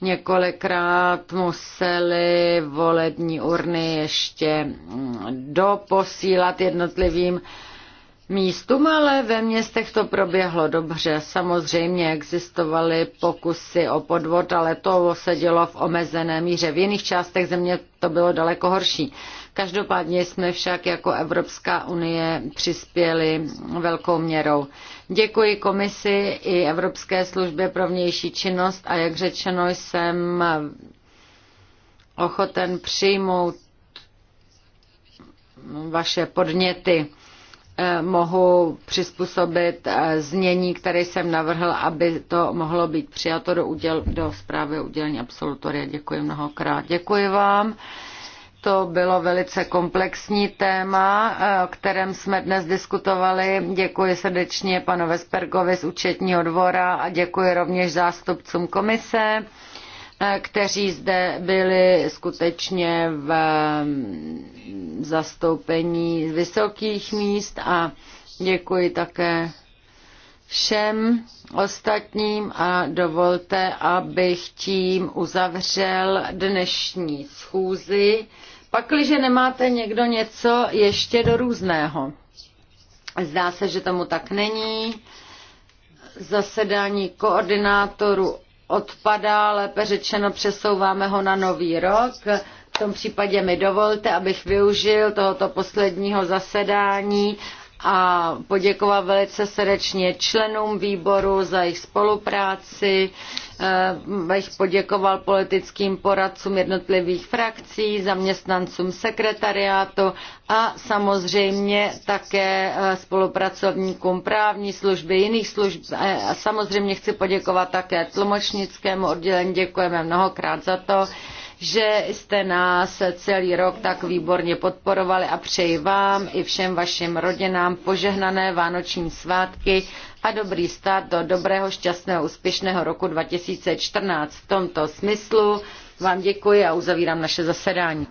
několikrát museli volební urny ještě doposílat jednotlivým místům, ale ve městech to proběhlo dobře. Samozřejmě existovaly pokusy o podvod, ale to se dělo v omezené míře. V jiných částech země to bylo daleko horší. Každopádně jsme však jako Evropská unie přispěli velkou měrou. Děkuji komisi i Evropské službě pro vnější činnost a jak řečeno jsem ochoten přijmout vaše podněty. Eh, mohu přizpůsobit eh, znění, které jsem navrhl, aby to mohlo být přijato do, uděl, do zprávy o udělení absolutoria. Děkuji mnohokrát. Děkuji vám. To bylo velice komplexní téma, eh, o kterém jsme dnes diskutovali. Děkuji srdečně panu Vespergovi z účetního dvora a děkuji rovněž zástupcům komise kteří zde byli skutečně v mm, zastoupení vysokých míst a děkuji také všem ostatním a dovolte, abych tím uzavřel dnešní schůzi. Pakliže nemáte někdo něco ještě do různého. Zdá se, že tomu tak není. Zasedání koordinátoru odpadá, lépe řečeno přesouváme ho na nový rok. V tom případě mi dovolte, abych využil tohoto posledního zasedání a poděkoval velice srdečně členům výboru za jejich spolupráci. Eh, bych poděkoval politickým poradcům jednotlivých frakcí, zaměstnancům sekretariátu a samozřejmě také eh, spolupracovníkům právní služby, jiných služb. Eh, a samozřejmě chci poděkovat také tlumočnickému oddělení. Děkujeme mnohokrát za to, že jste nás celý rok tak výborně podporovali a přeji vám i všem vašim rodinám požehnané vánoční svátky a dobrý start do dobrého, šťastného, úspěšného roku 2014. V tomto smyslu vám děkuji a uzavírám naše zasedání.